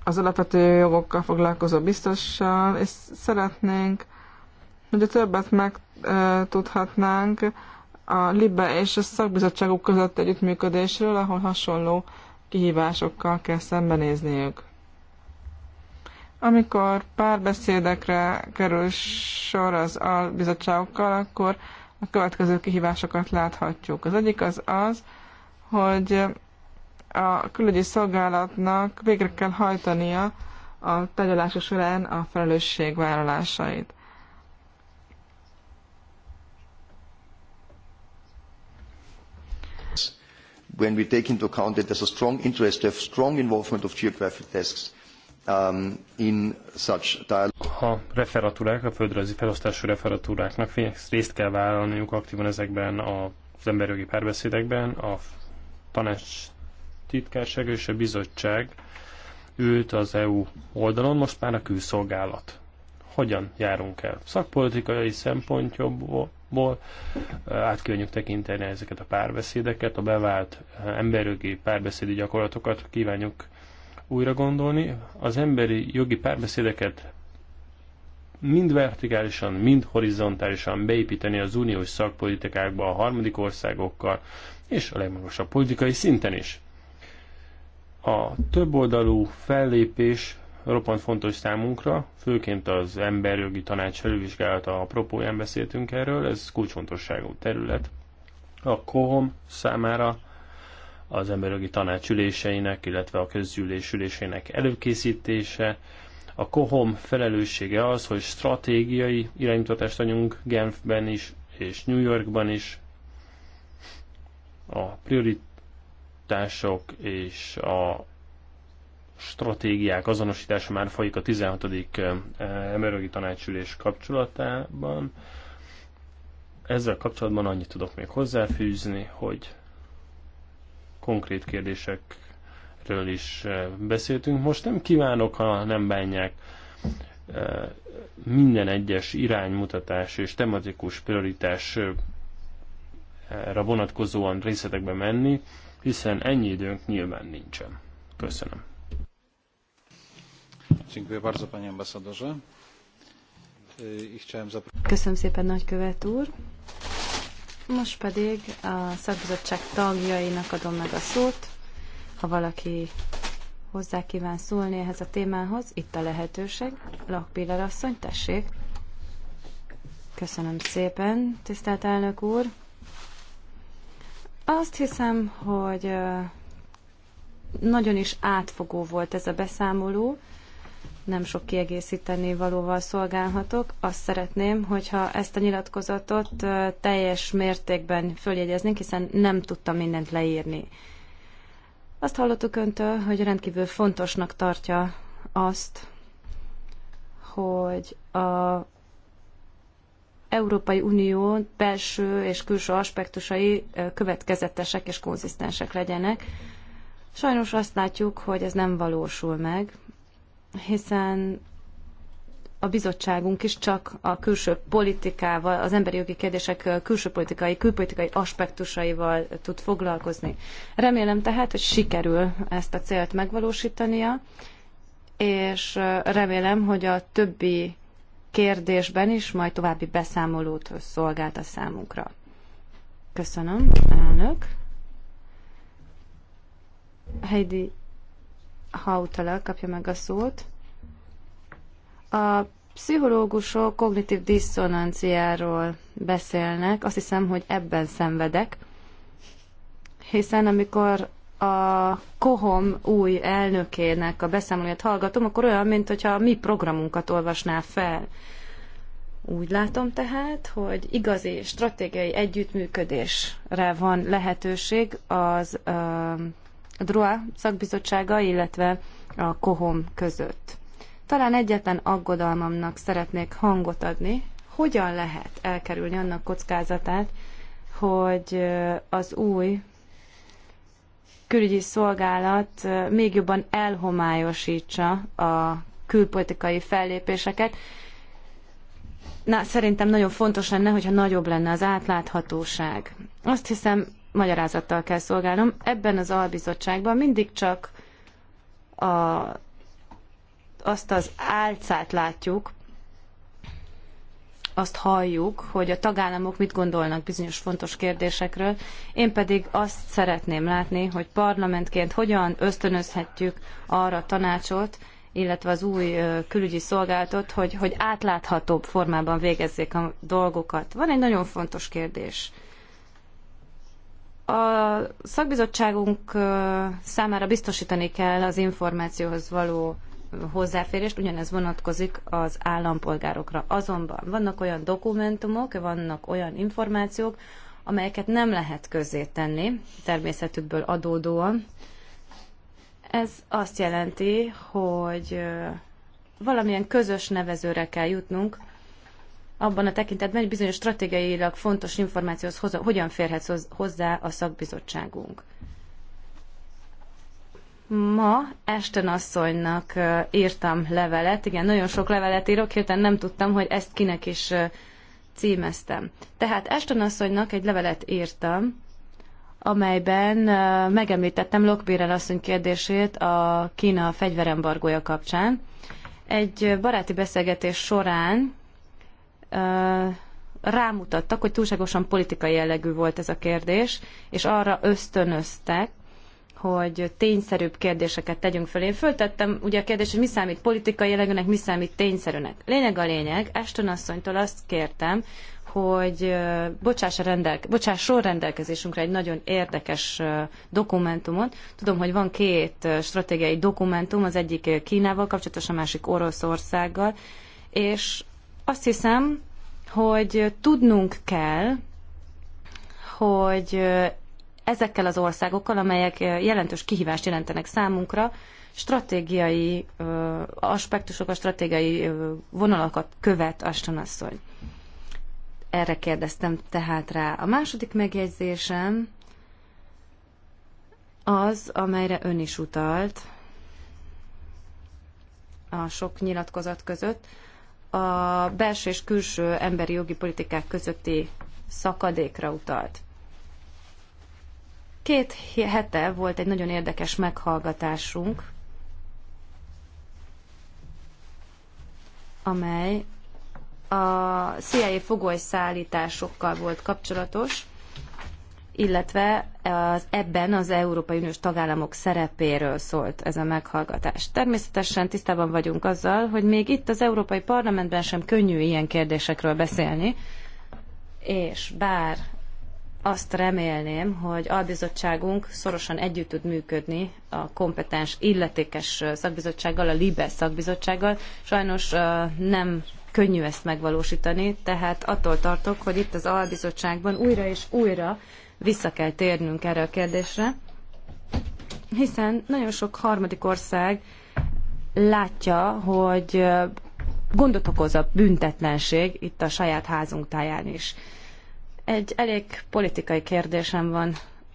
az alapvető jogokkal foglalkozó biztossal, és szeretnénk, hogy a többet megtudhatnánk a LIBE és a szakbizottságok között együttműködésről, ahol hasonló kihívásokkal kell szembenézniük. Amikor párbeszédekre kerül sor az albizottságokkal, akkor a következő kihívásokat láthatjuk. Az egyik az az, hogy a külügyi szolgálatnak végre kell hajtania a tárgyalása során a felelősségvállalásait. When we take into account that there's a strong interest to strong involvement of geographic desks um, in such dialogue. A referatúrák, a földrajzi felosztású referatúráknak részt kell vállalniuk aktívan ezekben az emberjogi párbeszédekben, a tanács titkárság és a bizottság ült az EU oldalon, most már a külszolgálat. Hogyan járunk el? Szakpolitikai szempontjából eh, át kívánjuk tekinteni ezeket a párbeszédeket, a bevált eh, emberjogi párbeszédi gyakorlatokat kívánjuk újra gondolni. Az emberi jogi párbeszédeket mind vertikálisan, mind horizontálisan beépíteni az uniós szakpolitikákba, a harmadik országokkal, és a legmagasabb politikai szinten is. A többoldalú fellépés roppant fontos számunkra, főként az emberjogi tanács felülvizsgálata apropóján beszéltünk erről, ez kulcsfontosságú terület. A KOHOM számára az emberjogi tanácsüléseinek, illetve a közgyűlésülésének előkészítése. A KOHOM felelőssége az, hogy stratégiai iránymutatást adjunk Genfben is, és New Yorkban is. A prioritások és a stratégiák azonosítása már folyik a 16. emberjogi tanácsülés kapcsolatában. Ezzel kapcsolatban annyit tudok még hozzáfűzni, hogy konkrét kérdésekről is eh, beszéltünk. Most nem kívánok, ha nem bánják eh, minden egyes iránymutatás és tematikus prioritásra eh, vonatkozóan részletekbe menni, hiszen ennyi időnk nyilván nincsen. Köszönöm. Köszönöm szépen, nagykövet úr. Most pedig a szakbizottság tagjainak adom meg a szót, ha valaki hozzá kíván szólni ehhez a témához, itt a lehetőség. Lakpiller asszony, tessék! Köszönöm szépen, tisztelt elnök úr! Azt hiszem, hogy nagyon is átfogó volt ez a beszámoló, nem sok kiegészíteni valóval szolgálhatok. Azt szeretném, hogyha ezt a nyilatkozatot teljes mértékben följegyeznénk, hiszen nem tudtam mindent leírni. Azt hallottuk öntől, hogy rendkívül fontosnak tartja azt, hogy a Európai Unió belső és külső aspektusai következetesek és konzisztensek legyenek. Sajnos azt látjuk, hogy ez nem valósul meg hiszen a bizottságunk is csak a külső politikával, az emberi jogi kérdések külső politikai, külpolitikai aspektusaival tud foglalkozni. Remélem tehát, hogy sikerül ezt a célt megvalósítania, és remélem, hogy a többi kérdésben is majd további beszámolót szolgált a számunkra. Köszönöm, elnök. Heidi Hautala kapja meg a szót. A pszichológusok kognitív diszonanciáról beszélnek. Azt hiszem, hogy ebben szenvedek, hiszen amikor a Kohom új elnökének a beszámolóját hallgatom, akkor olyan, mint hogyha a mi programunkat olvasná fel. Úgy látom tehát, hogy igazi stratégiai együttműködésre van lehetőség az a DROA szakbizottsága, illetve a KOHOM között. Talán egyetlen aggodalmamnak szeretnék hangot adni, hogyan lehet elkerülni annak kockázatát, hogy az új külügyi szolgálat még jobban elhomályosítsa a külpolitikai fellépéseket. Na, szerintem nagyon fontos lenne, hogyha nagyobb lenne az átláthatóság. Azt hiszem, magyarázattal kell szolgálnom. Ebben az albizottságban mindig csak a, azt az álcát látjuk, azt halljuk, hogy a tagállamok mit gondolnak bizonyos fontos kérdésekről. Én pedig azt szeretném látni, hogy parlamentként hogyan ösztönözhetjük arra a tanácsot, illetve az új külügyi szolgálatot, hogy, hogy átláthatóbb formában végezzék a dolgokat. Van egy nagyon fontos kérdés a szakbizottságunk számára biztosítani kell az információhoz való hozzáférést, ugyanez vonatkozik az állampolgárokra. Azonban vannak olyan dokumentumok, vannak olyan információk, amelyeket nem lehet tenni természetükből adódóan. Ez azt jelenti, hogy valamilyen közös nevezőre kell jutnunk abban a tekintetben, hogy bizonyos stratégiailag fontos információhoz hozzá, hogyan férhet hozzá a szakbizottságunk. Ma Esten asszonynak írtam levelet, igen, nagyon sok levelet írok, hirtelen nem tudtam, hogy ezt kinek is címeztem. Tehát Esten asszonynak egy levelet írtam, amelyben megemlítettem Lokbérel asszony kérdését a Kína fegyverembargója kapcsán. Egy baráti beszélgetés során rámutattak, hogy túlságosan politikai jellegű volt ez a kérdés, és arra ösztönöztek, hogy tényszerűbb kérdéseket tegyünk föl. Én föltettem ugye a kérdést, hogy mi számít politikai jellegűnek, mi számít tényszerűnek. Lényeg a lényeg, Ashton asszonytól azt kértem, hogy bocsáss, rendelke, bocsáss sor rendelkezésünkre egy nagyon érdekes dokumentumot. Tudom, hogy van két stratégiai dokumentum, az egyik Kínával kapcsolatos, a másik Oroszországgal, és azt hiszem, hogy tudnunk kell, hogy ezekkel az országokkal, amelyek jelentős kihívást jelentenek számunkra, stratégiai aspektusok, a stratégiai vonalakat követ Aston asszony. Erre kérdeztem tehát rá. A második megjegyzésem az, amelyre ön is utalt a sok nyilatkozat között, a belső és külső emberi jogi politikák közötti szakadékra utalt. Két hete volt egy nagyon érdekes meghallgatásunk, amely a CIA fogolyszállításokkal volt kapcsolatos, illetve az ebben az Európai Uniós tagállamok szerepéről szólt ez a meghallgatás. Természetesen tisztában vagyunk azzal, hogy még itt az Európai Parlamentben sem könnyű ilyen kérdésekről beszélni, és bár azt remélném, hogy albizottságunk szorosan együtt tud működni a kompetens, illetékes szakbizottsággal, a LIBE szakbizottsággal. Sajnos nem könnyű ezt megvalósítani, tehát attól tartok, hogy itt az albizottságban újra és újra vissza kell térnünk erre a kérdésre, hiszen nagyon sok harmadik ország látja, hogy gondot okoz a büntetlenség itt a saját házunk táján is. Egy elég politikai kérdésem van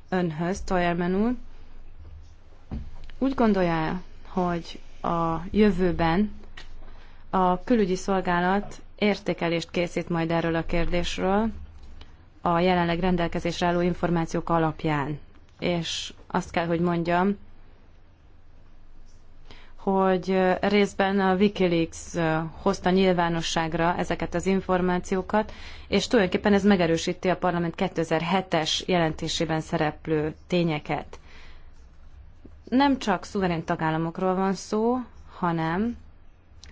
önhöz, Toyerman úr. Úgy gondolja, -e, hogy a jövőben a külügyi szolgálat értékelést készít majd erről a kérdésről, a jelenleg rendelkezésre álló információk alapján. És azt kell, hogy mondjam, hogy részben a Wikileaks hozta nyilvánosságra ezeket az információkat, és tulajdonképpen ez megerősíti a parlament 2007-es jelentésében szereplő tényeket. Nem csak szuverén tagállamokról van szó, hanem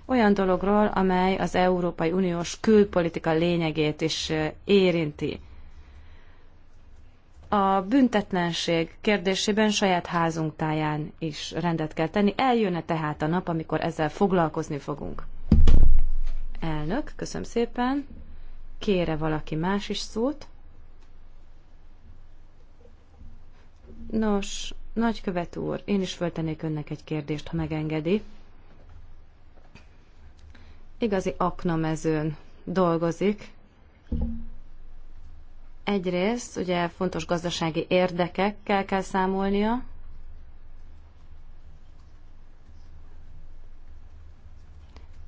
olyan dologról, amely az Európai Uniós külpolitika lényegét is érinti a büntetlenség kérdésében saját házunk táján is rendet kell tenni. Eljönne tehát a nap, amikor ezzel foglalkozni fogunk. Elnök, köszönöm szépen. Kére valaki más is szót? Nos, nagykövet úr, én is föltenék önnek egy kérdést, ha megengedi. Igazi aknamezőn dolgozik, Egyrészt ugye fontos gazdasági érdekekkel kell számolnia,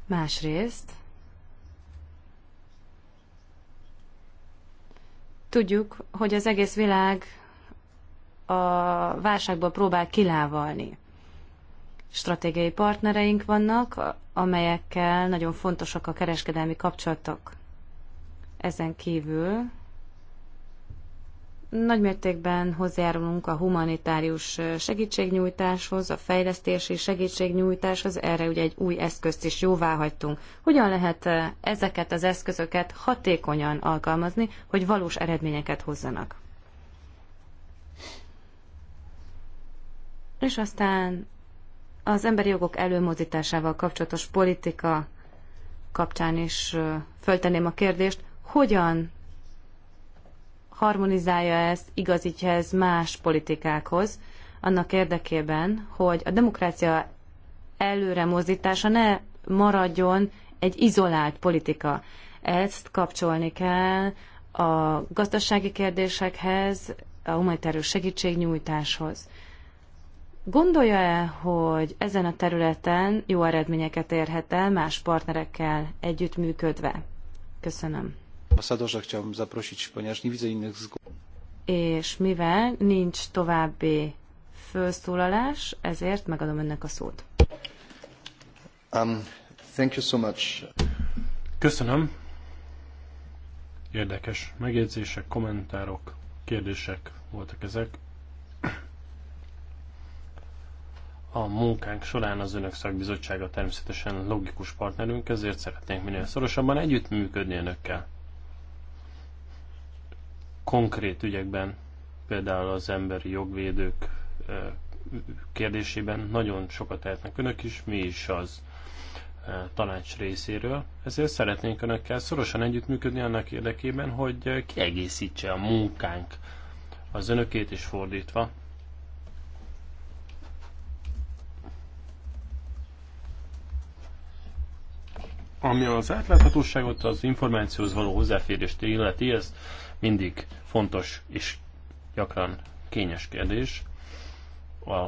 másrészt tudjuk, hogy az egész világ a válságból próbál kilávalni. Stratégiai partnereink vannak, amelyekkel nagyon fontosak a kereskedelmi kapcsolatok. Ezen kívül Nagymértékben hozzájárulunk a humanitárius segítségnyújtáshoz, a fejlesztési segítségnyújtáshoz, erre ugye egy új eszközt is jóvá hagytunk. Hogyan lehet eh, ezeket az eszközöket hatékonyan alkalmazni, hogy valós eredményeket hozzanak? És aztán az emberi jogok előmozdításával kapcsolatos politika kapcsán is eh, föltenném a kérdést, hogyan harmonizálja ezt, igazítja ez más politikákhoz, annak érdekében, hogy a demokrácia előre mozdítása ne maradjon egy izolált politika. Ezt kapcsolni kell a gazdasági kérdésekhez, a humanitárius segítségnyújtáshoz. Gondolja-e, hogy ezen a területen jó eredményeket érhet el más partnerekkel együttműködve? Köszönöm. Ambasadorza chciałbym zaprosić, ponieważ nie widzę innych És mivel nincs további felszólalás, ezért megadom önnek a szót. Um, thank you so much. Köszönöm. Érdekes megjegyzések, kommentárok, kérdések voltak ezek. A munkánk során az Önök szakbizottsága természetesen logikus partnerünk, ezért szeretnénk minél szorosabban együttműködni Önökkel konkrét ügyekben, például az emberi jogvédők kérdésében nagyon sokat tehetnek önök is, mi is az tanács részéről. Ezért szeretnénk önökkel szorosan együttműködni annak érdekében, hogy kiegészítse a munkánk az önökét is fordítva. Ami az átláthatóságot, az információhoz való hozzáférést illeti, ez mindig fontos és gyakran kényes kérdés. A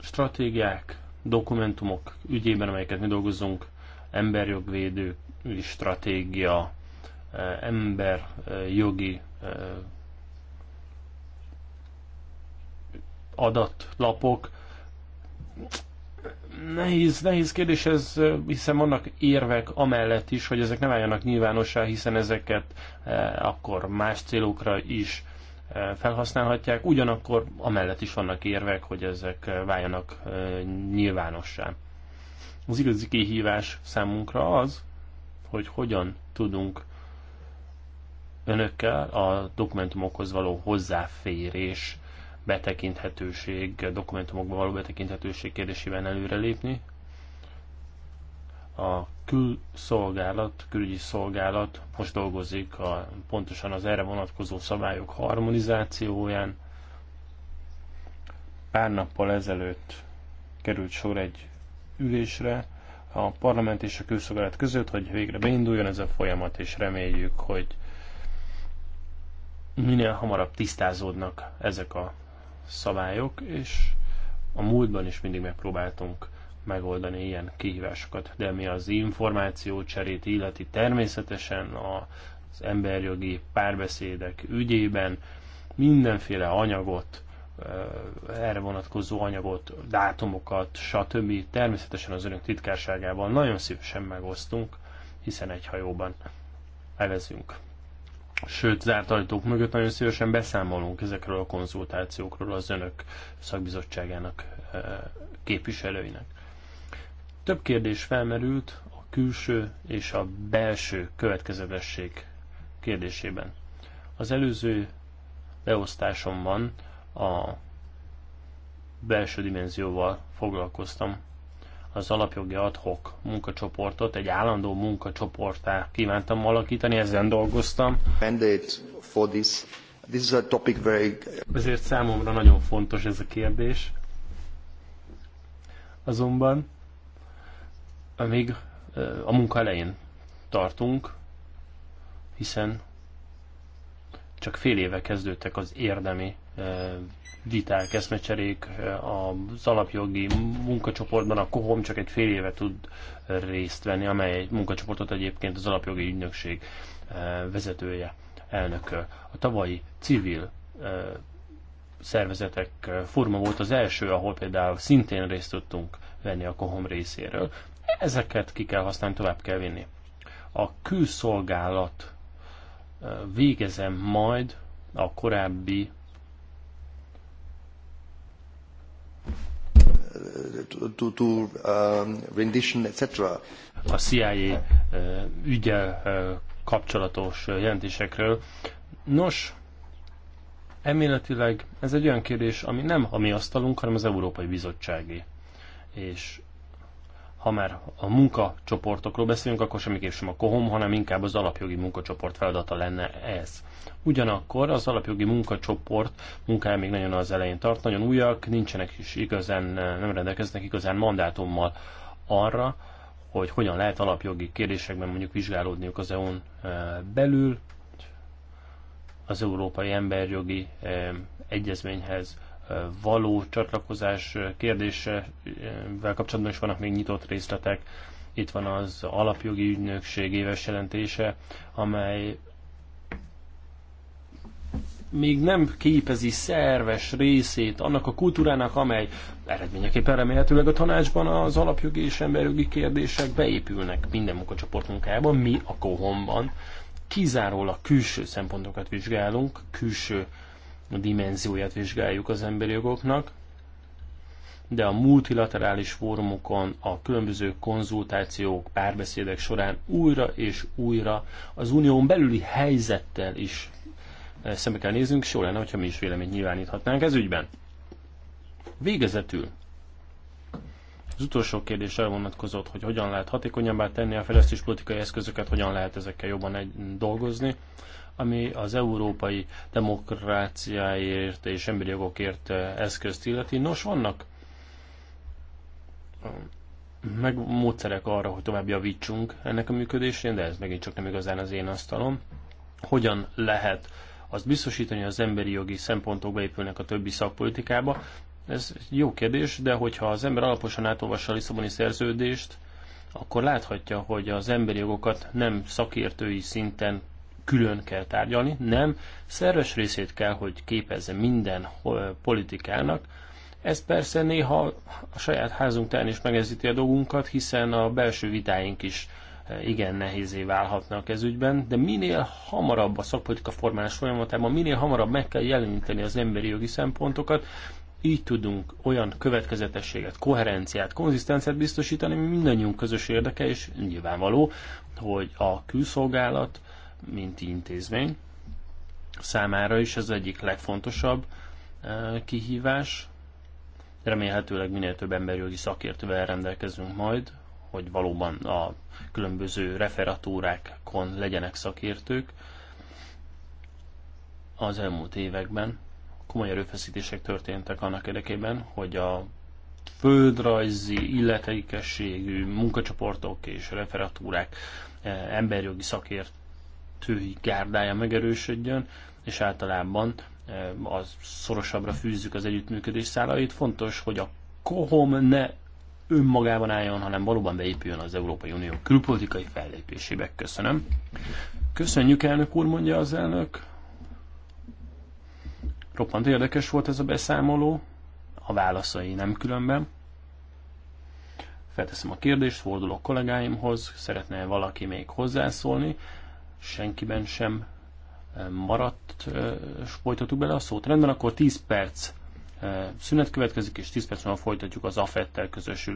stratégiák, dokumentumok ügyében, amelyeket mi dolgozunk, emberjogvédő stratégia, eh, emberjogi eh, eh, adatlapok, Nehéz, nehéz kérdés ez, hiszen vannak érvek amellett is, hogy ezek nem álljanak nyilvánossá, hiszen ezeket eh, akkor más célokra is eh, felhasználhatják, ugyanakkor amellett is vannak érvek, hogy ezek eh, váljanak nyilvánossá. Az igazi kihívás számunkra az, hogy hogyan tudunk önökkel a dokumentumokhoz való hozzáférés betekinthetőség, dokumentumokban való betekinthetőség kérdésében előrelépni. A külszolgálat, külügyi szolgálat most dolgozik a, pontosan az erre vonatkozó szabályok harmonizációján. Pár nappal ezelőtt került sor egy ülésre a parlament és a külszolgálat között, hogy végre beinduljon ez a folyamat, és reméljük, hogy minél hamarabb tisztázódnak ezek a szabályok, és a múltban is mindig megpróbáltunk megoldani ilyen kihívásokat. De mi az információ cserét illeti természetesen az emberjogi párbeszédek ügyében mindenféle anyagot, erre vonatkozó anyagot, dátumokat, stb. természetesen az önök titkárságában nagyon szívesen megosztunk, hiszen egy hajóban elezünk sőt zárt ajtók mögött nagyon szívesen beszámolunk ezekről a konzultációkról az önök szakbizottságának eh, képviselőinek. Több kérdés felmerült a külső és a belső következetesség kérdésében. Az előző leosztásomban a belső dimenzióval foglalkoztam, az alapjogi adhok munkacsoportot egy állandó munkacsoportá kívántam alakítani, ezen dolgoztam. For this. This is a topic very... Ezért számomra nagyon fontos ez a kérdés. Azonban, amíg a munka elején tartunk, hiszen csak fél éve kezdődtek az érdemi viták, eszmecserék az alapjogi munkacsoportban, a KOHOM csak egy fél éve tud részt venni, amely egy munkacsoportot egyébként az alapjogi ügynökség vezetője, elnök A tavalyi civil szervezetek forma volt az első, ahol például szintén részt tudtunk venni a KOHOM részéről. Ezeket ki kell használni, tovább kell vinni. A külszolgálat végezem majd a korábbi to, to um, rendition, etc. A CIA uh, ügye uh, kapcsolatos uh, jelentésekről. Nos, elméletileg ez egy olyan kérdés, ami nem a mi asztalunk, hanem az Európai Bizottságé. És ha már a munkacsoportokról beszélünk, akkor semmiképp sem a kohom, hanem inkább az alapjogi munkacsoport feladata lenne ez. Ugyanakkor az alapjogi munkacsoport munkája még nagyon az elején tart, nagyon újak, nincsenek is igazán, nem rendelkeznek igazán mandátummal arra, hogy hogyan lehet alapjogi kérdésekben mondjuk vizsgálódniuk az EU-n e, belül, az Európai Emberjogi e, Egyezményhez való csatlakozás kérdésevel kapcsolatban is vannak még nyitott részletek. Itt van az alapjogi ügynökség éves jelentése, amely még nem képezi szerves részét annak a kultúrának, amely eredményeképpen remélhetőleg a tanácsban az alapjogi és emberjogi kérdések beépülnek minden munkacsoport munkájában, mi a kohomban. Kizárólag külső szempontokat vizsgálunk, külső a dimenzióját vizsgáljuk az emberi jogoknak, de a multilaterális fórumokon, a különböző konzultációk, párbeszédek során újra és újra az unión belüli helyzettel is eh, szembe kell néznünk, és jó lenne, hogyha mi is véleményt nyilváníthatnánk ez ügyben. Végezetül az utolsó kérdés vonatkozott, hogy hogyan lehet hatékonyabbá tenni a fejlesztés politikai eszközöket, hogyan lehet ezekkel jobban egy, dolgozni ami az európai demokráciáért és emberi jogokért eh, eszközt illeti. Nos, vannak eh, meg módszerek arra, hogy tovább javítsunk ennek a működésén, de ez megint csak nem igazán az én asztalom. Hogyan lehet azt biztosítani, hogy az emberi jogi szempontok beépülnek a többi szakpolitikába? Ez jó kérdés, de hogyha az ember alaposan átolvassa a Lisszaboni szerződést, akkor láthatja, hogy az emberi jogokat nem szakértői szinten külön kell tárgyalni, nem, szerves részét kell, hogy képezze minden politikának. Ez persze néha a saját házunk táján is megezíti a dolgunkat, hiszen a belső vitáink is igen nehézé válhatnak ez ügyben, de minél hamarabb a szakpolitika formálás folyamatában, minél hamarabb meg kell jeleníteni az emberi jogi szempontokat, így tudunk olyan következetességet, koherenciát, konzisztenciát biztosítani, ami mindannyiunk közös érdeke, és nyilvánvaló, hogy a külszolgálat, mint intézmény számára is ez egyik legfontosabb eh, kihívás. Remélhetőleg minél több emberjogi szakértővel rendelkezünk majd, hogy valóban a különböző referatúrákon legyenek szakértők. Az elmúlt években komoly erőfeszítések történtek annak érdekében, hogy a földrajzi, illetékességű munkacsoportok és referatúrák eh, emberjogi szakért tői gárdája megerősödjön, és általában e, az szorosabbra fűzzük az együttműködés szálait. Fontos, hogy a kohom ne önmagában álljon, hanem valóban beépüljön az Európai Unió külpolitikai fellépésébe. Köszönöm. Köszönjük, elnök úr, mondja az elnök. Roppant érdekes volt ez a beszámoló, a válaszai nem különben. Felteszem a kérdést, fordulok kollégáimhoz, szeretne valaki még hozzászólni senkiben sem maradt, és folytatjuk bele a szót. Rendben, akkor 10 perc szünet következik, és 10 perc múlva folytatjuk az AFET-tel közös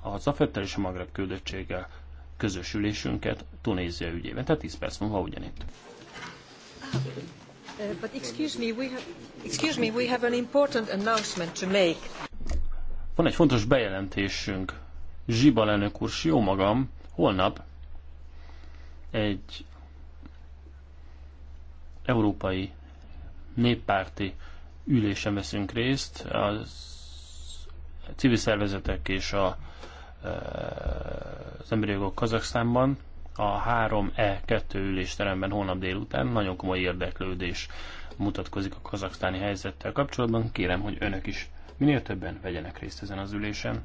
Az AFET-tel és a Magreb küldöttséggel közösülésünket Tunézia ügyében, tehát 10 perc múlva ugyanitt. Uh, but excuse me, we have, excuse me, we have an important announcement to make. Van egy fontos bejelentésünk. Zsiba elnök úr, jó magam, holnap egy európai néppárti ülésen veszünk részt, az civil szervezetek és a, e, az emberi jogok Kazaksztánban a 3E2 ülésteremben holnap délután nagyon komoly érdeklődés mutatkozik a kazaksztáni helyzettel kapcsolatban. Kérem, hogy önök is minél többen vegyenek részt ezen az ülésen.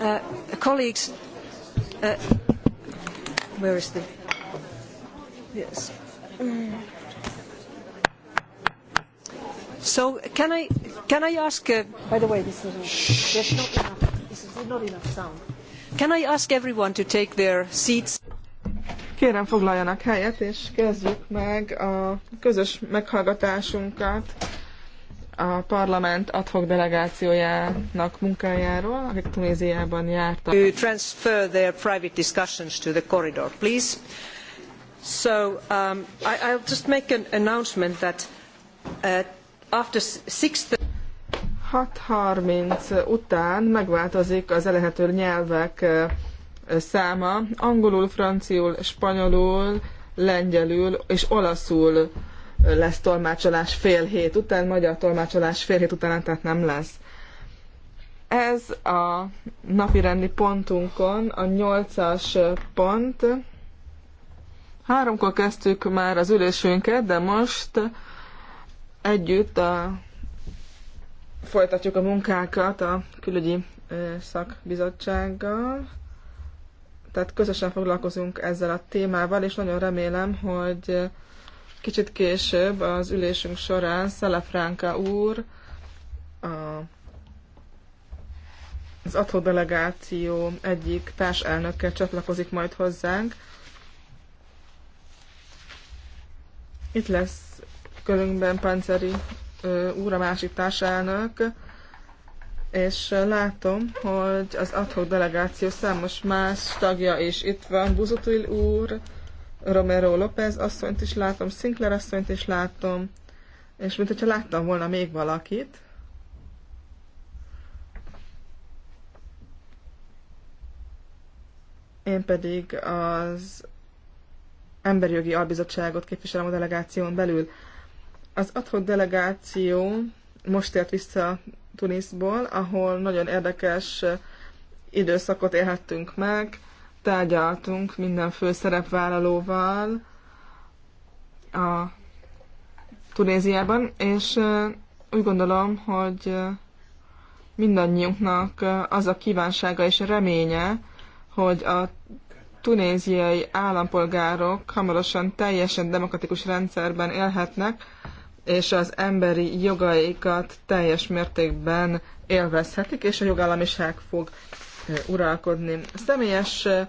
Uh, colleagues, uh, where is the? Yes. Mm. So can I? Can I ask... Uh, By the way, this is, there's not enough, this is not enough sound. Can I ask everyone to take their seats? Kérem foglaljanak helyet, és kezdjük meg a közös meghallgatásunkat a parlament adhok delegációjának munkájáról, akik Tunéziában jártak. To transfer their private discussions to the corridor, please. So um, I, I'll just make an announcement that uh, after 6.30... 6.30 után megváltozik az elehető nyelvek száma. Angolul, franciul, spanyolul, lengyelül és olaszul lesz tolmácsolás fél hét után, magyar tolmácsolás fél hét után, tehát nem lesz. Ez a napirendi pontunkon a nyolcas pont. Háromkor kezdtük már az ülésünket, de most együtt a Folytatjuk a munkákat a külügyi szakbizottsággal. Tehát közösen foglalkozunk ezzel a témával, és nagyon remélem, hogy kicsit később az ülésünk során Szelefránka úr a, az adhó delegáció egyik társelnökkel csatlakozik majd hozzánk. Itt lesz körünkben Panceri úr, a másik társelnök, és látom, hogy az adhok delegáció számos más tagja is itt van. Buzutil úr, Romero López asszonyt is látom, Sinclair asszonyt is látom, és mint hogyha láttam volna még valakit. Én pedig az Emberi Jogi Albizottságot képviselem a delegáción belül. Az adhok delegáció most tért vissza Tuniszból, ahol nagyon érdekes időszakot élhettünk meg, tárgyaltunk minden főszerepvállalóval a Tunéziában, és úgy gondolom, hogy mindannyiunknak az a kívánsága és a reménye, hogy a tunéziai állampolgárok hamarosan teljesen demokratikus rendszerben élhetnek, és az emberi jogaikat teljes mértékben élvezhetik, és a jogállamiság fog eh, uralkodni. A személyes eh,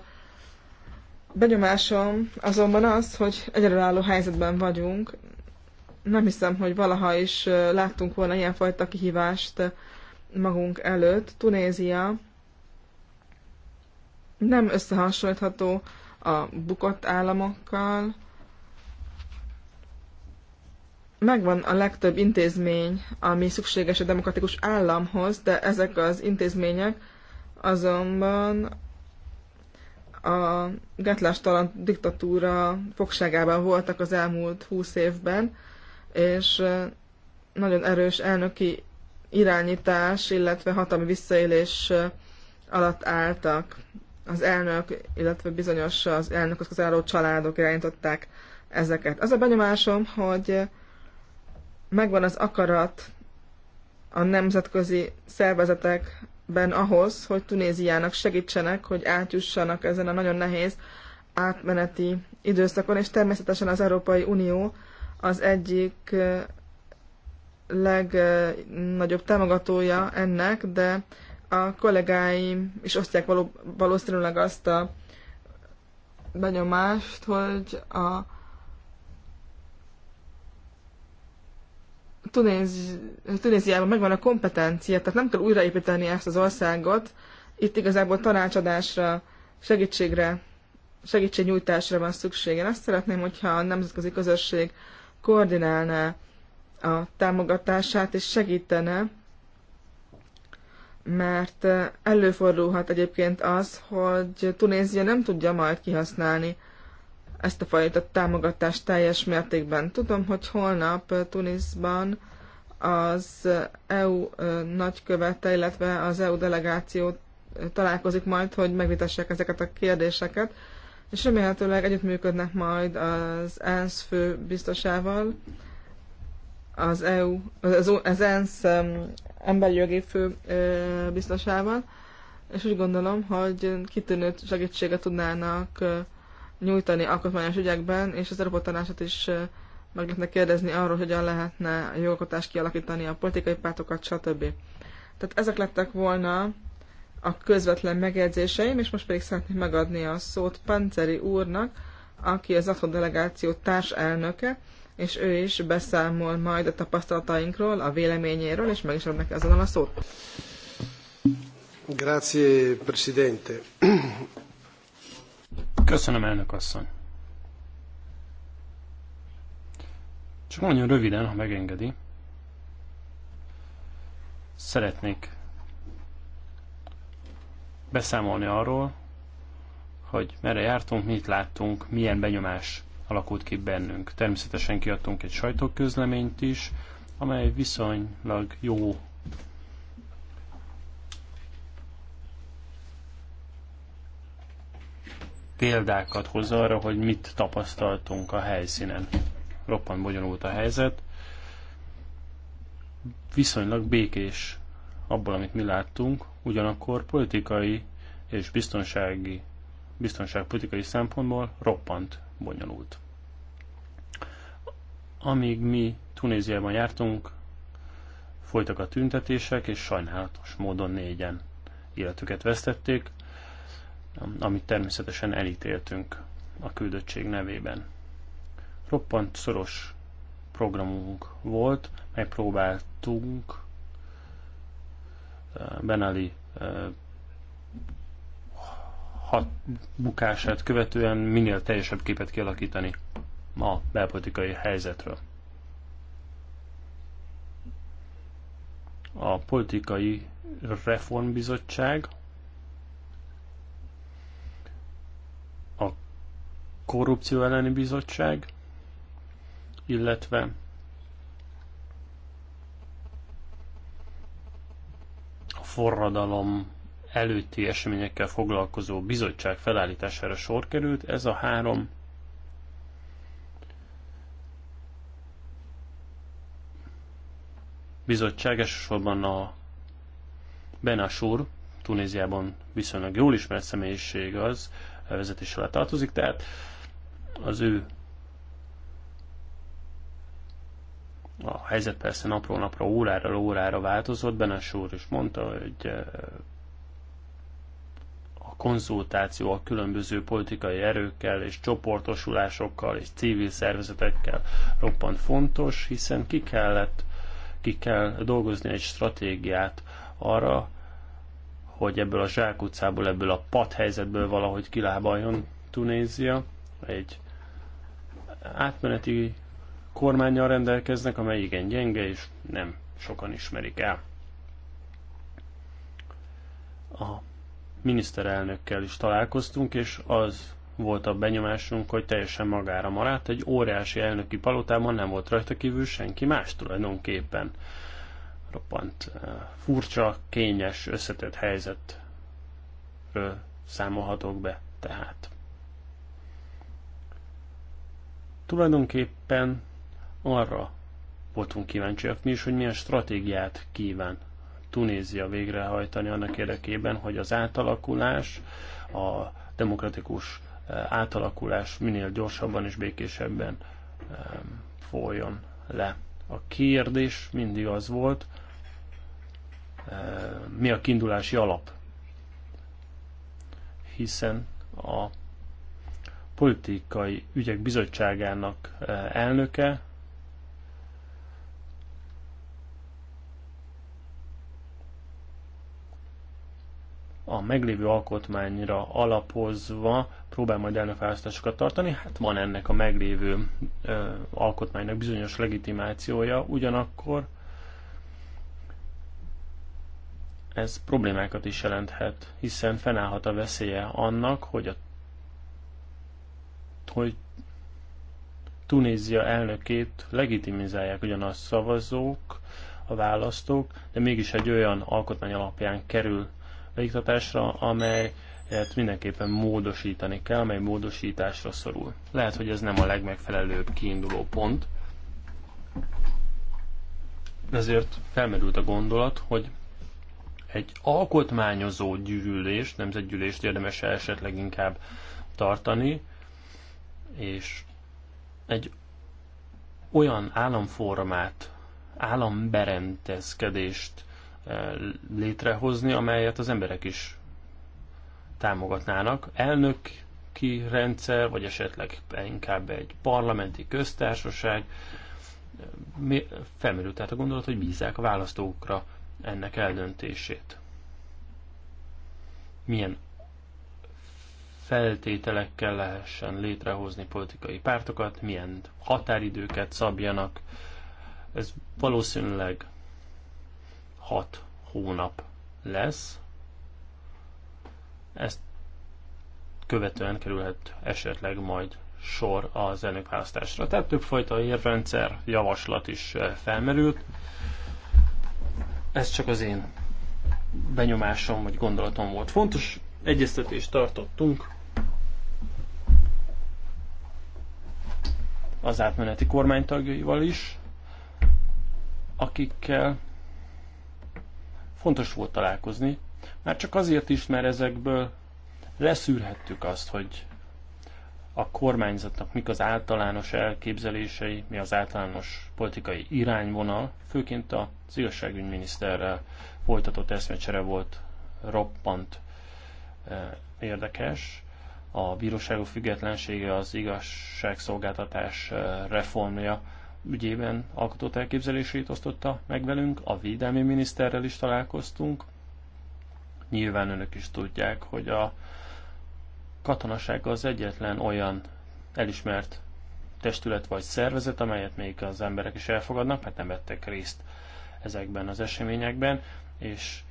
benyomásom azonban az, hogy egyedülálló helyzetben vagyunk. Nem hiszem, hogy valaha is eh, láttunk volna ilyenfajta kihívást magunk előtt. Tunézia nem összehasonlítható a bukott államokkal, megvan a legtöbb intézmény, ami szükséges a demokratikus államhoz, de ezek az intézmények azonban a gátlástalan diktatúra fogságában voltak az elmúlt húsz évben, és nagyon erős elnöki irányítás, illetve hatalmi visszaélés alatt álltak. Az elnök, illetve bizonyos az elnökhoz közel álló családok irányították ezeket. Az a benyomásom, hogy megvan az akarat a nemzetközi szervezetekben ahhoz, hogy Tunéziának segítsenek, hogy átjussanak ezen a nagyon nehéz átmeneti időszakon, és természetesen az Európai Unió az egyik legnagyobb támogatója ennek, de a kollégáim is osztják való, valószínűleg azt a benyomást, hogy a Tunézi, Tunéziában megvan a kompetencia, tehát nem kell újraépíteni ezt az országot. Itt igazából tanácsadásra, segítségre, segítségnyújtásra van szüksége. azt szeretném, hogyha a nemzetközi közösség koordinálná a támogatását és segítene, mert előfordulhat egyébként az, hogy Tunézia nem tudja majd kihasználni ezt a fajta támogatást teljes mértékben. Tudom, hogy holnap Tunisban az EU nagykövete, illetve az EU delegáció találkozik majd, hogy megvitassák ezeket a kérdéseket, és remélhetőleg együttműködnek majd az ENSZ fő biztosával, az EU, az, az ENSZ emberi jogi fő biztosával, és úgy gondolom, hogy kitűnő segítséget tudnának nyújtani alkotmányos ügyekben, és az Európa Tanácsot is meg lehetne kérdezni arról, hogyan lehetne a jogalkotást kialakítani, a politikai pártokat, stb. Tehát ezek lettek volna a közvetlen megjegyzéseim, és most pedig szeretném megadni a szót Panceri úrnak, aki az AFO delegáció társelnöke, és ő is beszámol majd a tapasztalatainkról, a véleményéről, és meg is ad neki azonnal a szót. Grazie, Presidente. Köszönöm, elnök asszony. Csak nagyon röviden, ha megengedi. Szeretnék beszámolni arról, hogy merre jártunk, mit láttunk, milyen benyomás alakult ki bennünk. Természetesen kiadtunk egy sajtóközleményt is, amely viszonylag jó példákat hoz arra, hogy mit tapasztaltunk a helyszínen. Roppant bonyolult a helyzet. Viszonylag békés abból, amit mi láttunk, ugyanakkor politikai és biztonsági, biztonságpolitikai szempontból roppant bonyolult. Amíg mi Tunéziában jártunk, folytak a tüntetések, és sajnálatos módon négyen életüket vesztették, amit természetesen elítéltünk a küldöttség nevében. Roppant szoros programunk volt, megpróbáltunk eh, Benali eh, hat bukását követően minél teljesebb képet kialakítani a belpolitikai helyzetről. A politikai reformbizottság korrupció elleni bizottság, illetve a forradalom előtti eseményekkel foglalkozó bizottság felállítására sor került. Ez a három bizottság elsősorban a Benasur, Tunéziában viszonylag jól ismert személyiség az, vezetés alá tartozik, tehát az ő a helyzet persze napról napra, órára, órára változott, benne, úr is mondta, hogy eh, a konzultáció a különböző politikai erőkkel és csoportosulásokkal és civil szervezetekkel roppant fontos, hiszen ki kellett, ki kell dolgozni egy stratégiát arra, hogy ebből a zsákutcából, ebből a pat helyzetből valahogy kilábaljon Tunézia. Egy átmeneti kormányjal rendelkeznek, amely igen gyenge, és nem sokan ismerik el. A miniszterelnökkel is találkoztunk, és az volt a benyomásunk, hogy teljesen magára maradt. Egy óriási elnöki palotában nem volt rajta kívül senki más tulajdonképpen roppant furcsa, kényes, összetett helyzetről számolhatok be tehát. Tulajdonképpen arra voltunk kíváncsiak mi is, hogy milyen stratégiát kíván Tunézia végrehajtani annak érdekében, hogy az átalakulás, a demokratikus átalakulás minél gyorsabban és békésebben folyjon le. A kérdés mindig az volt, mi a kiindulási alap. Hiszen a politikai ügyek bizottságának elnöke a meglévő alkotmányra alapozva próbál majd elnökválasztásokat tartani. Hát van ennek a meglévő ö, alkotmánynak bizonyos legitimációja, ugyanakkor ez problémákat is jelenthet, hiszen fennállhat a veszélye annak, hogy a hogy Tunézia elnökét legitimizálják ugyanaz szavazók, a választók, de mégis egy olyan alkotmány alapján kerül beiktatásra, amelyet mindenképpen módosítani kell, amely módosításra szorul. Lehet, hogy ez nem a legmegfelelőbb kiinduló pont, ezért felmerült a gondolat, hogy egy alkotmányozó gyűlést, nemzetgyűlést érdemes -e esetleg inkább tartani, és egy olyan államformát, államberendezkedést eh, létrehozni, amelyet az emberek is támogatnának. Elnöki rendszer, vagy esetleg inkább egy parlamenti köztársaság. Felmerült tehát a gondolat, hogy bízzák a választókra ennek eldöntését. Milyen feltételekkel lehessen létrehozni politikai pártokat, milyen határidőket szabjanak. Ez valószínűleg 6 hónap lesz. Ezt követően kerülhet esetleg majd sor az elnökválasztásra. Tehát többfajta érrendszer javaslat is eh, felmerült. Ez csak az én benyomásom vagy gondolatom volt. Fontos egyeztetést tartottunk az átmeneti kormánytagjaival is, akikkel fontos volt találkozni, már csak azért is, mert ezekből leszűrhettük azt, hogy a kormányzatnak mik az általános elképzelései, mi az általános politikai irányvonal, főként az igazságügyminiszterrel folytatott eszmecsere volt roppant eh, érdekes. A bíróságok függetlensége az igazságszolgáltatás eh, reformja ügyében alkotott elképzelését osztotta meg velünk, a védelmi miniszterrel is találkoztunk. Nyilván önök is tudják, hogy a katonaság az egyetlen olyan elismert testület vagy szervezet, amelyet még az emberek is elfogadnak, mert nem vettek részt ezekben az eseményekben, és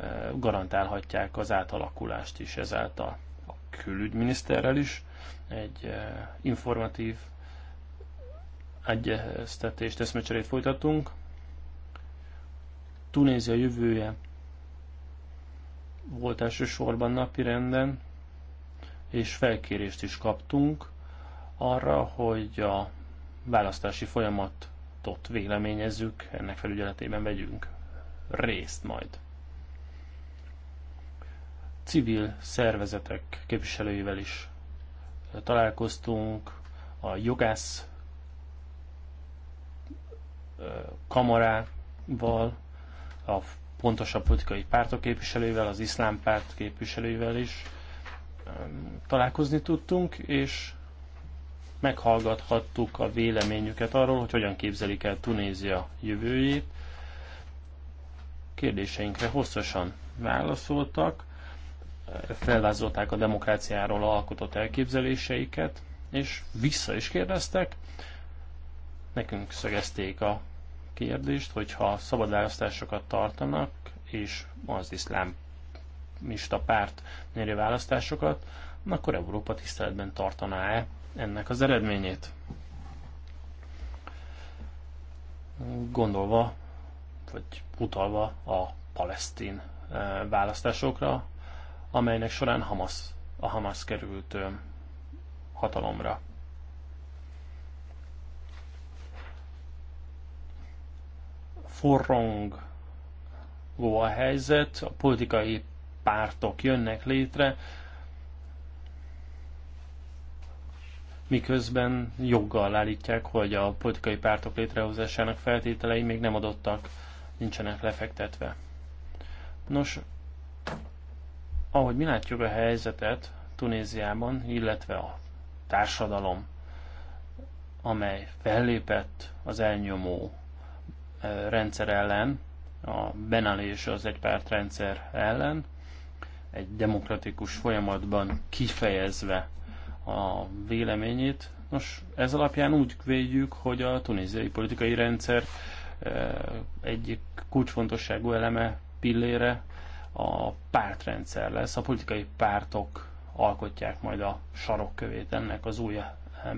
e, garantálhatják az átalakulást is ezáltal a külügyminiszterrel is. Egy e, informatív egyeztetést, eszmecserét folytatunk. Tunézia jövője volt elsősorban napirenden, és felkérést is kaptunk arra, hogy a választási folyamatot véleményezzük, ennek felügyeletében vegyünk részt majd. Civil szervezetek képviselőivel is találkoztunk, a jogász kamarával, a pontosabb politikai pártok képviselőivel, az iszlám párt képviselőivel is, találkozni tudtunk, és meghallgathattuk a véleményüket arról, hogy hogyan képzelik el Tunézia jövőjét. Kérdéseinkre hosszasan válaszoltak, felvázolták a demokráciáról alkotott elképzeléseiket, és vissza is kérdeztek. Nekünk szögezték a kérdést, hogyha szabad választásokat tartanak, és az iszlám reformista párt nyeri választásokat, akkor Európa tiszteletben tartaná-e ennek az eredményét? Gondolva, vagy utalva a palesztin e, választásokra, amelynek során Hamas, a Hamas került hatalomra. forrong a helyzet, a politikai pártok jönnek létre, miközben joggal állítják, hogy a politikai pártok létrehozásának feltételei még nem adottak, nincsenek lefektetve. Nos, ahogy mi látjuk a helyzetet Tunéziában, illetve a társadalom, amely fellépett az elnyomó eh, rendszer ellen, a Benali és az egypárt rendszer ellen, egy demokratikus folyamatban kifejezve a véleményét. Nos, ez alapján úgy védjük, hogy a tunéziai politikai rendszer e, egyik kulcsfontosságú eleme, pillére a pártrendszer lesz. A politikai pártok alkotják majd a sarokkövét ennek az új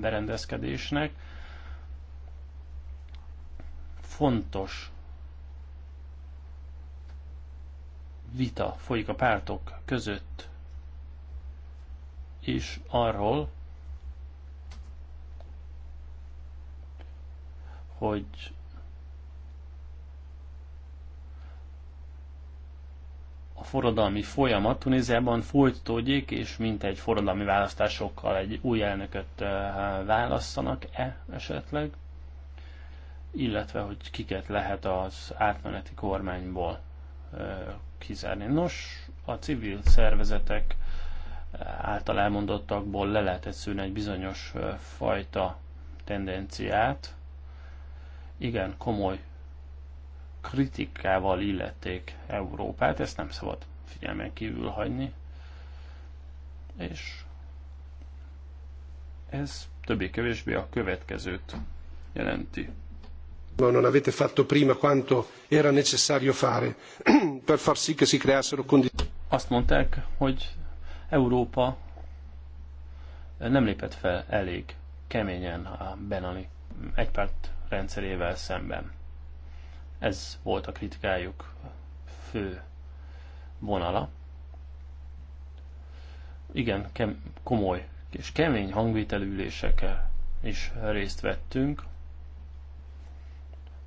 berendezkedésnek. Fontos vita folyik a pártok között is arról, hogy a forradalmi folyamat Tunéziában folytatódjék, és mint egy forradalmi választásokkal egy új elnököt válasszanak-e esetleg, illetve hogy kiket lehet az átmeneti kormányból kizárni. Nos, a civil szervezetek eh, által elmondottakból le lehetett szűrni egy bizonyos eh, fajta tendenciát. Igen, komoly kritikával illették Európát, ezt nem szabad figyelmen kívül hagyni. És ez többé-kevésbé a következőt jelenti non avete fatto prima quanto era necessario fare per far sì che si creassero condizioni. Azt mondták, hogy Európa nem lépett fel elég keményen a Benali egypárt rendszerével szemben. Ez volt a kritikájuk fő vonala. Igen, kem- komoly és kemény hangvételülésekkel is részt vettünk,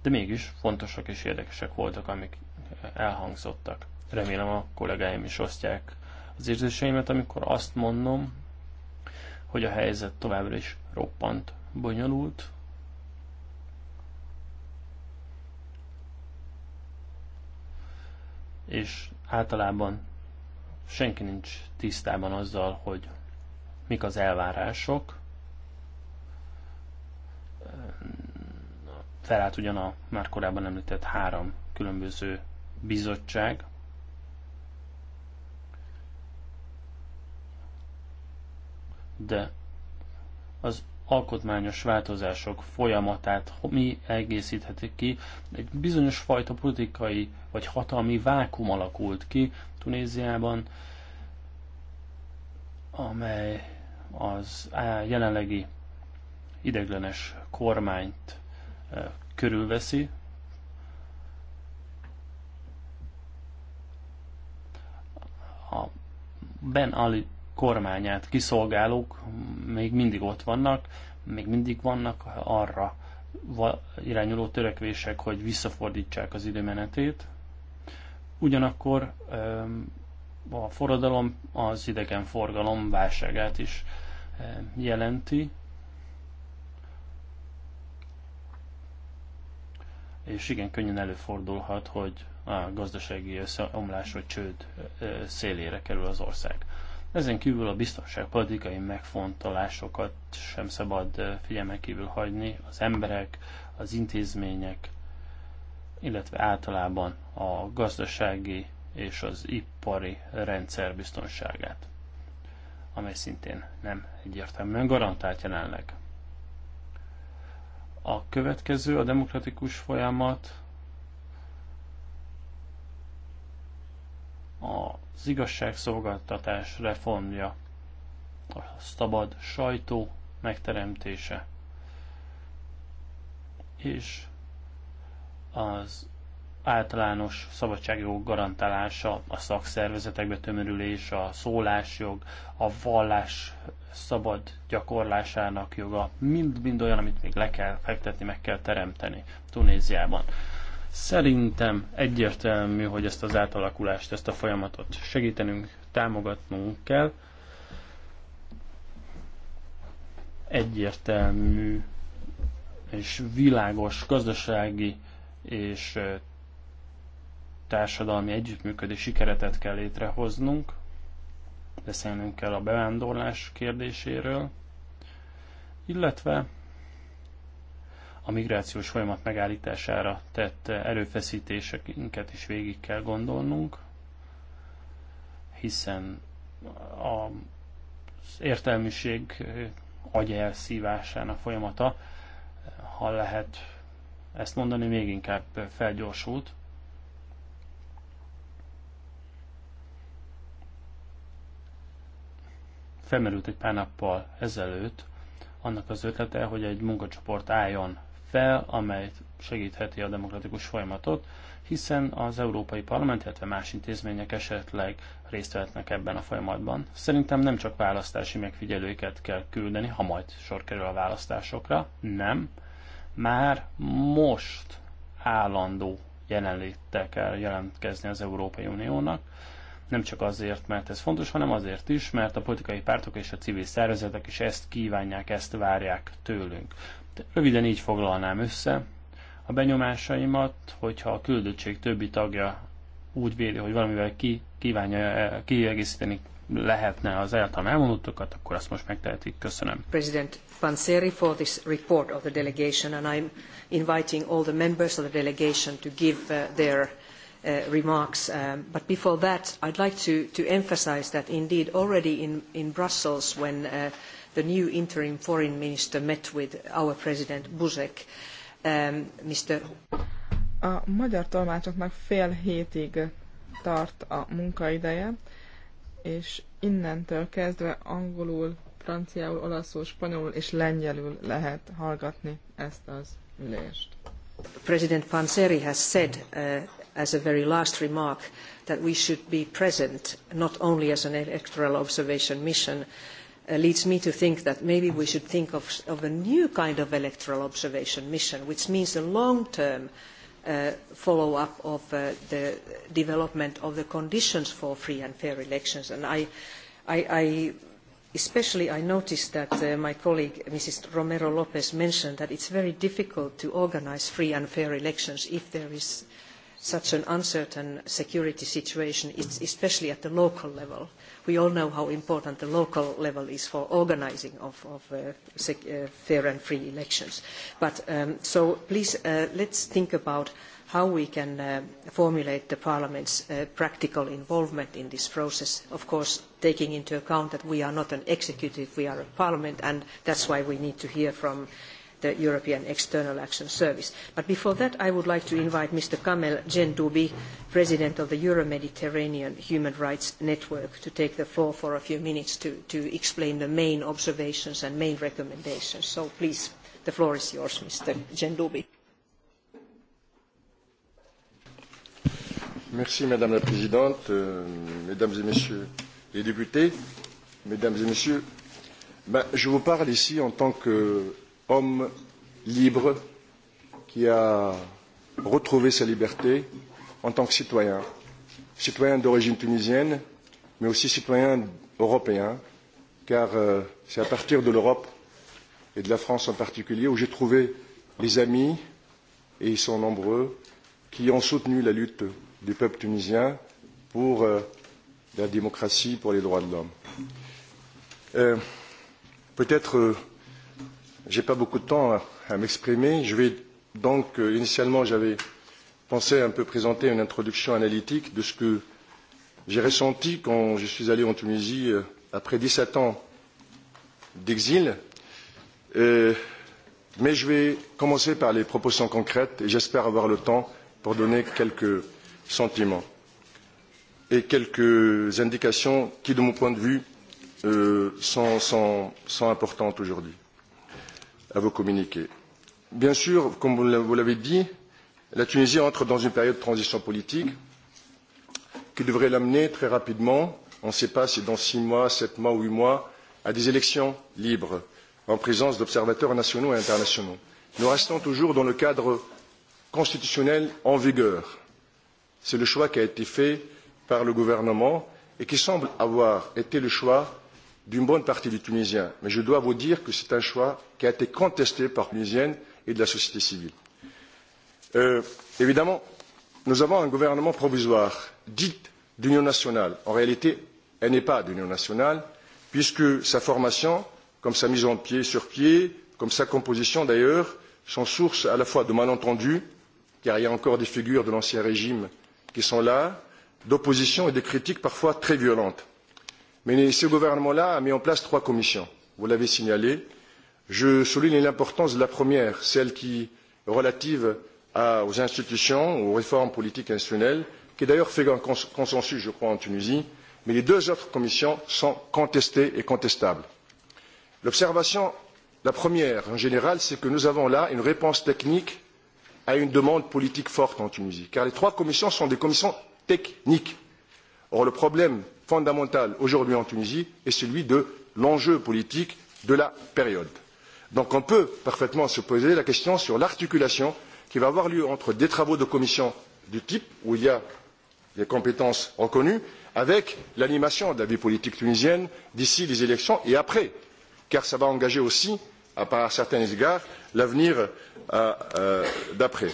de mégis fontosak és érdekesek voltak, amik elhangzottak. Remélem a kollégáim is osztják az érzéseimet, amikor azt mondom, hogy a helyzet továbbra is roppant bonyolult, és általában senki nincs tisztában azzal, hogy mik az elvárások, felállt ugyan a már korábban említett három különböző bizottság, de az alkotmányos változások folyamatát mi egészítheti ki. Egy bizonyos fajta politikai vagy hatalmi vákum alakult ki Tunéziában, amely az jelenlegi ideglenes kormányt körülveszi. A Ben Ali kormányát kiszolgálók még mindig ott vannak, még mindig vannak arra irányuló törekvések, hogy visszafordítsák az időmenetét. Ugyanakkor a forradalom az idegen forgalom válságát is jelenti. és igen könnyen előfordulhat, hogy a gazdasági összeomlás vagy csőd szélére kerül az ország. Ezen kívül a biztonságpolitikai megfontolásokat sem szabad figyelmen kívül hagyni, az emberek, az intézmények, illetve általában a gazdasági és az ipari rendszer biztonságát, amely szintén nem egyértelműen garantált jelenleg. A következő, a demokratikus folyamat, az igazságszolgáltatás reformja, a szabad sajtó megteremtése, és az általános szabadságjog garantálása, a szakszervezetekbe tömörülés, a szólásjog, a vallás szabad gyakorlásának joga, mind-mind olyan, amit még le kell fektetni, meg kell teremteni Tunéziában. Szerintem egyértelmű, hogy ezt az átalakulást, ezt a folyamatot segítenünk, támogatnunk kell. Egyértelmű és világos gazdasági és társadalmi együttműködési keretet kell létrehoznunk, beszélnünk kell a bevándorlás kérdéséről, illetve a migrációs folyamat megállítására tett erőfeszítéseket is végig kell gondolnunk, hiszen az értelmiség agyelszívásának folyamata, ha lehet ezt mondani, még inkább felgyorsult. felmerült egy pár nappal ezelőtt annak az ötlete, hogy egy munkacsoport álljon fel, amely segítheti a demokratikus folyamatot, hiszen az Európai Parlament, illetve más intézmények esetleg részt vehetnek ebben a folyamatban. Szerintem nem csak választási megfigyelőket kell küldeni, ha majd sor kerül a választásokra, nem. Már most állandó jelenléttel kell jelentkezni az Európai Uniónak, nem csak azért, mert ez fontos, hanem azért is, mert a politikai pártok és a civil szervezetek is ezt kívánják, ezt várják tőlünk. De röviden így foglalnám össze a benyomásaimat, hogyha a küldöttség többi tagja úgy véli, hogy valamivel ki kívánja eh, kiegészíteni lehetne az általam elmondottokat, akkor azt most megtehetik. Köszönöm. President Panseri for this report of the delegation and I'm inviting all the members of the delegation to give eh, their Uh, remarks. Um, but before that, I'd like to, to emphasize that indeed already in, in Brussels when uh, the new interim foreign minister met with our president Buzek, um, Mr. A magyar tolmácsoknak fél hétig tart a munkaideje, és innentől kezdve angolul, franciául, olaszul, spanyolul és lengyelül lehet hallgatni ezt az ülést. President Panseri has said uh, as a very last remark that we should be present not only as an electoral observation mission uh, leads me to think that maybe we should think of, of, a new kind of electoral observation mission, which means a long-term uh, follow-up of uh, the development of the conditions for free and fair elections. And I, I, I especially I noticed that uh, my colleague Mrs. Romero Lopez mentioned that it's very difficult to organise free and fair elections if there is such an uncertain security situation, especially at the local level. We all know how important the local level is for organising of, of uh, uh, fair and free elections. But um, so please uh, let's think about how we can uh, formulate the Parliament's uh, practical involvement in this process, of course taking into account that we are not an executive, we are a Parliament, and that's why we need to hear from the European External Action Service. But before that, I would like to invite Mr. Kamel Gendubi, President of the Euro-Mediterranean Human Rights Network, to take the floor for a few minutes to, to explain the main observations and main recommendations. So please, the floor is yours, Mr. Gendubi. Merci, Madame la Présidente, euh, Mesdames et Messieurs les députés, Mesdames et Messieurs, ben, je vous parle ici en tant que homme libre qui a retrouvé sa liberté en tant que citoyen, citoyen d'origine tunisienne, mais aussi citoyen européen, car euh, c'est à partir de l'Europe et de la France en particulier où j'ai trouvé les amis, et ils sont nombreux, qui ont soutenu la lutte du peuple tunisien pour euh, la démocratie, pour les droits de l'homme. Euh, Peut-être euh, J'ai pas beaucoup de temps à, à m'exprimer. Je vais donc euh, initialement j'avais pensé un peu présenter une introduction analytique de ce que j'ai ressenti quand je suis allé en Tunisie euh, après 17 ans d'exil. Euh, mais je vais commencer par les propositions concrètes et j'espère avoir le temps pour donner quelques sentiments et quelques indications qui, de mon point de vue, euh, sont, sont, sont importantes aujourd'hui à vos communiqués. Bien sûr, comme vous l'avez dit, la Tunisie entre dans une période de transition politique qui devrait l'amener très rapidement, on ne sait pas si dans six mois, sept mois ou huit mois, à des élections libres en présence d'observateurs nationaux et internationaux. Nous restons toujours dans le cadre constitutionnel en vigueur. C'est le choix qui a été fait par le gouvernement et qui semble avoir été le choix d'une bonne partie des Tunisiens. Mais je dois vous dire que c'est un choix qui a été contesté par les Tunisiennes et de la société civile. Euh, évidemment, nous avons un gouvernement provisoire, dit d'union nationale. En réalité, elle n'est pas d'union nationale, puisque sa formation, comme sa mise en pied sur pied, comme sa composition d'ailleurs, sont source à la fois de malentendus, car il y a encore des figures de l'ancien régime qui sont là, d'opposition et de critiques parfois très violentes. Mais ce gouvernement-là a mis en place trois commissions. Vous l'avez signalé. Je souligne l'importance de la première, celle qui est relative à, aux institutions, aux réformes politiques institutionnelles, qui d'ailleurs fait un consensus, je crois, en Tunisie. Mais les deux autres commissions sont contestées et contestables. L'observation, la première en général, c'est que nous avons là une réponse technique à une demande politique forte en Tunisie. Car les trois commissions sont des commissions techniques. Or, le problème fondamental aujourd'hui en Tunisie est celui de l'enjeu politique de la période. Donc on peut parfaitement se poser la question sur l'articulation qui va avoir lieu entre des travaux de commission du type où il y a des compétences reconnues avec l'animation de la vie politique tunisienne d'ici les élections et après car ça va engager aussi à par certains égards l'avenir euh, euh, d'après.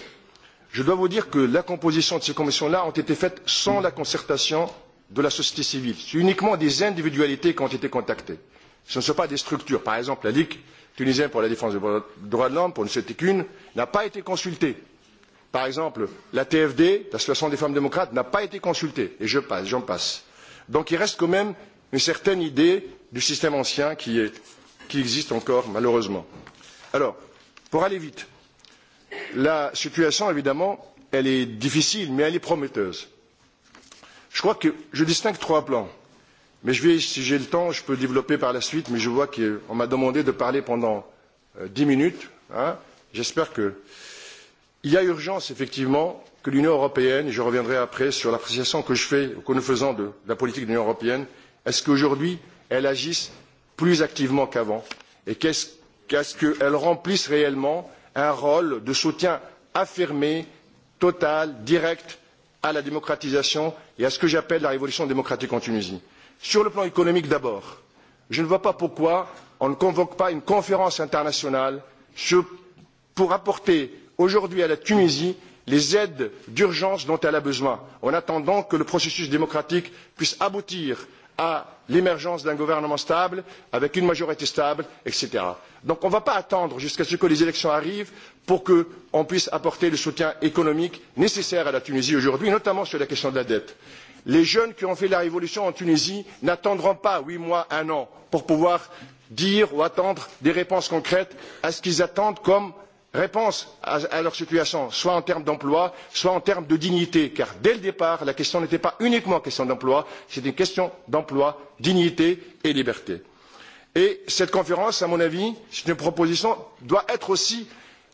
Je dois vous dire que la composition de ces commissions là ont été faites sans la concertation de la société civile. C'est uniquement des individualités qui ont été contactées. Ce ne sont pas des structures. Par exemple, la Ligue tunisienne pour la défense des droits de l'homme, pour ne citer qu'une, n'a pas été consultée. Par exemple, la TFD, l'Association des femmes démocrates, n'a pas été consultée. Et je passe, j'en passe. Donc il reste quand même une certaine idée du système ancien qui, est, qui existe encore, malheureusement. Alors, pour aller vite, la situation, évidemment, elle est difficile, mais elle est prometteuse Je crois que je distingue trois plans. Mais je vais, si j'ai le temps, je peux développer par la suite, mais je vois qu'on m'a demandé de parler pendant euh, dix minutes. Hein. J'espère que. Il y a urgence, effectivement, que l'Union européenne, et je reviendrai après sur l'appréciation que je fais, que nous faisons de, de la politique de l'Union européenne, est-ce qu'aujourd'hui, elle agisse plus activement qu'avant Et qu'est-ce qu'est-ce qu'elle remplisse réellement un rôle de soutien affirmé, total, direct à la démocratisation et à ce que j'appelle la révolution démocratique en Tunisie. Sur le plan économique d'abord, je ne vois pas pourquoi on ne convoque pas une conférence internationale pour apporter aujourd'hui à la Tunisie les aides d'urgence dont elle a besoin, en attendant que le processus démocratique puisse aboutir à l'émergence d'un gouvernement stable, avec une majorité stable, etc. Donc on ne va pas attendre jusqu'à ce que les élections arrivent pour qu'on puisse apporter le soutien économique nécessaire à la Tunisie aujourd'hui, notamment sur la question de la dette. Les jeunes qui ont fait la révolution en Tunisie n'attendront pas huit mois, un an pour pouvoir dire ou attendre des réponses concrètes à ce qu'ils attendent comme réponse à, à leur situation, soit en termes d'emploi, soit en termes de dignité, car dès le départ, la question n'était pas uniquement question d'emploi, c'était une question d'emploi, dignité et liberté. Et cette conférence, à mon avis, c'est une proposition, doit être aussi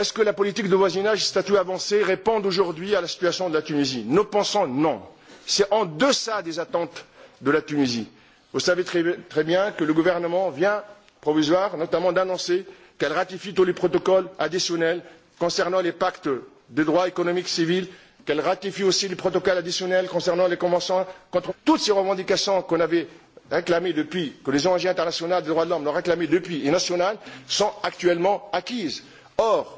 est ce que la politique de voisinage et statut avancé répond aujourd'hui à la situation de la tunisie? nous pensons non. c'est en deçà des attentes de la tunisie. vous savez très, très bien que le gouvernement vient provisoire notamment d'annoncer qu'elle ratifie tous les protocoles additionnels concernant les pactes de droit économique civil qu'elle ratifie aussi les protocoles additionnels concernant les conventions contre toutes ces revendications qu'on avait réclamées depuis que les ong internationales des droits de l'homme l'ont réclamées depuis et nationales sont actuellement acquises. or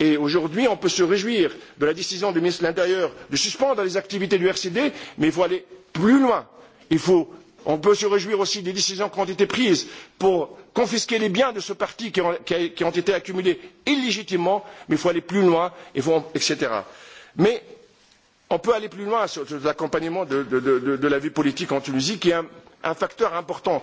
et aujourd'hui on peut se réjouir de la décision du ministre de l'intérieur de suspendre les activités du rcd mais il faut aller plus loin. Faut, on peut se réjouir aussi des décisions qui ont été prises pour confisquer les biens de ce parti qui ont, qui, qui ont été accumulés illégitimement mais il faut aller plus loin faut, etc. mais on peut aller plus loin sur l'accompagnement de, de, de, de la vie politique en tunisie qui est un, un facteur important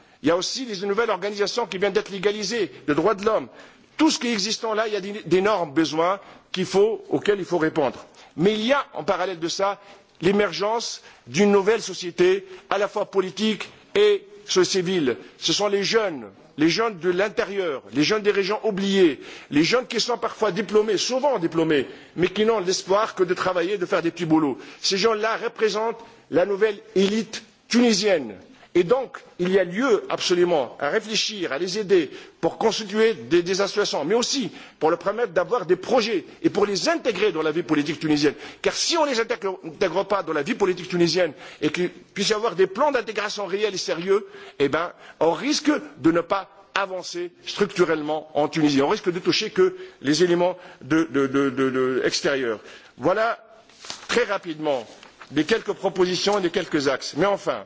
il y a aussi les nouvelles organisations qui viennent d'être légalisées de droits de l'homme tout ce qui est existant là il y a d'énormes besoins il faut, auxquels il faut répondre mais il y a en parallèle de cela l'émergence d'une nouvelle société à la fois politique et civile ce sont les jeunes les jeunes de l'intérieur les jeunes des régions oubliées les jeunes qui sont parfois diplômés souvent diplômés mais qui n'ont l'espoir que de travailler de faire des petits boulots. ces gens là représentent la nouvelle élite tunisienne et donc il y a lieu absolument à réfléchir à les aider pour constituer des, des associations mais aussi pour leur permettre d'avoir des projets et pour les intégrer dans la vie politique tunisienne car si on ne les intègre pas dans la vie politique tunisienne et qu'il puisse y avoir des plans d'intégration réels et sérieux eh bien on risque de ne pas avancer structurellement en Tunisie. On risque de toucher que les éléments de, de, de, de, de extérieurs. Voilà très rapidement les quelques propositions et les quelques axes. Mais enfin,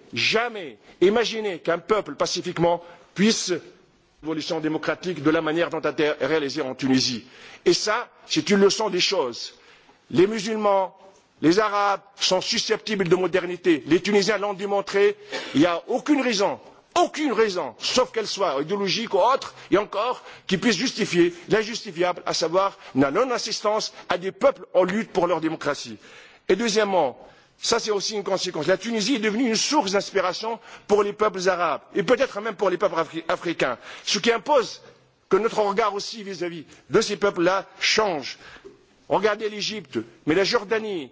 jamais imaginer qu'un peuple pacifiquement puisse l'évolution démocratique de la manière dont a été réalisée en Tunisie. Et ça, c'est une leçon des choses. Les musulmans, les arabes sont susceptibles de modernité. Les Tunisiens l'ont démontré. Il n'y a aucune raison, aucune raison, sauf qu'elle soit idéologique ou autre, et encore, qui puisse justifier l'injustifiable, à savoir la non-assistance à des peuples en lutte pour leur démocratie. Et deuxièmement, ça c'est aussi une conséquence. la tunisie est devenue une source d'inspiration pour les peuples arabes et peut être même pour les peuples africains ce qui impose que notre regard aussi vis à vis de ces peuples là change. regardez l'égypte mais aussi la jordanie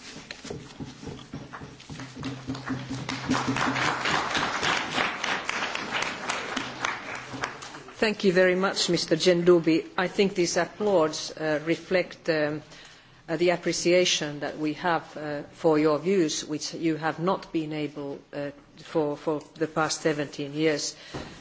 Thank you very much, Mr. Gendoubi. I think these applauds uh, reflect um, uh, the appreciation that we have uh, for your views, which you have not been able uh, for, for the past 17 years,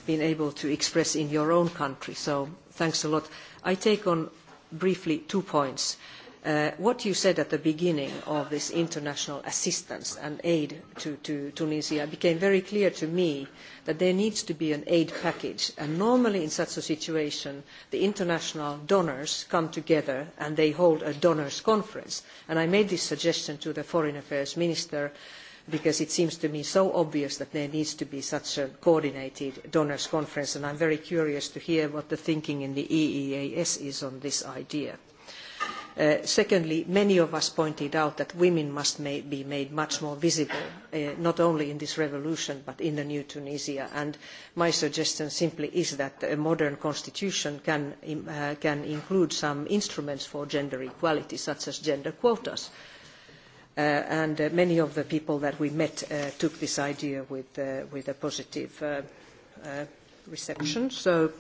been able to express in your own country. So thanks a lot. I take on briefly two points. Uh, Uh, what you said at the beginning of this international assistance and aid to, to Tunisia became very clear to me that there needs to be an aid package. And normally in such a situation, the international donors come together and they hold a donors conference. And I made this suggestion to the foreign affairs minister because it seems to me so obvious that there needs to be such a coordinated donors conference. And I'm very curious to hear what the thinking in the EEAS is on this idea. Uh, secondly, many of us pointed out that women must may, be made much more visible, uh, not only in this revolution, but in the new Tunisia. And my suggestion simply is that a modern constitution can, uh, can include some instruments for gender equality, such as gender quotas. Uh, and uh, many of the people that we met uh, took this idea with, uh, with a positive uh, reception. So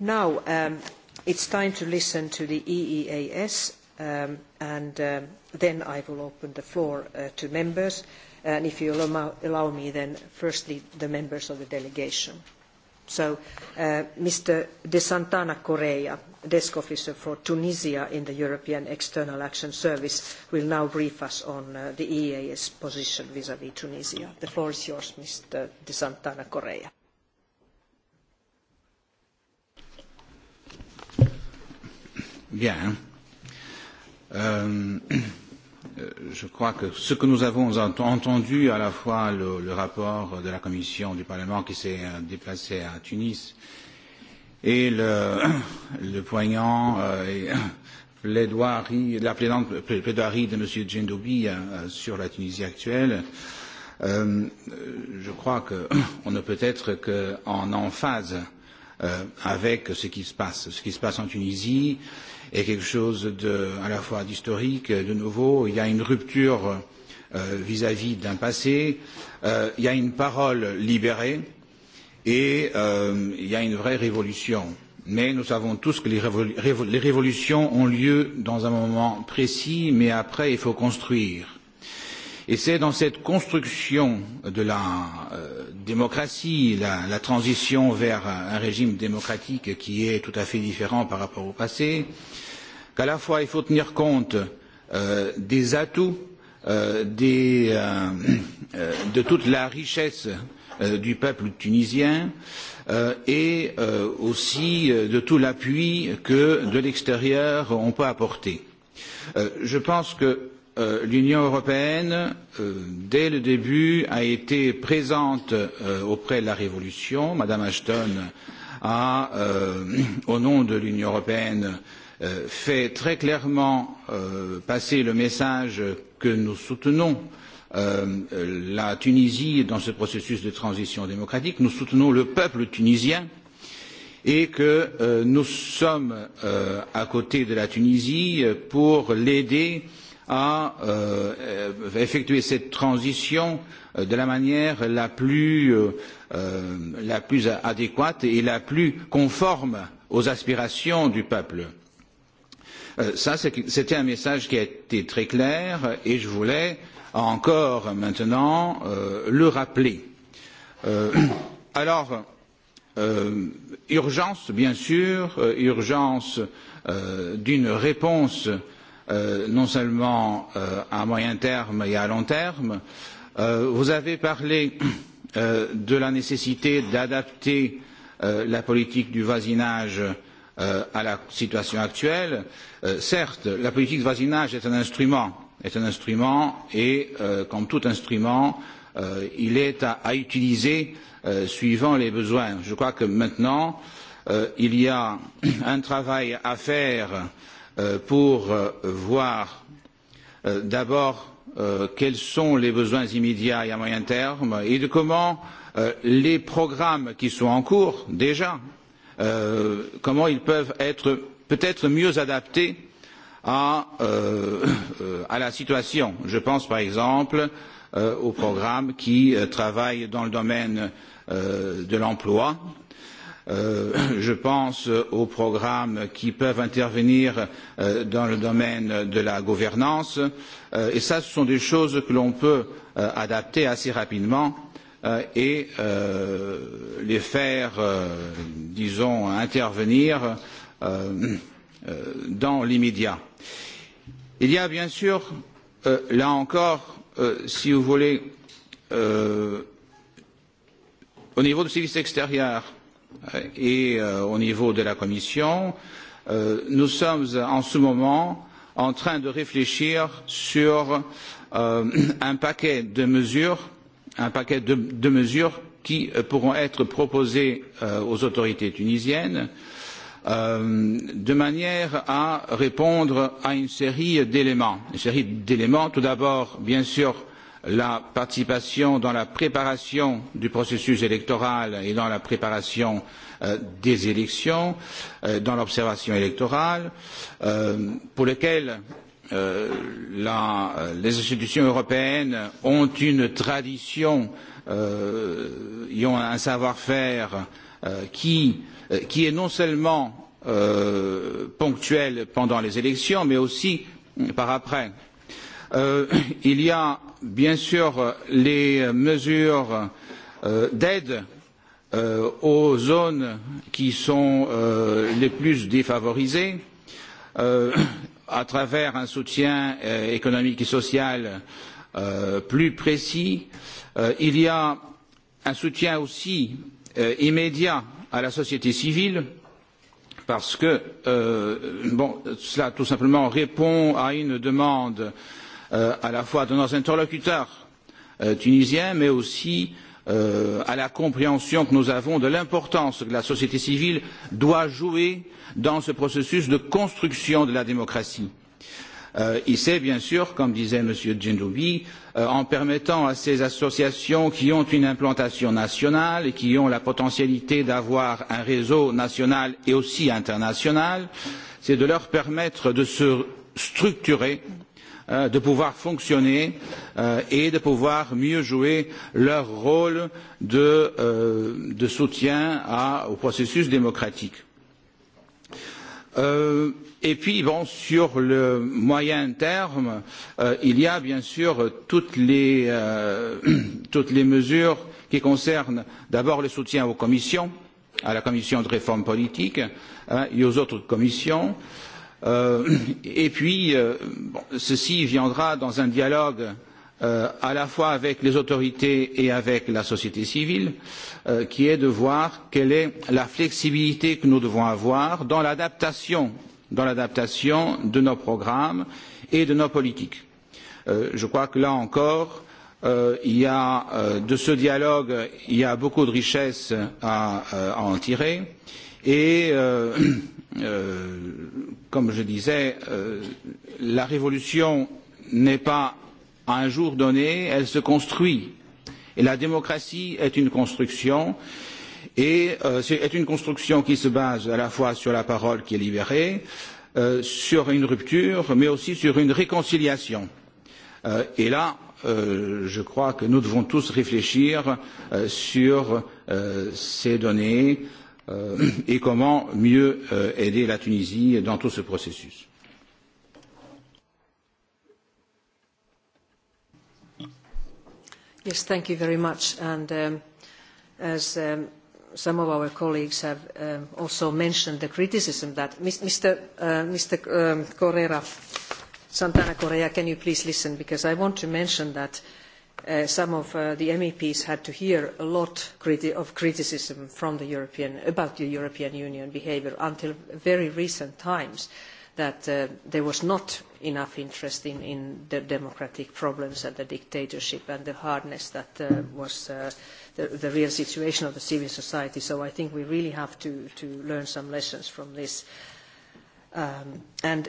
now, um, it's time to listen to the EEAS um, and um, then I will open the floor uh, to members. And if you allow, allow me, then firstly the members of the delegation. So uh, Mr. De Santana Correa, desk officer for Tunisia in the European External Action Service, will now brief us on uh, the EEAS position vis-à-vis -vis Tunisia. The floor is yours, Mr. De Santana Correa. Bien. Euh, je crois que ce que nous avons entendu, à la fois le, le rapport de la Commission du Parlement qui s'est euh, déplacé à Tunis et le, le poignant euh, et, plaidoirie, la plaidoirie de M. Djendoubi euh, euh, sur la Tunisie actuelle, euh, je crois qu'on ne peut être qu'en emphase euh, euh, avec ce qui se passe. Ce qui se passe en Tunisie est quelque chose de, à la fois d'historique, de nouveau. Il y a une rupture euh, vis-à-vis euh, d'un passé. Euh, il y a une parole libérée et euh, il y a une vraie révolution. Mais nous savons tous que les, révol révol les révolutions ont lieu dans un moment précis, mais après, il faut construire. Et c'est dans cette construction de la, euh, démocratie, la, la transition vers un régime démocratique qui est tout à fait différent par rapport au passé, qu'à la fois il faut tenir compte euh, des atouts, euh, des, euh, euh, de toute la richesse euh, du peuple tunisien euh, et euh, aussi euh, de tout l'appui que de l'extérieur on peut apporter. Euh, je pense que Euh, l'Union européenne, euh, dès le début, a été présente euh, auprès de la Révolution. Madame Ashton a, au nom de l'Union européenne, fait très clairement passer le message que nous soutenons la Tunisie dans ce processus de transition démocratique, nous soutenons le peuple tunisien et que nous sommes à côté de la Tunisie pour l'aider à euh, euh, effectuer cette transition euh, de la manière la plus, euh, euh, la plus adéquate et la plus conforme aux aspirations du peuple. ça, c'était un message qui a été très clair et je voulais encore maintenant euh, le rappeler. Euh, alors, euh, urgence, bien sûr, euh, urgence euh, d'une réponse euh, Euh, non seulement euh, à moyen terme et à long terme. Euh, vous avez parlé de la nécessité d'adapter la politique du voisinage à la situation actuelle. certes, la politique de voisinage est un instrument, est un instrument et, comme tout instrument, il est à, à utiliser suivant les besoins. Je crois que maintenant, il y a un travail à faire euh, Euh, pour euh, voir euh, d'abord quels sont les besoins immédiats et à moyen terme et de comment les programmes qui sont en cours déjà comment ils peuvent être peut être mieux adaptés à, à la situation. Je pense par exemple aux programmes qui travaillent dans le domaine de l'emploi, Euh, je pense aux programmes qui peuvent intervenir euh, dans le domaine de la gouvernance euh, et ça ce sont des choses que l'on peut adapter assez rapidement et les faire disons intervenir dans l'immédiat. il y a bien sûr là encore si vous voulez au niveau du service extérieur Euh, et euh, au niveau de la Commission, euh, nous sommes en ce moment en train de réfléchir sur un paquet de mesures, un paquet de, de mesures qui pourront être proposées aux autorités tunisiennes de manière à répondre à une série d'éléments. Une série d'éléments, tout d'abord, bien sûr, la participation dans la préparation du processus électoral et dans la préparation euh, des élections, euh, dans l'observation électorale, euh, pour lequel euh, la, euh, les institutions européennes ont une tradition, euh, y ont un savoir-faire euh, qui, euh, qui est non seulement euh, ponctuel pendant les élections, mais aussi par après. Euh, Euh, il y a bien sûr les mesures euh, d'aide euh, aux zones qui sont euh, les plus défavorisées euh, à travers un soutien euh, économique et social euh, plus précis. Euh, il y a un soutien aussi euh, immédiat à la société civile parce que euh, bon, cela tout simplement répond à une demande euh, euh, à la fois de nos interlocuteurs euh, tunisiens, mais aussi euh, à la compréhension que nous avons de l'importance que la société civile doit jouer dans ce processus de construction de la démocratie. Euh, et c'est bien sûr, comme disait M. Djendoubi, euh, en permettant à ces associations qui ont une implantation nationale et qui ont la potentialité d'avoir un réseau national et aussi international, c'est de leur permettre de se structurer euh, Euh, de pouvoir fonctionner euh, et de pouvoir mieux jouer leur rôle de, euh, de soutien à, au processus démocratique. Euh, et puis bon, sur le moyen terme euh, il y a bien sûr toutes les, euh, toutes les mesures qui concernent d'abord le soutien aux commissions à la commission de réforme politique et aux autres commissions euh, Euh, et puis, euh, bon, ceci viendra dans un dialogue euh, à la fois avec les autorités et avec la société civile, euh, qui est de voir quelle est la flexibilité que nous devons avoir dans l'adaptation, dans l'adaptation de nos programmes et de nos politiques. Euh, je crois que là encore, euh, il y a, euh, de ce dialogue, il y a beaucoup de richesses à, euh, à en tirer et euh, Euh, comme je disais, euh, la révolution n'est pas à un jour donné, elle se construit. Et la démocratie est une construction, et euh, est une construction qui se base à la fois sur la parole qui est libérée, euh, sur une rupture, mais aussi sur une réconciliation. Euh, et là, euh, je crois que nous devons tous réfléchir euh, sur euh, ces données, euh, Euh, et comment mieux euh, aider la Tunisie dans tout ce processus. Yes, thank you very much. And um, as um, some of our colleagues have um, also mentioned, the criticism that Mr. Uh, Mr. Um, Correa, Santana Correa, can you please listen? Because I want to mention that uh, Uh, some of uh, the MEPs had to hear a lot criti of criticism from the European, about the European Union behaviour until very recent times that uh, there was not enough interest in, in, the democratic problems and the dictatorship and the hardness that uh, was uh, the, the, real situation of the civil society. So I think we really have to, to learn some lessons from this. Um, and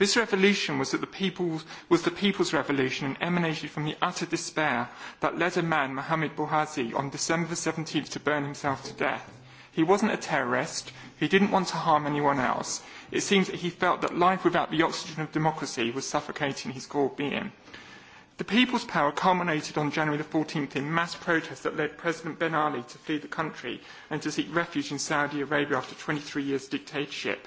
This revolution was, that the people's, was the people's revolution and emanated from the utter despair that led a man, Mohammed Bouhazi, on December 17th to burn himself to death. He wasn't a terrorist. He didn't want to harm anyone else. It seems that he felt that life without the oxygen of democracy was suffocating his core being. The people's power culminated on January the 14th in mass protests that led President Ben Ali to flee the country and to seek refuge in Saudi Arabia after 23 years' dictatorship.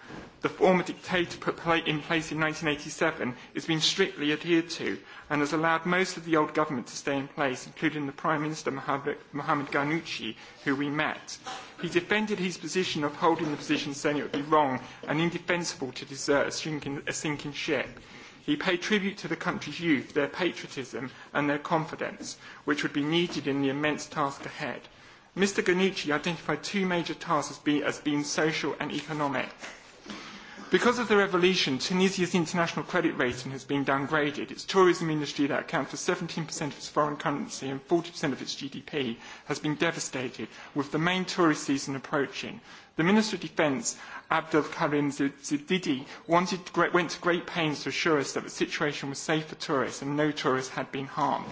The former dictator put in place in 1987 is being strictly adhered to and has allowed most of the old government to stay in place, including the Prime Minister Mohamed Ghanouchi, who we met. He defended his position of holding the position, saying it would be wrong and indefensible to desert a sinking, a sinking ship. He paid tribute to the country's youth, their patriotism and their confidence, which would be needed in the immense task ahead. Mr. Ghannouchi identified two major tasks as being social and economic. Because of the revolution, Tunisia's international credit rating has been downgraded. Its tourism industry, that accounts for 17% of its foreign currency and 40% of its GDP, has been devastated, with the main tourist season approaching. The Minister of Defence, Abdel Karim Zididi, wanted, went to great pains to assure us that the situation was safe for tourists and no tourists had been harmed.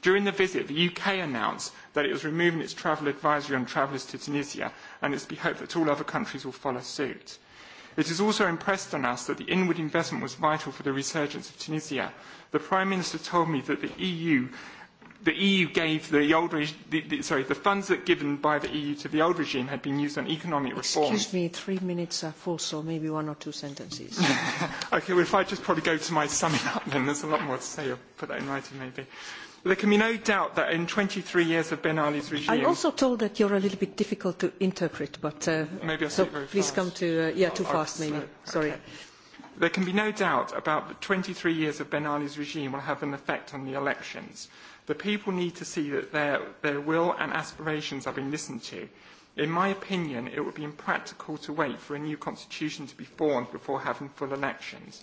During the visit, the UK announced that it was removing its travel advisory on travellers to Tunisia, and it's to be hoped that all other countries will follow suit. It is also impressed on us that the inward investment was vital for the resurgence of Tunisia. The Prime Minister told me that the EU the EU gave the old regime, the, the, sorry, the funds that given by the EU to the old regime had been used on economic reform. Excuse me, three minutes are full, so maybe one or two sentences. okay, well, if I just probably go to my summing up, then there's a lot more to say. I'll put that in writing, maybe. There can be no doubt that in 23 years of Ben Ali's regime... I'm also told that you're a little bit difficult to interpret, but... Uh, maybe I so speak very please fast. come to... Uh, yeah, too I'll, fast, maybe. No, Sorry. Okay. There can be no doubt about the 23 years of Ben Ali's regime will have an effect on the elections. The people need to see that their, their will and aspirations are being listened to. In my opinion, it would be impractical to wait for a new constitution to be formed before having full elections.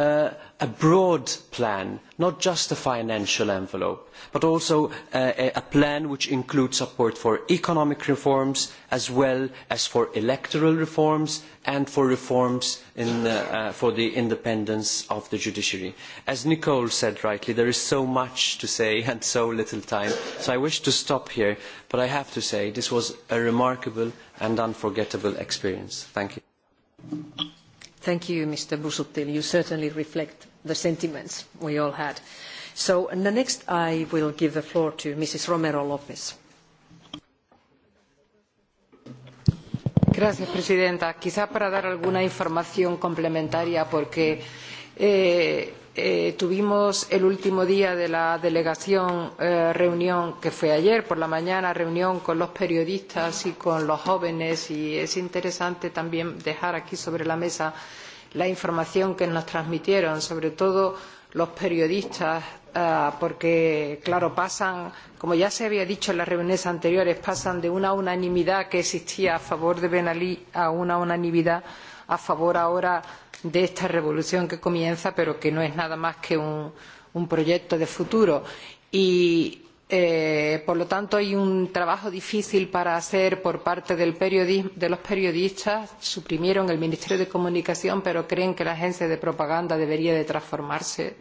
Uh, a broad plan, not just a financial envelope, but also uh, a, a plan which includes support for economic reforms as well as for electoral reforms and for reforms in, uh, for the independence of the judiciary. As Nicole said rightly, there is so much to say and so little time, so I wish to stop here, but I have to say this was a remarkable and unforgettable experience. Thank you. Thank you, Mr. Busuttil. You certainly reflect the sentiments we all had. So the next I will give the floor to Mrs. Romero Lopez. Gracias, Presidenta. Quizá para dar alguna información complementaria, porque eh, eh, tuvimos el último día de la delegación eh, reunión, que fue ayer por la mañana, reunión con los periodistas y con los jóvenes y es interesante también dejar aquí sobre la mesa la información que nos transmitieron, sobre todo los periodistas, eh, porque, claro, pasan, como ya se había dicho en las reuniones anteriores, pasan de una unanimidad que existía a favor de Ben Ali a una unanimidad a favor ahora de de esta revolución que comienza, pero que no es nada más que un, un proyecto de futuro. Y, eh, por lo tanto, hay un trabajo difícil para hacer por parte del de los periodistas. Suprimieron el Ministerio de Comunicación, pero creen que la agencia de propaganda debería de transformarse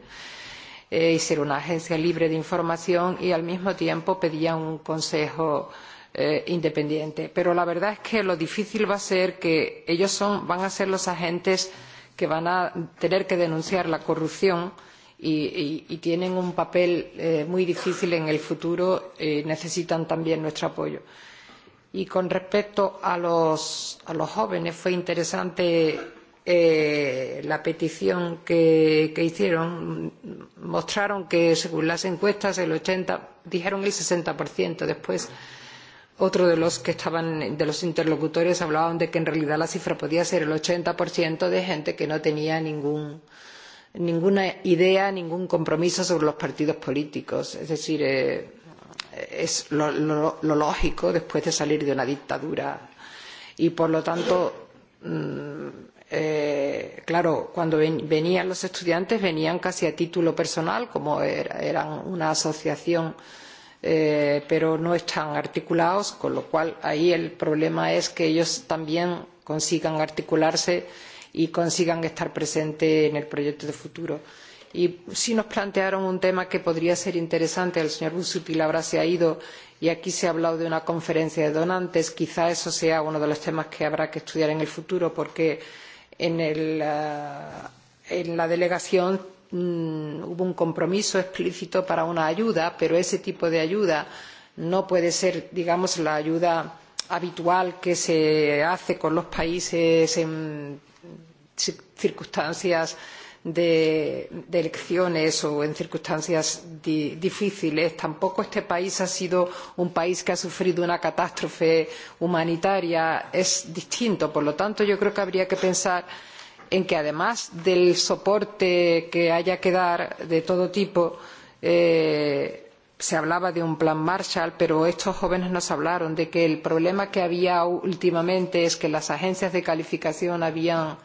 eh, y ser una agencia libre de información y, al mismo tiempo, pedían un consejo eh, independiente. Pero la verdad es que lo difícil va a ser que ellos son, van a ser los agentes que van a tener que denunciar la corrupción y, y, tienen un papel eh, muy difícil en el futuro y eh, necesitan también nuestro apoyo. Y con respecto a los, a los jóvenes, fue interesante eh, la petición que, que hicieron. Mostraron que, según las encuestas, el 80, dijeron el 60%. Después. Sí otro de los que estaban de los interlocutores hablaban de que en realidad la cifra podía ser el 80% de gente que no tenía ningún ninguna idea, ningún compromiso sobre los partidos políticos. Es decir, eh, es lo, lo, lo lógico después de salir de una dictadura. Y por lo tanto, mm, eh, claro, cuando ven, venían los estudiantes venían casi a título personal, como era, eran una asociación eh, Eh, pero no están articulados, con lo cual ahí el problema es que ellos también consigan articularse y consigan estar presentes en el proyecto de futuro. Y sí nos plantearon un tema que podría ser interesante, el señor Busutil ahora se ha ido y aquí se ha hablado de una conferencia de donantes, quizá eso sea uno de los temas que habrá que estudiar en el futuro porque en, el, ah, en la delegación mmm, hubo un compromiso explícito para una ayuda, pero ese tipo de ayuda no puede ser, digamos, la ayuda habitual que se hace con los países en circunstancias de, de elecciones o en circunstancias di, difíciles. Tampoco este país ha sido un país que ha sufrido una catástrofe humanitaria. Es distinto. Por lo tanto, yo creo que habría que pensar en que además del soporte que haya que dar de todo tipo eh, se hablaba de un plan Marshall, pero estos jóvenes nos hablaron de que el problema que había últimamente es que las agencias de calificación habían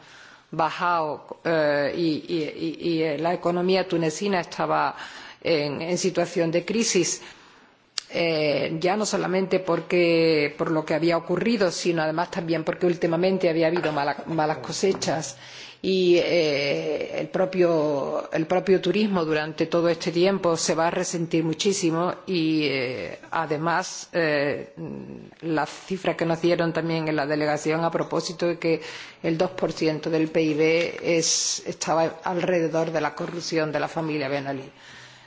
bajado eh, y, y, y, la economía tunecina estaba en, en situación de crisis. Eh, eh, ya no solamente porque, por lo que había ocurrido, sino además también porque últimamente había habido mala, malas cosechas y eh, el, propio, el propio turismo durante todo este tiempo se va a resentir muchísimo y eh, además eh, las cifras que nos dieron también en la delegación a propósito de que el 2% del PIB es, estaba alrededor de la corrupción de la familia Benalí. Eh,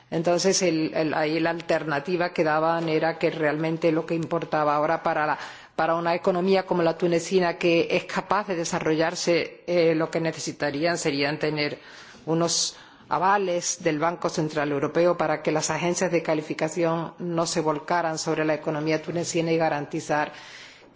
Entonces, el, el, ahí la alternativa que daban era que realmente lo que importaba ahora para, la, para una economía como la tunecina, que es capaz de desarrollarse, eh, lo que necesitarían serían tener unos avales del Banco Central Europeo para que las agencias de calificación no se volcaran sobre la economía tunecina y garantizar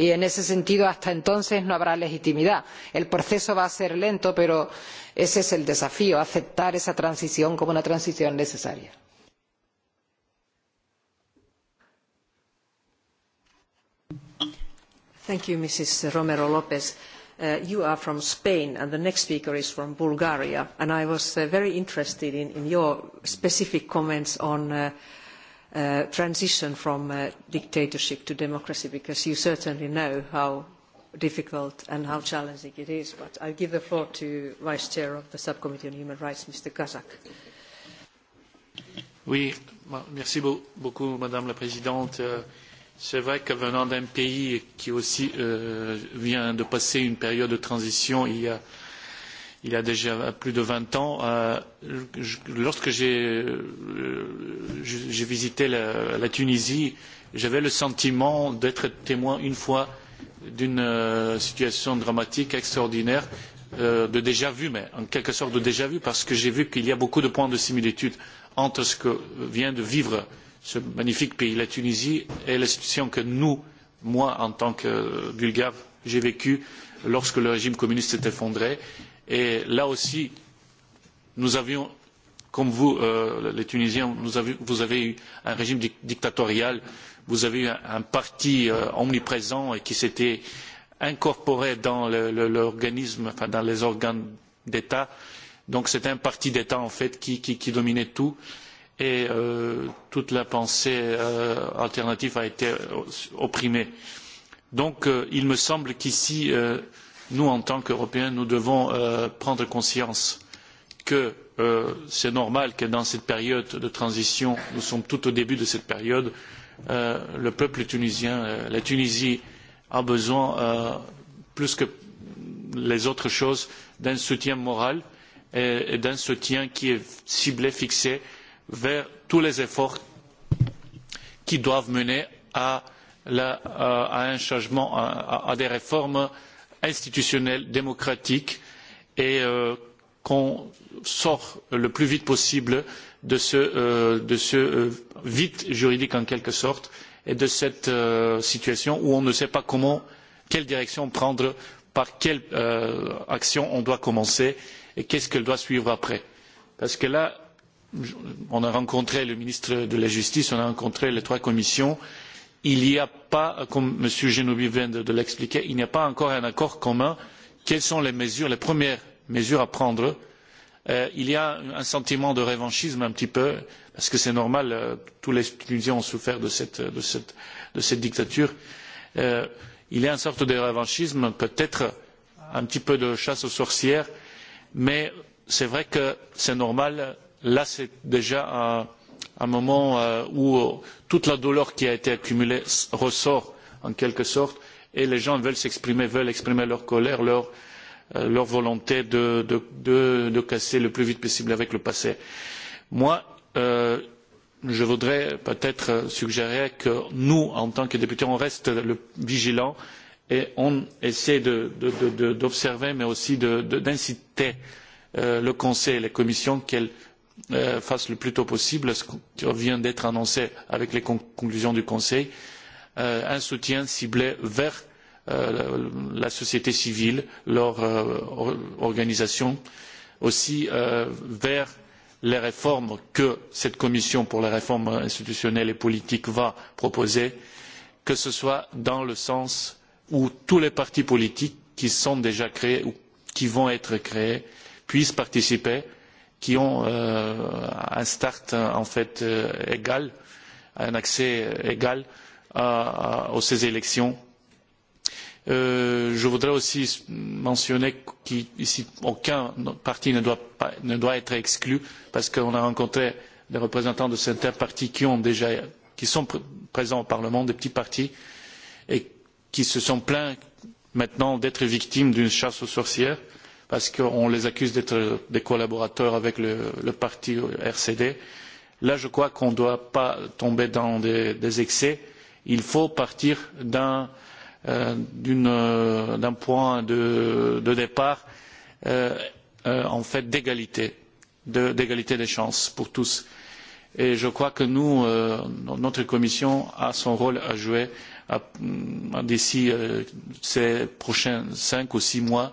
y en ese sentido hasta entonces no habrá legitimidad. el proceso va a ser lento pero ese es el desafío aceptar esa transición como una transición necesaria. Romero López. Uh, you are from Spain and the next speaker is Bulgaria. And I was uh, very Uh, transition from uh, dictatorship to democracy because you certainly know how difficult and how challenging it is. But I give the floor to Vice Chair of the Subcommittee on Human Rights, Mr. Kazak. Oui, merci beaucoup, Madame la Présidente. Euh, c'est vrai que venant d'un pays qui aussi euh, vient de passer une période de transition, il y a il y a déjà plus de 20 ans, euh, lorsque euh, j'ai visité la, la Tunisie, j'avais le sentiment d'être témoin une fois d'une euh, situation dramatique, extraordinaire, de déjà vu, mais en quelque sorte de déjà vu, parce que j'ai vu qu'il y a beaucoup de points de similitude entre ce que vient de vivre ce magnifique pays, la Tunisie, et la situation que nous, moi, en tant que Bulgare, j'ai vécue lorsque le régime communiste s'est effondré Et là aussi, nous avions, comme vous, euh, les Tunisiens, nous avions, vous avez eu un régime di dictatorial, vous avez eu un, un parti euh, omniprésent et qui s'était incorporé dans l'organisme, enfin dans les organes d'État. Donc c'était un parti d'État en fait qui, qui, qui dominait tout et euh, toute la pensée euh, alternative a été euh, opprimée. Donc euh, il me semble qu'ici euh, nous, en tant qu'Européens, nous devons euh, prendre conscience que euh, c'est normal que dans cette période de transition, nous sommes tout au début de cette période, euh, le peuple tunisien, euh, la Tunisie a besoin, euh, plus que les autres choses, d'un soutien moral et, et d'un soutien qui est ciblé, fixé vers tous les efforts qui doivent mener à, la, à un changement, à, à, à des réformes euh, institutionnelle démocratique et euh, qu'on sort le plus vite possible de ce, euh, euh, vide juridique en quelque sorte et de cette euh, situation où on ne sait pas quelle direction prendre, par quelle action on doit commencer et qu'est-ce qui doit suivre après. Parce que là, on a rencontré le ministre de la Justice, on a rencontré les trois commissions, euh, il n'y a pas comme m. genovvi vient de, l'expliquer il n'y a pas encore un accord commun quelles sont les mesures les premières mesures à prendre? Euh, il y a un sentiment de revanchisme un petit peu parce que c'est normal euh, tous les tunisiens ont souffert de cette, dictature euh, il y a une sorte de revanchisme peut être un petit peu de chasse aux sorcières mais c'est vrai que c'est normal là c'est déjà un moment euh, où euh, toute la douleur qui a été accumulée ressort en quelque sorte et les gens veulent s'exprimer, veulent exprimer leur colère, leur, euh, leur volonté de, de, de, de casser le plus vite possible avec le passé. Moi, euh, je voudrais peut être suggérer que nous en tant que députés on reste le, vigilants et on essaie d'observer mais aussi d'inciter euh, le conseil et la commission qu'elles Euh, fasse le plus tôt possible ce qui vient d'être annoncé avec les conclusions du Conseil, euh, un soutien ciblé vers euh, la société civile, leur euh, organisation, aussi vers les réformes que cette commission pour les réformes institutionnelles et politiques va proposer, que ce soit dans le sens où tous les partis politiques qui sont déjà créés ou qui vont être créés puissent participer qui ont euh, un start euh, en fait euh, égal, un accès égal à, à, à ces élections. Euh, je voudrais aussi mentionner qu'ici aucun parti ne doit, pas, ne doit être exclu parce qu'on a rencontré des représentants de certains partis qui, ont déjà, qui sont pr présents au Parlement, des petits partis, et qui se sont plaints maintenant d'être victimes d'une chasse aux sorcières parce qu'on les accuse d'être des collaborateurs avec le, le parti RCD. Là, je crois qu'on ne doit pas tomber dans des, des excès. Il faut partir d'un euh, euh d'un point de, de départ euh, euh, en fait d'égalité, d'égalité de, des chances pour tous. Et je crois que nous, euh, notre commission a son rôle à jouer d'ici euh, ces prochains cinq ou six mois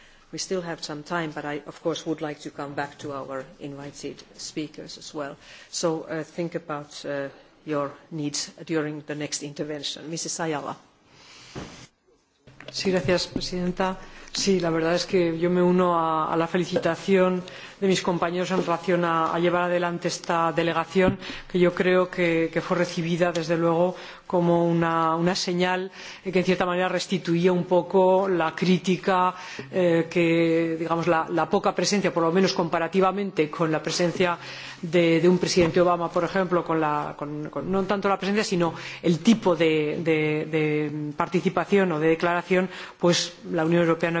We still have some time, but I, of course, would like to come back to our invited speakers as well. So uh, think about uh, your needs during the next intervention. Mrs. Ayala. Sí, gracias, Presidenta. Sí, la verdad es que yo me uno a, a la felicitación de mis compañeros en relación con llevar adelante esta delegación que yo creo que, que fue recibida desde luego como una, una señal que en cierta manera restituía un poco la crítica eh, que digamos la, la poca presencia por lo menos comparativamente con la presencia de, de un presidente Obama por ejemplo con la, con, con, no tanto la presencia sino el tipo de, de, de participación o de declaración pues la Unión Europea no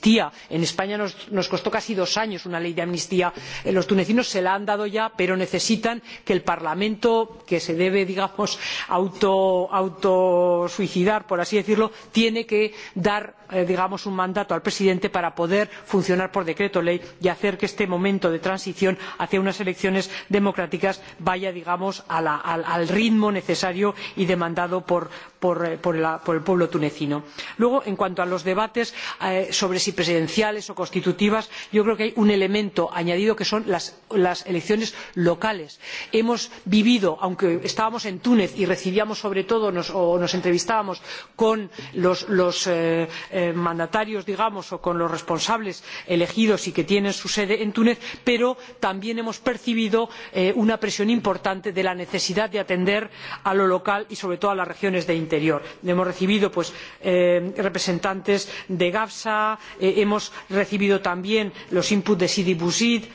amnistía en españa nos, nos costó casi dos años una ley de amnistía eh, los tunecinos se la han dado ya pero necesitan que el parlamento que se debe digamos autosuicidar por así decirlo dé Eh, digamos un mandato al presidente para poder funcionar por decreto ley y hacer que este momento de transición hacia unas elecciones democráticas vaya digamos al ritmo necesario y demandado eh, por el pueblo tunecino. luego en cuanto a los debates eh, sobre si presidenciales o constitutivas yo creo que hay un elemento añadido que son las elecciones locales. hemos vivido aunque estábamos en túnez y recibíamos sobre todo o nos entrevistábamos con los Eh, mandatarios digamos o con los responsables elegidos y que tienen su sede en túnez pero también hemos percibido eh, una presión importante de la necesidad de atender a lo local y sobre todo a las regiones del interior. hemos recibido pues, eh, representantes de gafsa hemos recibido también los inputs de sidi bouzid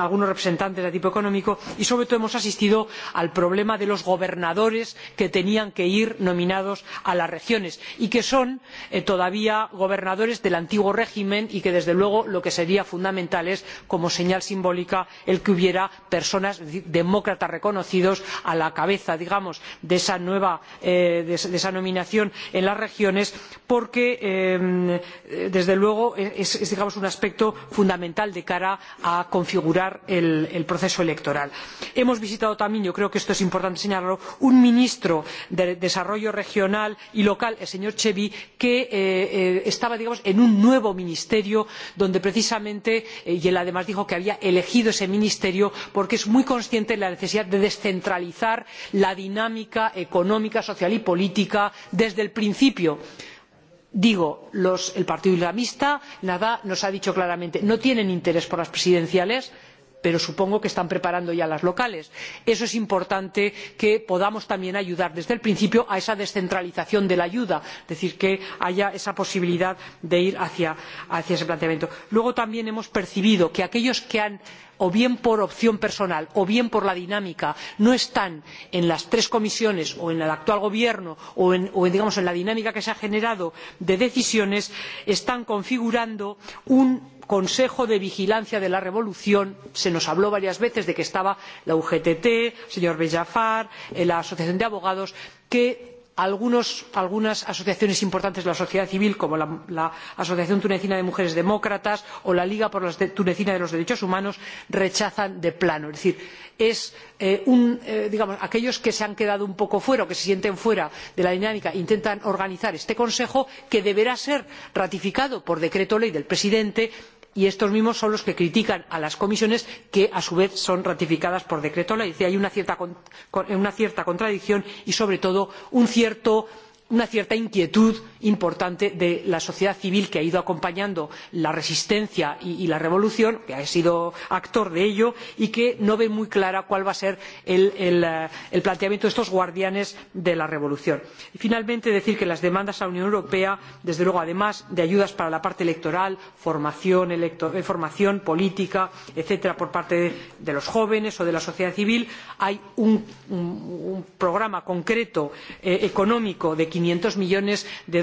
algunos representantes de tipo económico y sobre todo hemos asistido al problema de los gobernadores que tenían que ir nominados a las regiones y que son todavía gobernadores del antiguo régimen y que desde luego lo que sería fundamental es como señal simbólica que hubiera personas demócratas reconocidos a la cabeza digamos de esa nueva eh, nominación en las regiones porque eh, desde luego e, es un aspecto fundamental de cara a configurar el proceso electoral. hemos visitado también yo creo que esto es importante señalarlo un ministro de desarrollo regional y local el señor chebbi que eh, estaba digamos en un nuevo ministerio donde precisamente eh, y él además dijo que había elegido ese ministerio porque es muy consciente de la necesidad de descentralizar la dinámica económica social y política desde el principio digo el partido islamista nos ha dicho claramente no tiene interés por las presidenciales pero supongo que están preparando ya las locales. es importante que podamos también ayudar desde el principio a esa descentralización de la ayuda es decir que haya esa posibilidad de ir hacia, hacia ese planteamiento. luego también hemos percibido que aquellos que han o bien por opción personal o bien por la dinámica no están en las tres comisiones o en el actual gobierno o en, digamos, en la dinámica que se ha generado de decisiones están configurando un consejo de vigilancia de la revolución se nos habló varias veces de que estaba la ugt el señor bellafar eh, la asociación de abogados que algunas asociaciones importantes de la sociedad civil como la, asociación tunecina de mujeres demócratas o la liga tunecina de los derechos humanos rechazan de plano es decir eh, eh, aquellos que se han quedado un poco fuera o que se sienten fuera de la dinámica intentan organizar este consejo que deberá ser ratificado por decreto ley del presidente y estos mismos son los que critican a las comisiones que a su vez son ratificadas por decreto ley. es decir hay una cierta, contradicción y sobre todo una cierta inquietud importante de la sociedad civil que ha ido acompañando la resistencia y, la revolución que ha sido actor de ello y que no ve muy clara cuál va a ser el, el, planteamiento de estos guardianes de la revolución. y finalmente decir que las demandas a la unión europea desde luego además de ayudas para la parte electoral formación, electo eh, formación política etcétera por parte de, los jóvenes o de la sociedad civil hay un, un, programa concreto eh, económico de quinientos millones de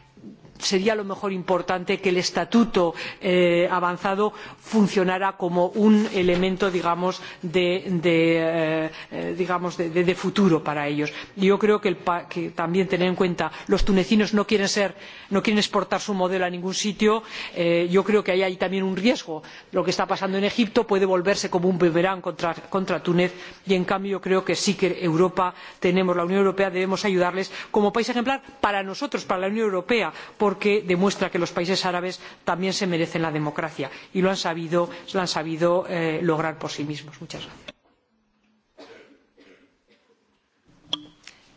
sería a lo mejor importante que el estatuto eh, avanzado funcionara como un elemento eh, de, futuro para ellos. yo creo que, el, que también tener en cuenta que los tunecinos no quieren, ser, no quieren exportar su modelo a ningún sitio eh, yo creo que ahí hay también un riesgo. lo que está pasando en egipto puede volverse como un boomerang contra, contra túnez y en cambio yo creo que sí que europa tenemos la unión europea debemos ayudarles como país ejemplar para nosotros para la unión europea porque demuestra que los países árabes también se merecen la democracia y lo han sabido, eh, lograr por sí mismos.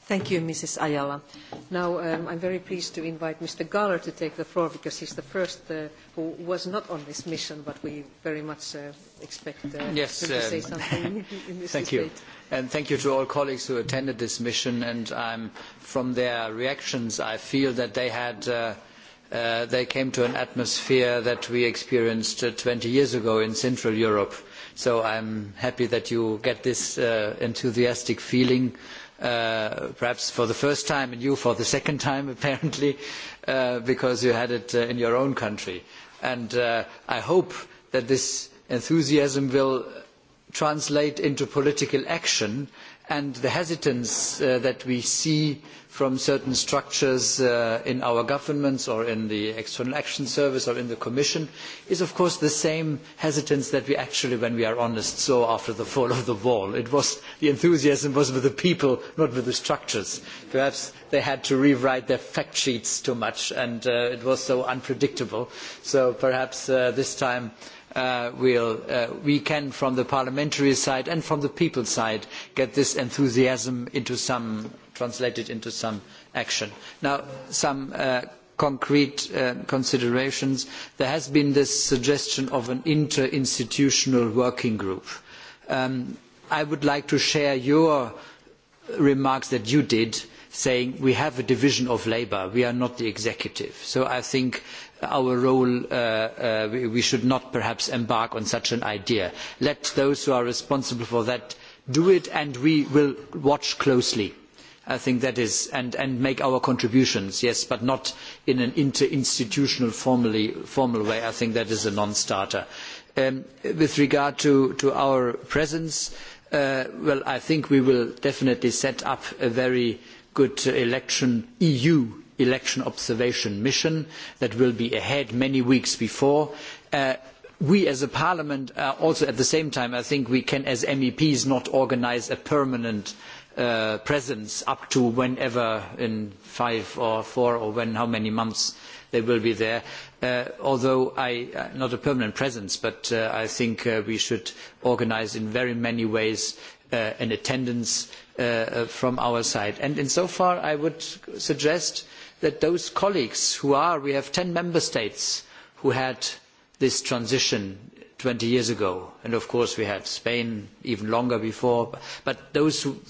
Thank you, Mrs. Ayala. Now, um, I'm very pleased to invite Mr. Galler to take the floor because he's the first uh, who was not on this mission, but we very much uh, expect uh, yes, him to um, say something in, in this Thank debate. you. And thank you to all colleagues who attended this mission. And I'm, from their reactions, I feel that they had... Uh, uh, they came to an atmosphere that we experienced uh, 20 years ago in Central Europe. So I'm happy that you get this uh, enthusiastic feeling Uh, perhaps for the first time and you for the second time apparently uh, because you had it uh, in your own country I hope that this enthusiasm will translate into political action and and the hesitance uh, that we see from certain structures uh, in our governments or in the external action service or in the commission is of course the same hesitance that we actually when we are honest saw after the fall of the wall it was the enthusiasm was with the people not with the structures perhaps they had to rewrite their fact sheets too much and uh, it was so unpredictable so perhaps uh, this time uh, Uh, uh, we can from the parliamentary side and from the people's side get this enthusiasm into some, translated into some action. Now, some uh, concrete considerations. There has been this suggestion of an interinstitutional working group. Um, I would like to share your remarks that you did saying we have a division of labour, we are not the executive. So I think our role uh, uh, we should not perhaps embark on such an idea. let those who are responsible for that do it and we will watch closely i think that is and, and make our contributions yes but not in an interinstitutional formally, formal way i think that is a non starter. Um, with regard to, to our presence uh, well i think we will definitely set up a very good election eu election observation mission that will be ahead many weeks before. Uh, we as a parliament uh, also at the same time, I think we can as MEPs not organise a permanent uh, presence up to whenever in five or four or when how many months they will be there. Uh, although I, uh, not a permanent presence, but uh, I think uh, we should organise in very many ways uh, an attendance uh, from our side. And insofar, I would suggest uh, that those colleagues who are, we have ten member states who had this transition twenty years ago. And of course we had Spain even longer before. But those who,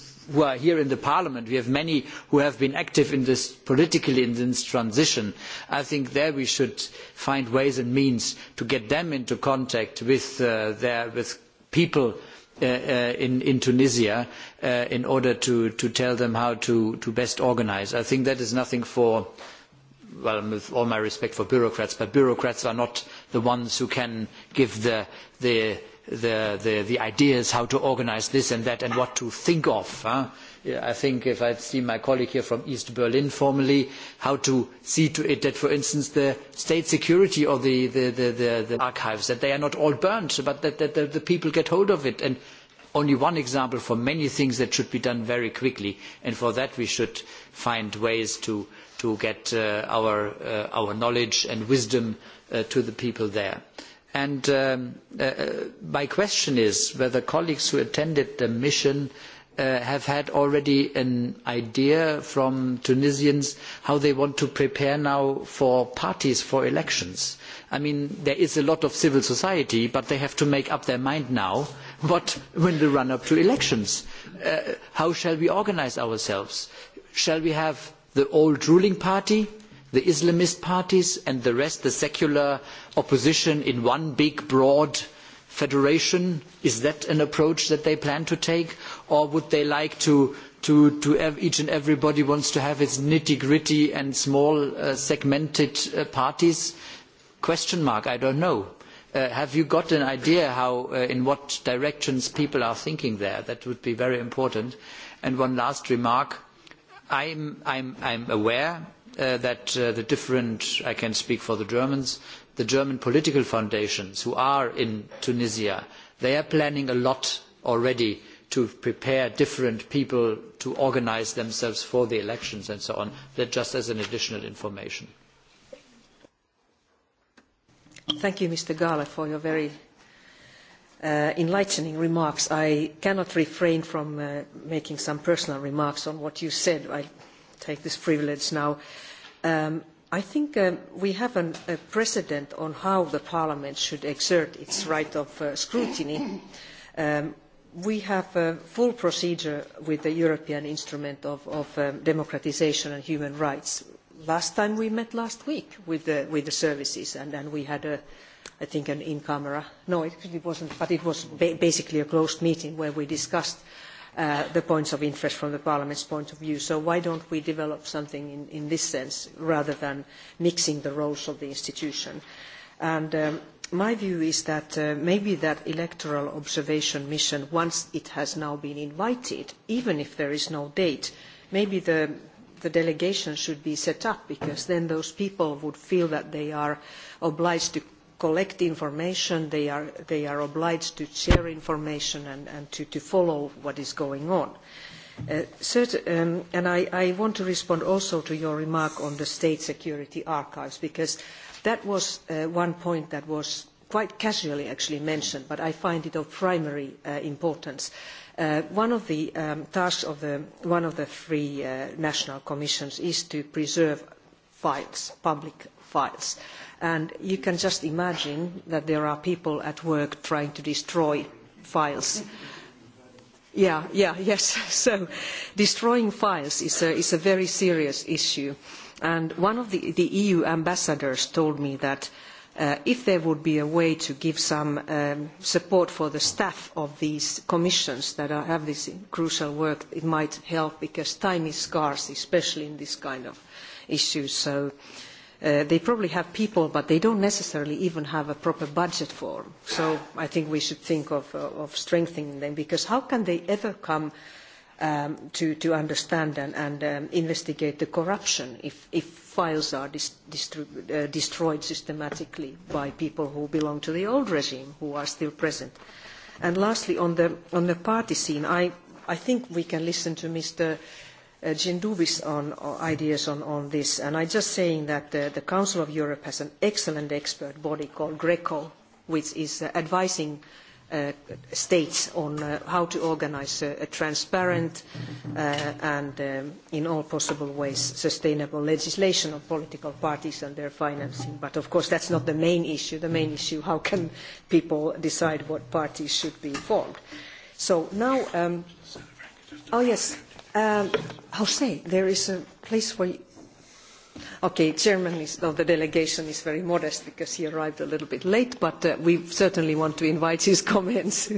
are here in the parliament, we have many who have been active in this politically in this transition. I think there we should find ways and means to get them into contact with uh, people Uh, uh, in, in Tunisia uh, in order to, to tell them how to, to best organize. I think that is nothing for, well, with all my respect for bureaucrats, but bureaucrats are not the ones who can give the, the, the, the, the ideas how to organize this and that and what to think of. Huh? I think if I see my colleague here from East Berlin formally, how to see to it that, for instance, the state security or the, the, the, the, the archives, that they are not all burnt, but that, that, that the people get hold of it. And only one example for many things that should be done very quickly. And for that we should find ways to, to get uh, our, uh, our knowledge and wisdom uh, to the people there. And um, uh, uh, my question is whether colleagues who attended the mission uh, Uh, have had already an idea from Tunisians how they want to prepare now for parties for elections. I mean, there is a lot of civil society, but they have to make up their mind now what when the run up to elections. Uh, how shall we organise ourselves? Shall we have the old ruling party, the Islamist parties, and the rest, the secular opposition, in one big, broad federation? Is that an approach that they plan to take? or would they like to, to, to have, each and everybody wants to have its nitty gritty and small uh, segmented uh, parties? Question mark, I don't know. Uh, have you got an idea how, uh, in what directions people are thinking there? That would be very important. And one last remark. I'm, I'm, I'm aware uh, that uh, the different, I can speak for the Germans, the German political foundations who are in Tunisia, they are planning a lot already to prepare different people to organise themselves for the elections and so on. That just as an additional information. Thank you, Mr. Gahler, for your very uh, enlightening remarks. I cannot refrain from uh, making some personal remarks on what you said. I take this privilege now. Um, I think um, we have an, a precedent on how the Parliament should exert its right of uh, scrutiny. Um, we have a full procedure with the European Instrument of, of um, Democratization and Human Rights. Last time we met last week with the, with the services, and, and we had a, I think, an in-camera. No, it, it wasn't, but it was ba basically a closed meeting where we discussed uh, the points of interest from the Parliament's point of view. So why don't we develop something in, in this sense rather than mixing the roles of the institution? And um, my view is that uh, maybe that electoral observation mission, once it has now been invited, even if there is no date, maybe the, the delegation should be set up because then those people would feel that they are obliged to collect information, they are, they are obliged to share information and, and to, to follow what is going on. Uh, certain, um, and I, I want to respond also to your remark on the state security archives because That was uh, one point that was quite casually actually mentioned, but I find it of primary uh, importance. Uh, one of the um, tasks of the, one of the three uh, national commissions is to preserve files, public files. And you can just imagine that there are people at work trying to destroy files. Yeah, yeah, yes. So destroying files is a, is a very serious issue. Uh, And one of the, the EU ambassadors told me that uh, if there would be a way to give some um, support for the staff of these commissions that are, have this crucial work, it might help because time is scarce, especially in this kind of issues. So uh, they probably have people, but they don't necessarily even have a proper budget for them. So I think we should think of, uh, of strengthening them because how can they ever come uh, um, to, to understand and, and um, investigate the corruption if, if files are dis uh, destroyed systematically by people who belong to the old regime, who are still present. And lastly, on the, on the party scene, I, I think we can listen to Mr. Uh, Jindubi's on, uh, ideas on, on this. And I'm just saying that the, the Council of Europe has an excellent expert body called GRECO, which is uh, advising uh, Uh, states on uh, how to organise a, a transparent uh, and um, in all possible ways sustainable legislation on political parties and their financing. But of course that's not the main issue. The main issue, how can people decide what parties should be formed? So now, um, oh yes, um, Jose, there is a place where Okay, chairman is, of the delegation is very modest because he arrived a little bit late, but uh, we certainly want to invite his comments.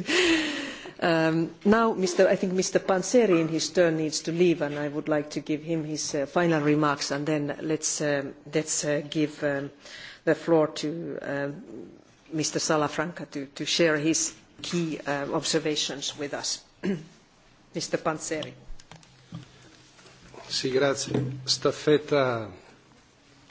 um, now, Mr., I think Mr. Panzeri in his turn needs to leave, and I would like to give him his uh, final remarks, and then let's, um, let's uh, give um, the floor to Mr. Um, Salafranca to, to, share his key uh, observations with us. Mr. Panzeri. Sì, grazie. Staffetta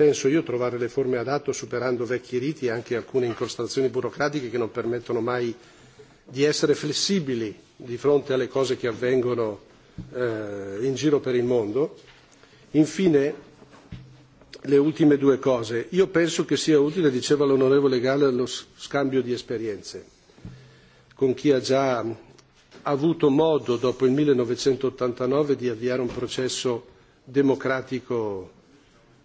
penso io, trovare le forme adatto superando vecchi riti e anche alcune incrostazioni burocratiche che non permettono mai di essere flessibili di fronte alle cose che avvengono eh, in giro per il mondo. Infine, le ultime due cose. Io penso che sia utile, diceva l'onorevole Gale, lo scambio di esperienze con chi ha già avuto modo, dopo il 1989, di avviare un processo democratico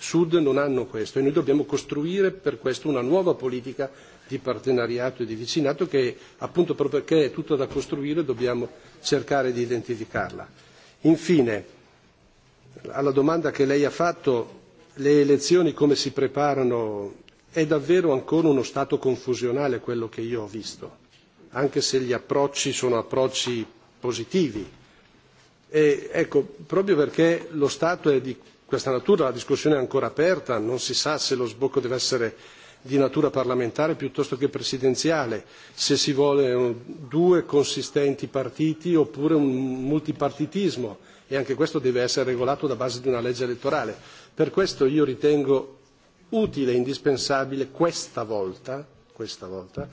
Sud non hanno questo e noi dobbiamo costruire per questo una nuova politica di partenariato e di vicinato che appunto proprio perché è tutta da costruire dobbiamo cercare di identificarla. Infine, alla domanda che lei ha fatto, le elezioni come si preparano? È davvero ancora uno stato confusionale quello che io ho visto, anche se gli approcci sono approcci positivi. E, ecco, proprio perché lo Stato è di questa natura la discussione è ancora aperta non si sa se lo sbocco deve essere di natura parlamentare piuttosto che presidenziale se si vogliono due consistenti partiti oppure un multipartitismo e anche questo deve essere regolato sulla base di una legge elettorale. per questo io ritengo utile e indispensabile questa volta, questa volta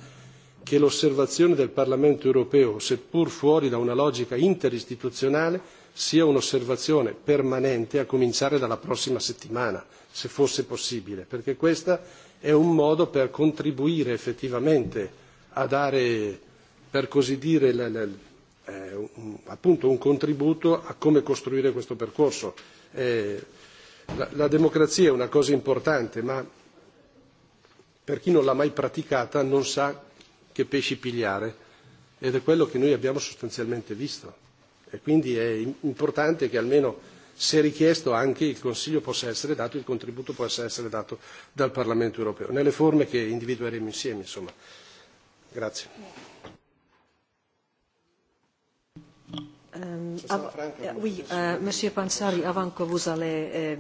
che l'osservazione del parlamento europeo seppur fuori da una logica interistituzionale sia un'osservazione permanente a cominciare dalla prossima settimana, se fosse possibile, perché questo è un modo per contribuire effettivamente a dare, per così dire, la, la, eh, un, appunto un contributo a come costruire questo percorso. Eh, la, la democrazia è una cosa importante, ma per chi non l'ha mai praticata non sa che pesci pigliare ed è quello che noi abbiamo sostanzialmente visto E quindi è importante che almeno se richiesto anche il Consiglio possa essere dato, il contributo possa essere dato dal Parlamento europeo, nelle forme che individueremo insieme. Insomma. Grazie. Ehm, eh, oui, euh, Monsieur Pansari, avant que vous allez euh,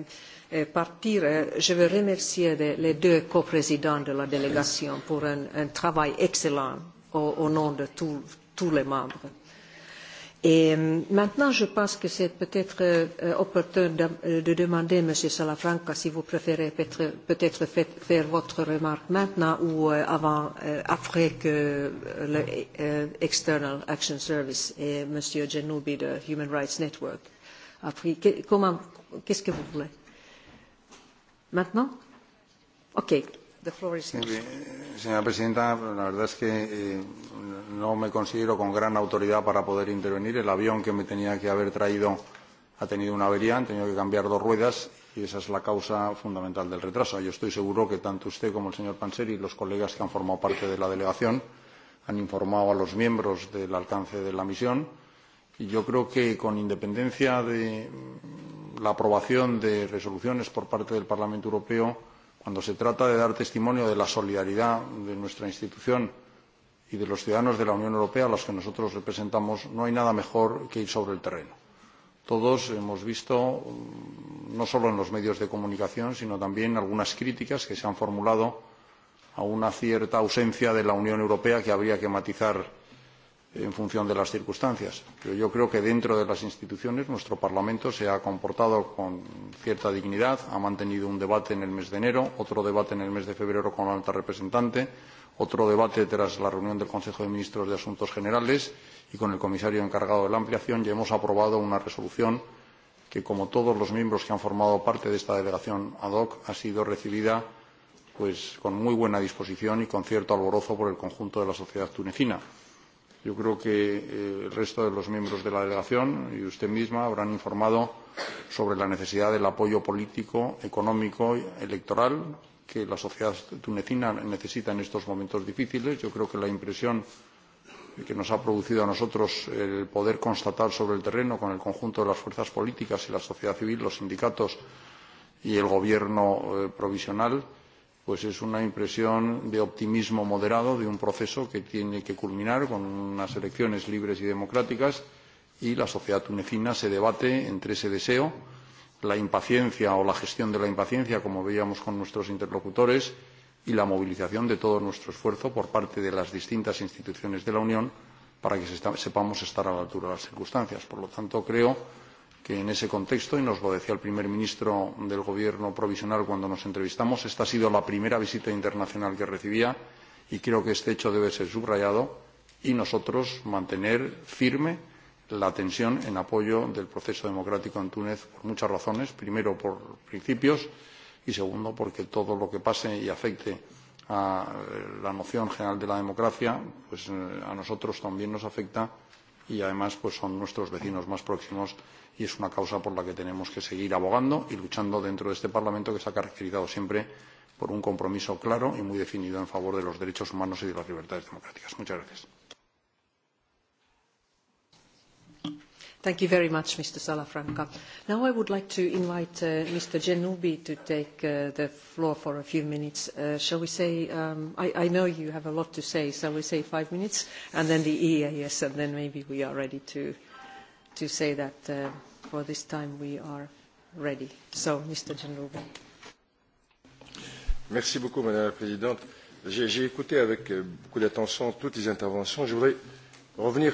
euh partir, euh, je veux remercier de, les deux coprésidents de la délégation pour un, un travail excellent au, au nom de tous les membres Et euh, maintenant, je pense que c'est peut-être euh, opportun de, euh, de demander, Monsieur Salafranca, si vous préférez peut-être peut faire votre remarque maintenant ou euh, avant, euh, après que euh, le euh, External Action Service et Monsieur Genoubi de Human Rights Network a pris. Que, comment, qu'est-ce que vous voulez Maintenant OK. The floor is yours. Señora Presidenta, la verdad es que eh, no me considero con gran autoridad para poder intervenir. El avión que me tenía que haber traído ha tenido una avería, han tenido que cambiar dos ruedas y esa es la causa fundamental del retraso. Yo estoy seguro que tanto usted como el señor Panseri y los colegas que han formado parte de la delegación han informado a los miembros del alcance de la misión y yo creo que con independencia de la aprobación de resoluciones por parte del Parlamento Europeo, cuando se trata de dar testimonio de la solidaridad de nuestra institución y de los ciudadanos de la Unión Europea a los que nosotros representamos, no hay nada mejor que ir sobre el terreno. Todos hemos visto, mm, no solo en los medios de comunicación, sino también algunas críticas que se han formulado a una cierta ausencia de la Unión Europea que habría que matizar en función de las circunstancias. Pero yo creo que dentro de las instituciones nuestro Parlamento se ha comportado con cierta dignidad, ha mantenido un debate en el mes de enero, otro debate en el mes de febrero con la alta representante, otro debate tras la reunión del Consejo de Ministros de Asuntos Generales y con el comisario encargado de la ampliación ya hemos aprobado una resolución que, como todos los miembros que han formado parte de esta delegación ad hoc, ha sido recibida pues, con muy buena disposición y con cierto alborozo por el conjunto de la sociedad tunecina. Yo creo que eh, el resto de los miembros de la delegación y usted misma habrán informado sobre la necesidad del apoyo político, económico, y electoral que la sociedad tunecina necesita en estos momentos difíciles. Yo creo que la impresión que nos ha producido a nosotros el poder constatar sobre el terreno con el conjunto de las fuerzas políticas y la sociedad civil, los sindicatos y el gobierno eh, provisional, pues es una impresión de optimismo moderado de un proceso que tiene que culminar con unas elecciones libres y democráticas y la sociedad tunecina se debate entre ese deseo la impaciencia o la gestión de la impaciencia, como veíamos con nuestros interlocutores, y la movilización de todo nuestro esfuerzo por parte de las distintas instituciones de la Unión para que sepamos estar a la altura de las circunstancias. Por lo tanto, creo que en ese contexto, y nos lo decía el primer ministro del Gobierno provisional cuando nos entrevistamos, esta ha sido la primera visita internacional que recibía y creo que este hecho debe ser subrayado y nosotros mantener firme la tensión en apoyo del proceso democrático en Túnez por muchas razones. Primero, por principios y segundo, porque todo lo que pase y afecte a eh, la noción general de la democracia, pues eh, a nosotros también nos afecta y además pues son nuestros vecinos más próximos y es una causa por la que tenemos que seguir abogando y luchando dentro de este Parlamento que se ha caracterizado siempre por un compromiso claro y muy definido en favor de los derechos humanos y de las libertades democráticas. Muchas gracias. Thank you very much, Mr. Salafranca. Now I would like to invite uh, Mr. Genubi to take uh, the floor for a few minutes. Uh, shall we say, um, I, I know you have a lot to say, shall we say five minutes, and then the EAS, and then maybe we are ready to, to say that uh, for this time we are ready. So, Mr. Genubi. Merci beaucoup, Madame la Présidente. J'ai écouté avec euh, beaucoup d'attention toutes les interventions. Je voudrais revenir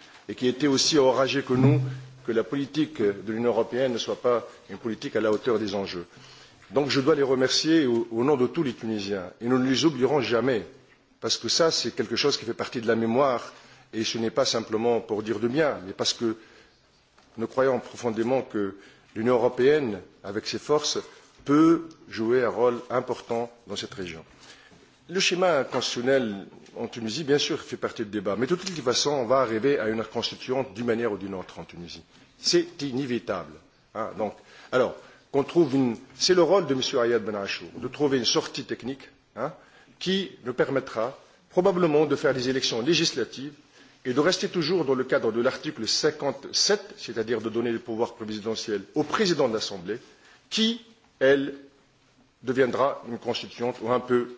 et qui était aussi enragé que nous que la politique de l'Union européenne ne soit pas une politique à la hauteur des enjeux. Donc je dois les remercier au, au nom de tous les Tunisiens et nous ne les oublierons jamais parce que ça c'est quelque chose qui fait partie de la mémoire et ce n'est pas simplement pour dire du bien mais parce que nous croyons profondément que l'Union européenne avec ses forces peut jouer un rôle important dans cette région. Le schéma constitutionnel en Tunisie, bien sûr, fait partie du débat, mais de toute façon, on va arriver à une constituante d'une manière ou d'une autre en Tunisie. C'est inévitable. Hein, donc, alors, qu'on trouve une... C'est le rôle de M. Ayad Ben Achour de trouver une sortie technique hein, qui nous permettra probablement de faire des élections législatives et de rester toujours dans le cadre de l'article 57, c'est-à-dire de donner le pouvoir présidentiel au président de l'Assemblée, qui, elle, deviendra une constituante ou un peu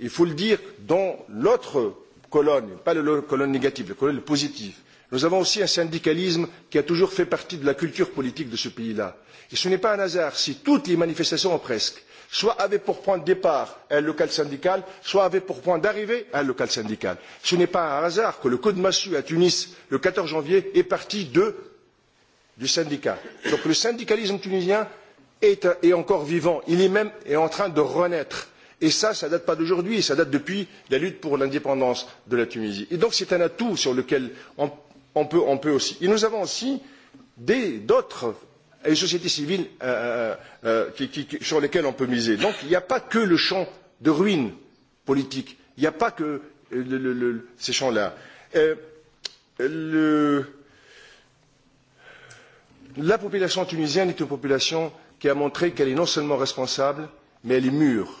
il faut le dire dans l'autre colonne pas la colonne négative la colonne positive nous avons aussi un syndicalisme qui a toujours fait partie de la culture politique de ce pays là et ce n'est pas un hasard si toutes les manifestations ou presque soit avaient pour point de départ un local syndical soit avaient pour point d'arrivée un local syndical. ce n'est pas un hasard que le coup de massue à tunis le quatorze janvier est parti de, du syndicat. donc le syndicalisme tunisien est, est encore vivant il est même est en train de renaître. Et ça, ça ne date pas d'aujourd'hui, ça date depuis la lutte pour l'indépendance de la Tunisie. Et donc c'est un atout sur lequel on, on, peut, on peut aussi. Et nous avons aussi d'autres et euh, sociétés civiles euh, euh, euh, qui, qui, qui, sur lesquelles on peut miser. Donc il n'y a pas que le champ de ruines politiques, il n'y a pas que euh, le, le, le, ces champs-là. Euh, le... La population tunisienne est une population qui a montré qu'elle est non seulement responsable, mais elle est mûre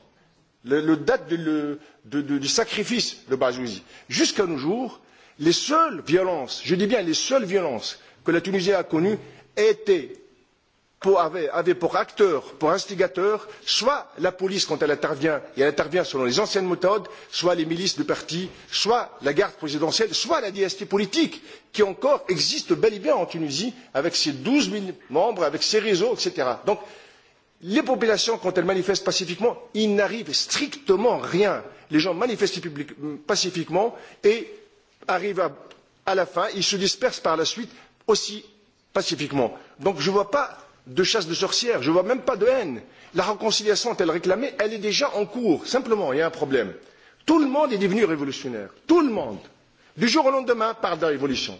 le, le date de, le, de, de, du sacrifice de Bajouzi. Jusqu'à nos jours, les seules violences, je dis bien les seules violences que la Tunisie a connues étaient pour, avait, avait pour acteur, pour instigateur, soit la police quand elle intervient, et elle intervient selon les anciennes méthodes, soit les milices du parti, soit la garde présidentielle, soit la dynastie politique, qui encore existe bel et bien en Tunisie, avec ses 12 000 membres, avec ses réseaux, etc. Donc les populations, quand elles manifestent pacifiquement, il n'arrive strictement rien. Les gens manifestent public, pacifiquement et arrivent à, à la fin, ils se dispersent par la suite aussi pacifiquement. Donc je ne vois pas de chasse de sorcières, je ne vois même pas de haine. La réconciliation telle réclamée, elle est déjà en cours. Simplement, il y a un problème. Tout le monde est devenu révolutionnaire. Tout le monde. Du jour au lendemain, parle de la révolution.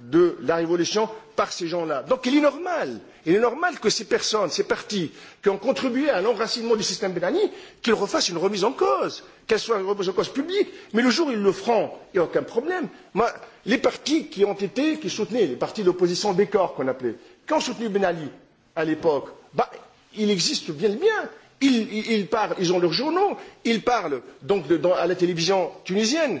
de la révolution par ces gens là. donc il est normal il est normal que ces personnes ces partis qui ont contribué à l'enracinement du système ben ali qu'ils refassent une remise en cause qu'elle soit une remise en cause publique mais le jour où ils le feront il n'y a aucun problème. Moi, les partis qui ont été qui soutenaient les partis d'opposition bécor qu'on appelait qui ont soutenu ben ali à l'époque bah, il existe bien le bien ils, ils, ils parlent ils ont leurs journaux ils parlent donc de, dans, à la télévision tunisienne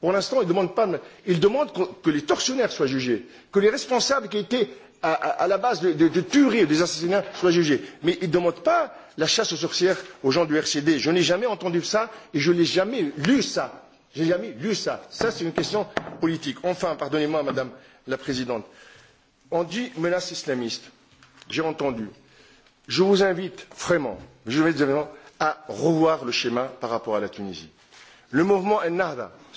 Pour l'instant, ils ne demandent pas. Ils demandent que les tortionnaires soient jugés, que les responsables qui étaient à, à, à la base de, de, de tueries ou des assassinats soient jugés. Mais ils ne demandent pas la chasse aux sorcières aux gens du RCD. Je n'ai jamais entendu ça et je n'ai jamais lu ça. J'ai jamais lu ça. Ça, c'est une question politique. Enfin, pardonnez-moi, Madame la Présidente. On dit menace islamiste. J'ai entendu. Je vous invite vraiment, je vais dire vraiment, à revoir le schéma par rapport à la Tunisie. Le mouvement El Nahda,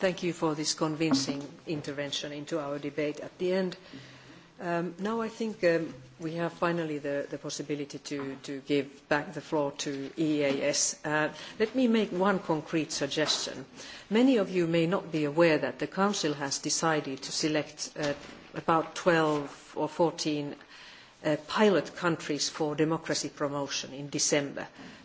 Thank you for this convincing intervention into our debate at the end. Um, now I think um, we have finally the, the possibility to, to, give back the floor to EAS. Uh, let me make one concrete suggestion. Many of you may not be aware that the Council has decided to select uh, about 12 or 14 uh, pilot countries for democracy promotion in December. Mm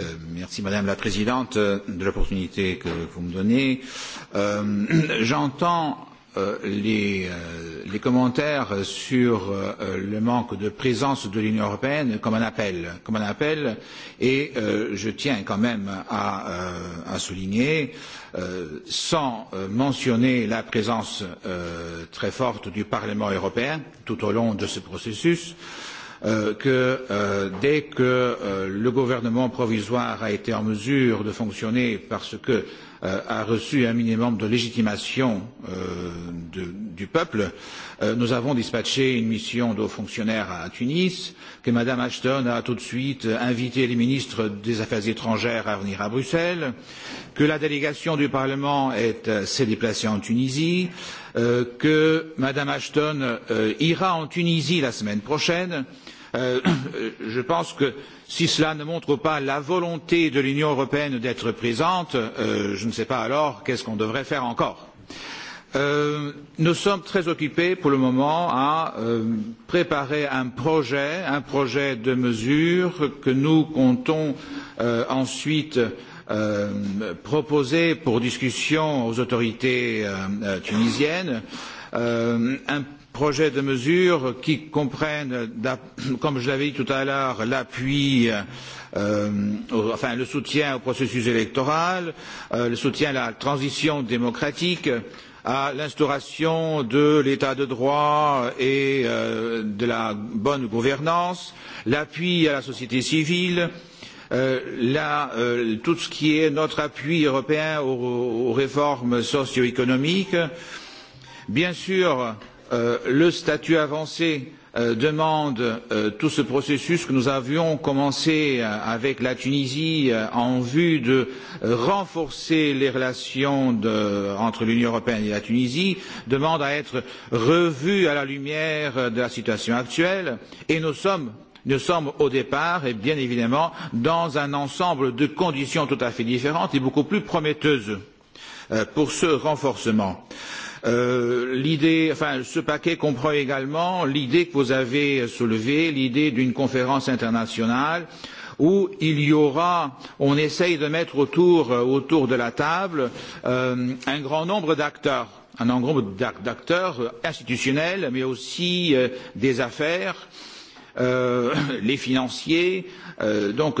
Euh, merci Madame la Présidente euh, de l'opportunité que vous me donnez. Euh, J'entends euh, les, euh, les commentaires sur euh, le manque de présence de l'Union européenne comme un appel, comme un appel, et euh, je tiens quand même à, euh, à souligner, euh, sans euh, mentionner la présence euh, très forte du Parlement européen tout au long de ce processus, euh, Euh, que euh, dès que euh, le gouvernement provisoire a été en mesure de fonctionner parce que a reçu un minimum de légitimation euh, de, du peuple. Euh, nous avons dispatché une mission de fonctionnaires à Tunis, que Mme Ashton a tout de suite invité les ministres des Affaires étrangères à venir à Bruxelles, que la délégation du Parlement s'est déplacée en Tunisie, euh, que Mme Ashton ira en Tunisie la semaine prochaine, euh, Euh, je pense que si cela ne montre pas la volonté de l'Union européenne d'être présente, euh, je ne sais pas alors qu'est-ce qu'on devrait faire encore. Euh, nous sommes très occupés pour le moment à préparer un projet, un projet de mesures que nous comptons ensuite proposer pour discussion aux autorités tunisiennes. un projet de mesures qui comprennent comme je l'avais dit tout à l'heure l'appui euh, enfin le soutien au processus électoral euh, le soutien à la transition démocratique à l'instauration de l'état de droit et euh, de la bonne gouvernance l'appui à la société civile euh, la, euh, tout ce qui est notre appui européen aux, aux réformes socio économiques. Bien sûr, Euh, le statut avancé euh, demande euh, tout ce processus que nous avions commencé avec la Tunisie en vue de renforcer les relations de, entre l'Union européenne et la Tunisie demande à être revu à la lumière de la situation actuelle et nous sommes nous sommes au départ et bien évidemment dans un ensemble de conditions tout à fait différentes et beaucoup plus prometteuses pour ce renforcement. Euh, Euh, l'idée, enfin, ce paquet comprend également l'idée que vous avez soulevée, l'idée d'une conférence internationale où il y aura, on essaye de mettre autour, euh, autour de la table euh, un grand nombre d'acteurs un grand nombre d'acteurs euh, institutionnels, mais aussi euh, des affaires, euh, les financiers, euh, donc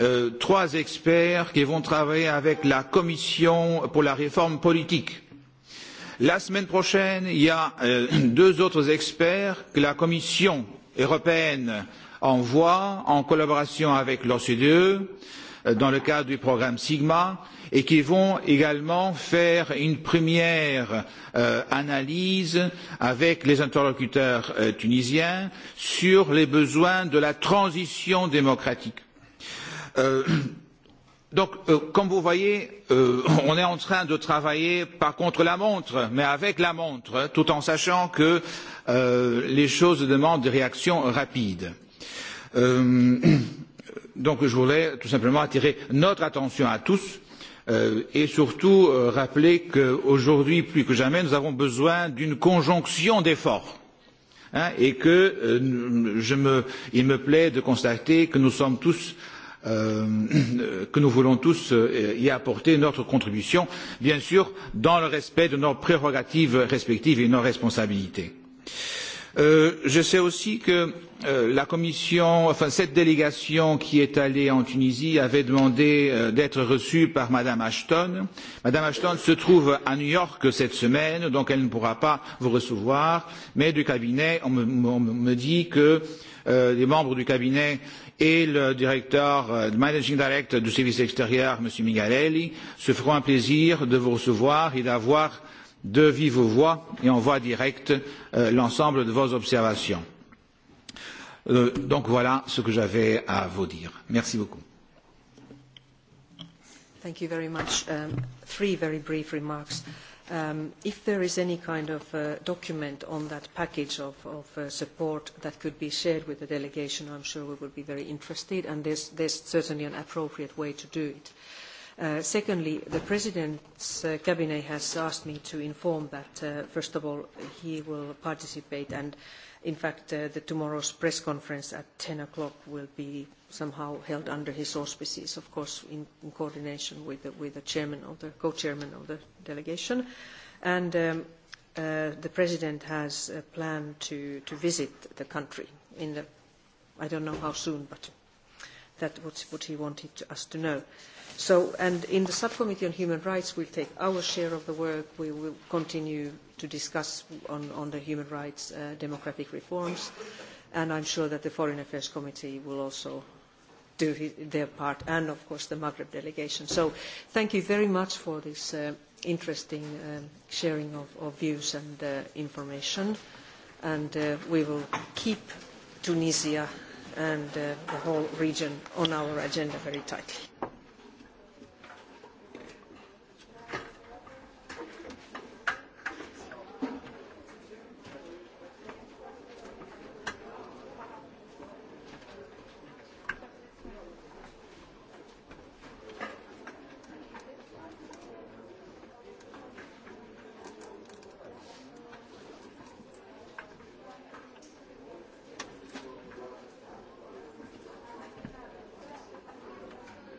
Euh, trois experts qui vont travailler avec la Commission pour la réforme politique. La semaine prochaine, il y a euh, deux autres experts que la Commission européenne envoie en collaboration avec l'OCDE euh, dans le cadre du programme Sigma et qui vont également faire une première euh, analyse avec les interlocuteurs euh, tunisiens sur les besoins de la transition démocratique Euh, donc, euh, comme vous voyez, euh, on est en train de travailler pas contre la montre, mais avec la montre, tout en sachant que euh, les choses demandent des réactions rapides. Euh, donc, je voulais tout simplement attirer notre attention à tous euh, et surtout euh, rappeler qu'aujourd'hui, plus que jamais, nous avons besoin d'une conjonction d'efforts hein, et que euh, je me, il me plaît de constater que nous sommes tous euh, Euh, que nous voulons tous euh, y apporter notre contribution bien sûr dans le respect de nos prérogatives respectives et de nos responsabilités. Euh, je sais aussi que la commission enfin cette délégation qui est allée en tunisie avait demandé d'être reçue par mme ashton. mme ashton se trouve à new york cette semaine donc elle ne pourra pas vous recevoir mais du cabinet on me, dit que les membres du cabinet et le directeur, euh, le managing director du service extérieur, M. Mingarelli, se feront un plaisir de vous recevoir et d'avoir de vive voix et en voix directe euh, l'ensemble de vos observations. Euh, donc voilà ce que j'avais à vous dire. Merci beaucoup. Thank you very much. Um, three very brief remarks. Um, if there is any kind of uh, document on that package of, of uh, support that could be shared with the delegation, I'm sure we would be very interested, and there's, there's certainly an appropriate way to do it. Uh, secondly, the President's uh, Cabinet has asked me to inform that, uh, first of all, he will participate, and in fact, uh, the tomorrow's press conference at 10 o'clock will be somehow held under his auspices, of course, in, in coordination with the, with the chairman of the co-chairman of the delegation. And um, uh, the president has a plan to, to visit the country in the, I don't know how soon, but that was what he wanted to, us to know. So, and in the subcommittee on human rights, we'll take our share of the work. We will continue to discuss on, on the human rights, uh, democratic reforms, and I'm sure that the Foreign Affairs Committee will also do their part, and of course the Maghreb delegation. So thank you very much for this uh, interesting um, sharing of, of, views and uh, information. And uh, we will keep Tunisia and uh, the whole region on our agenda very tightly.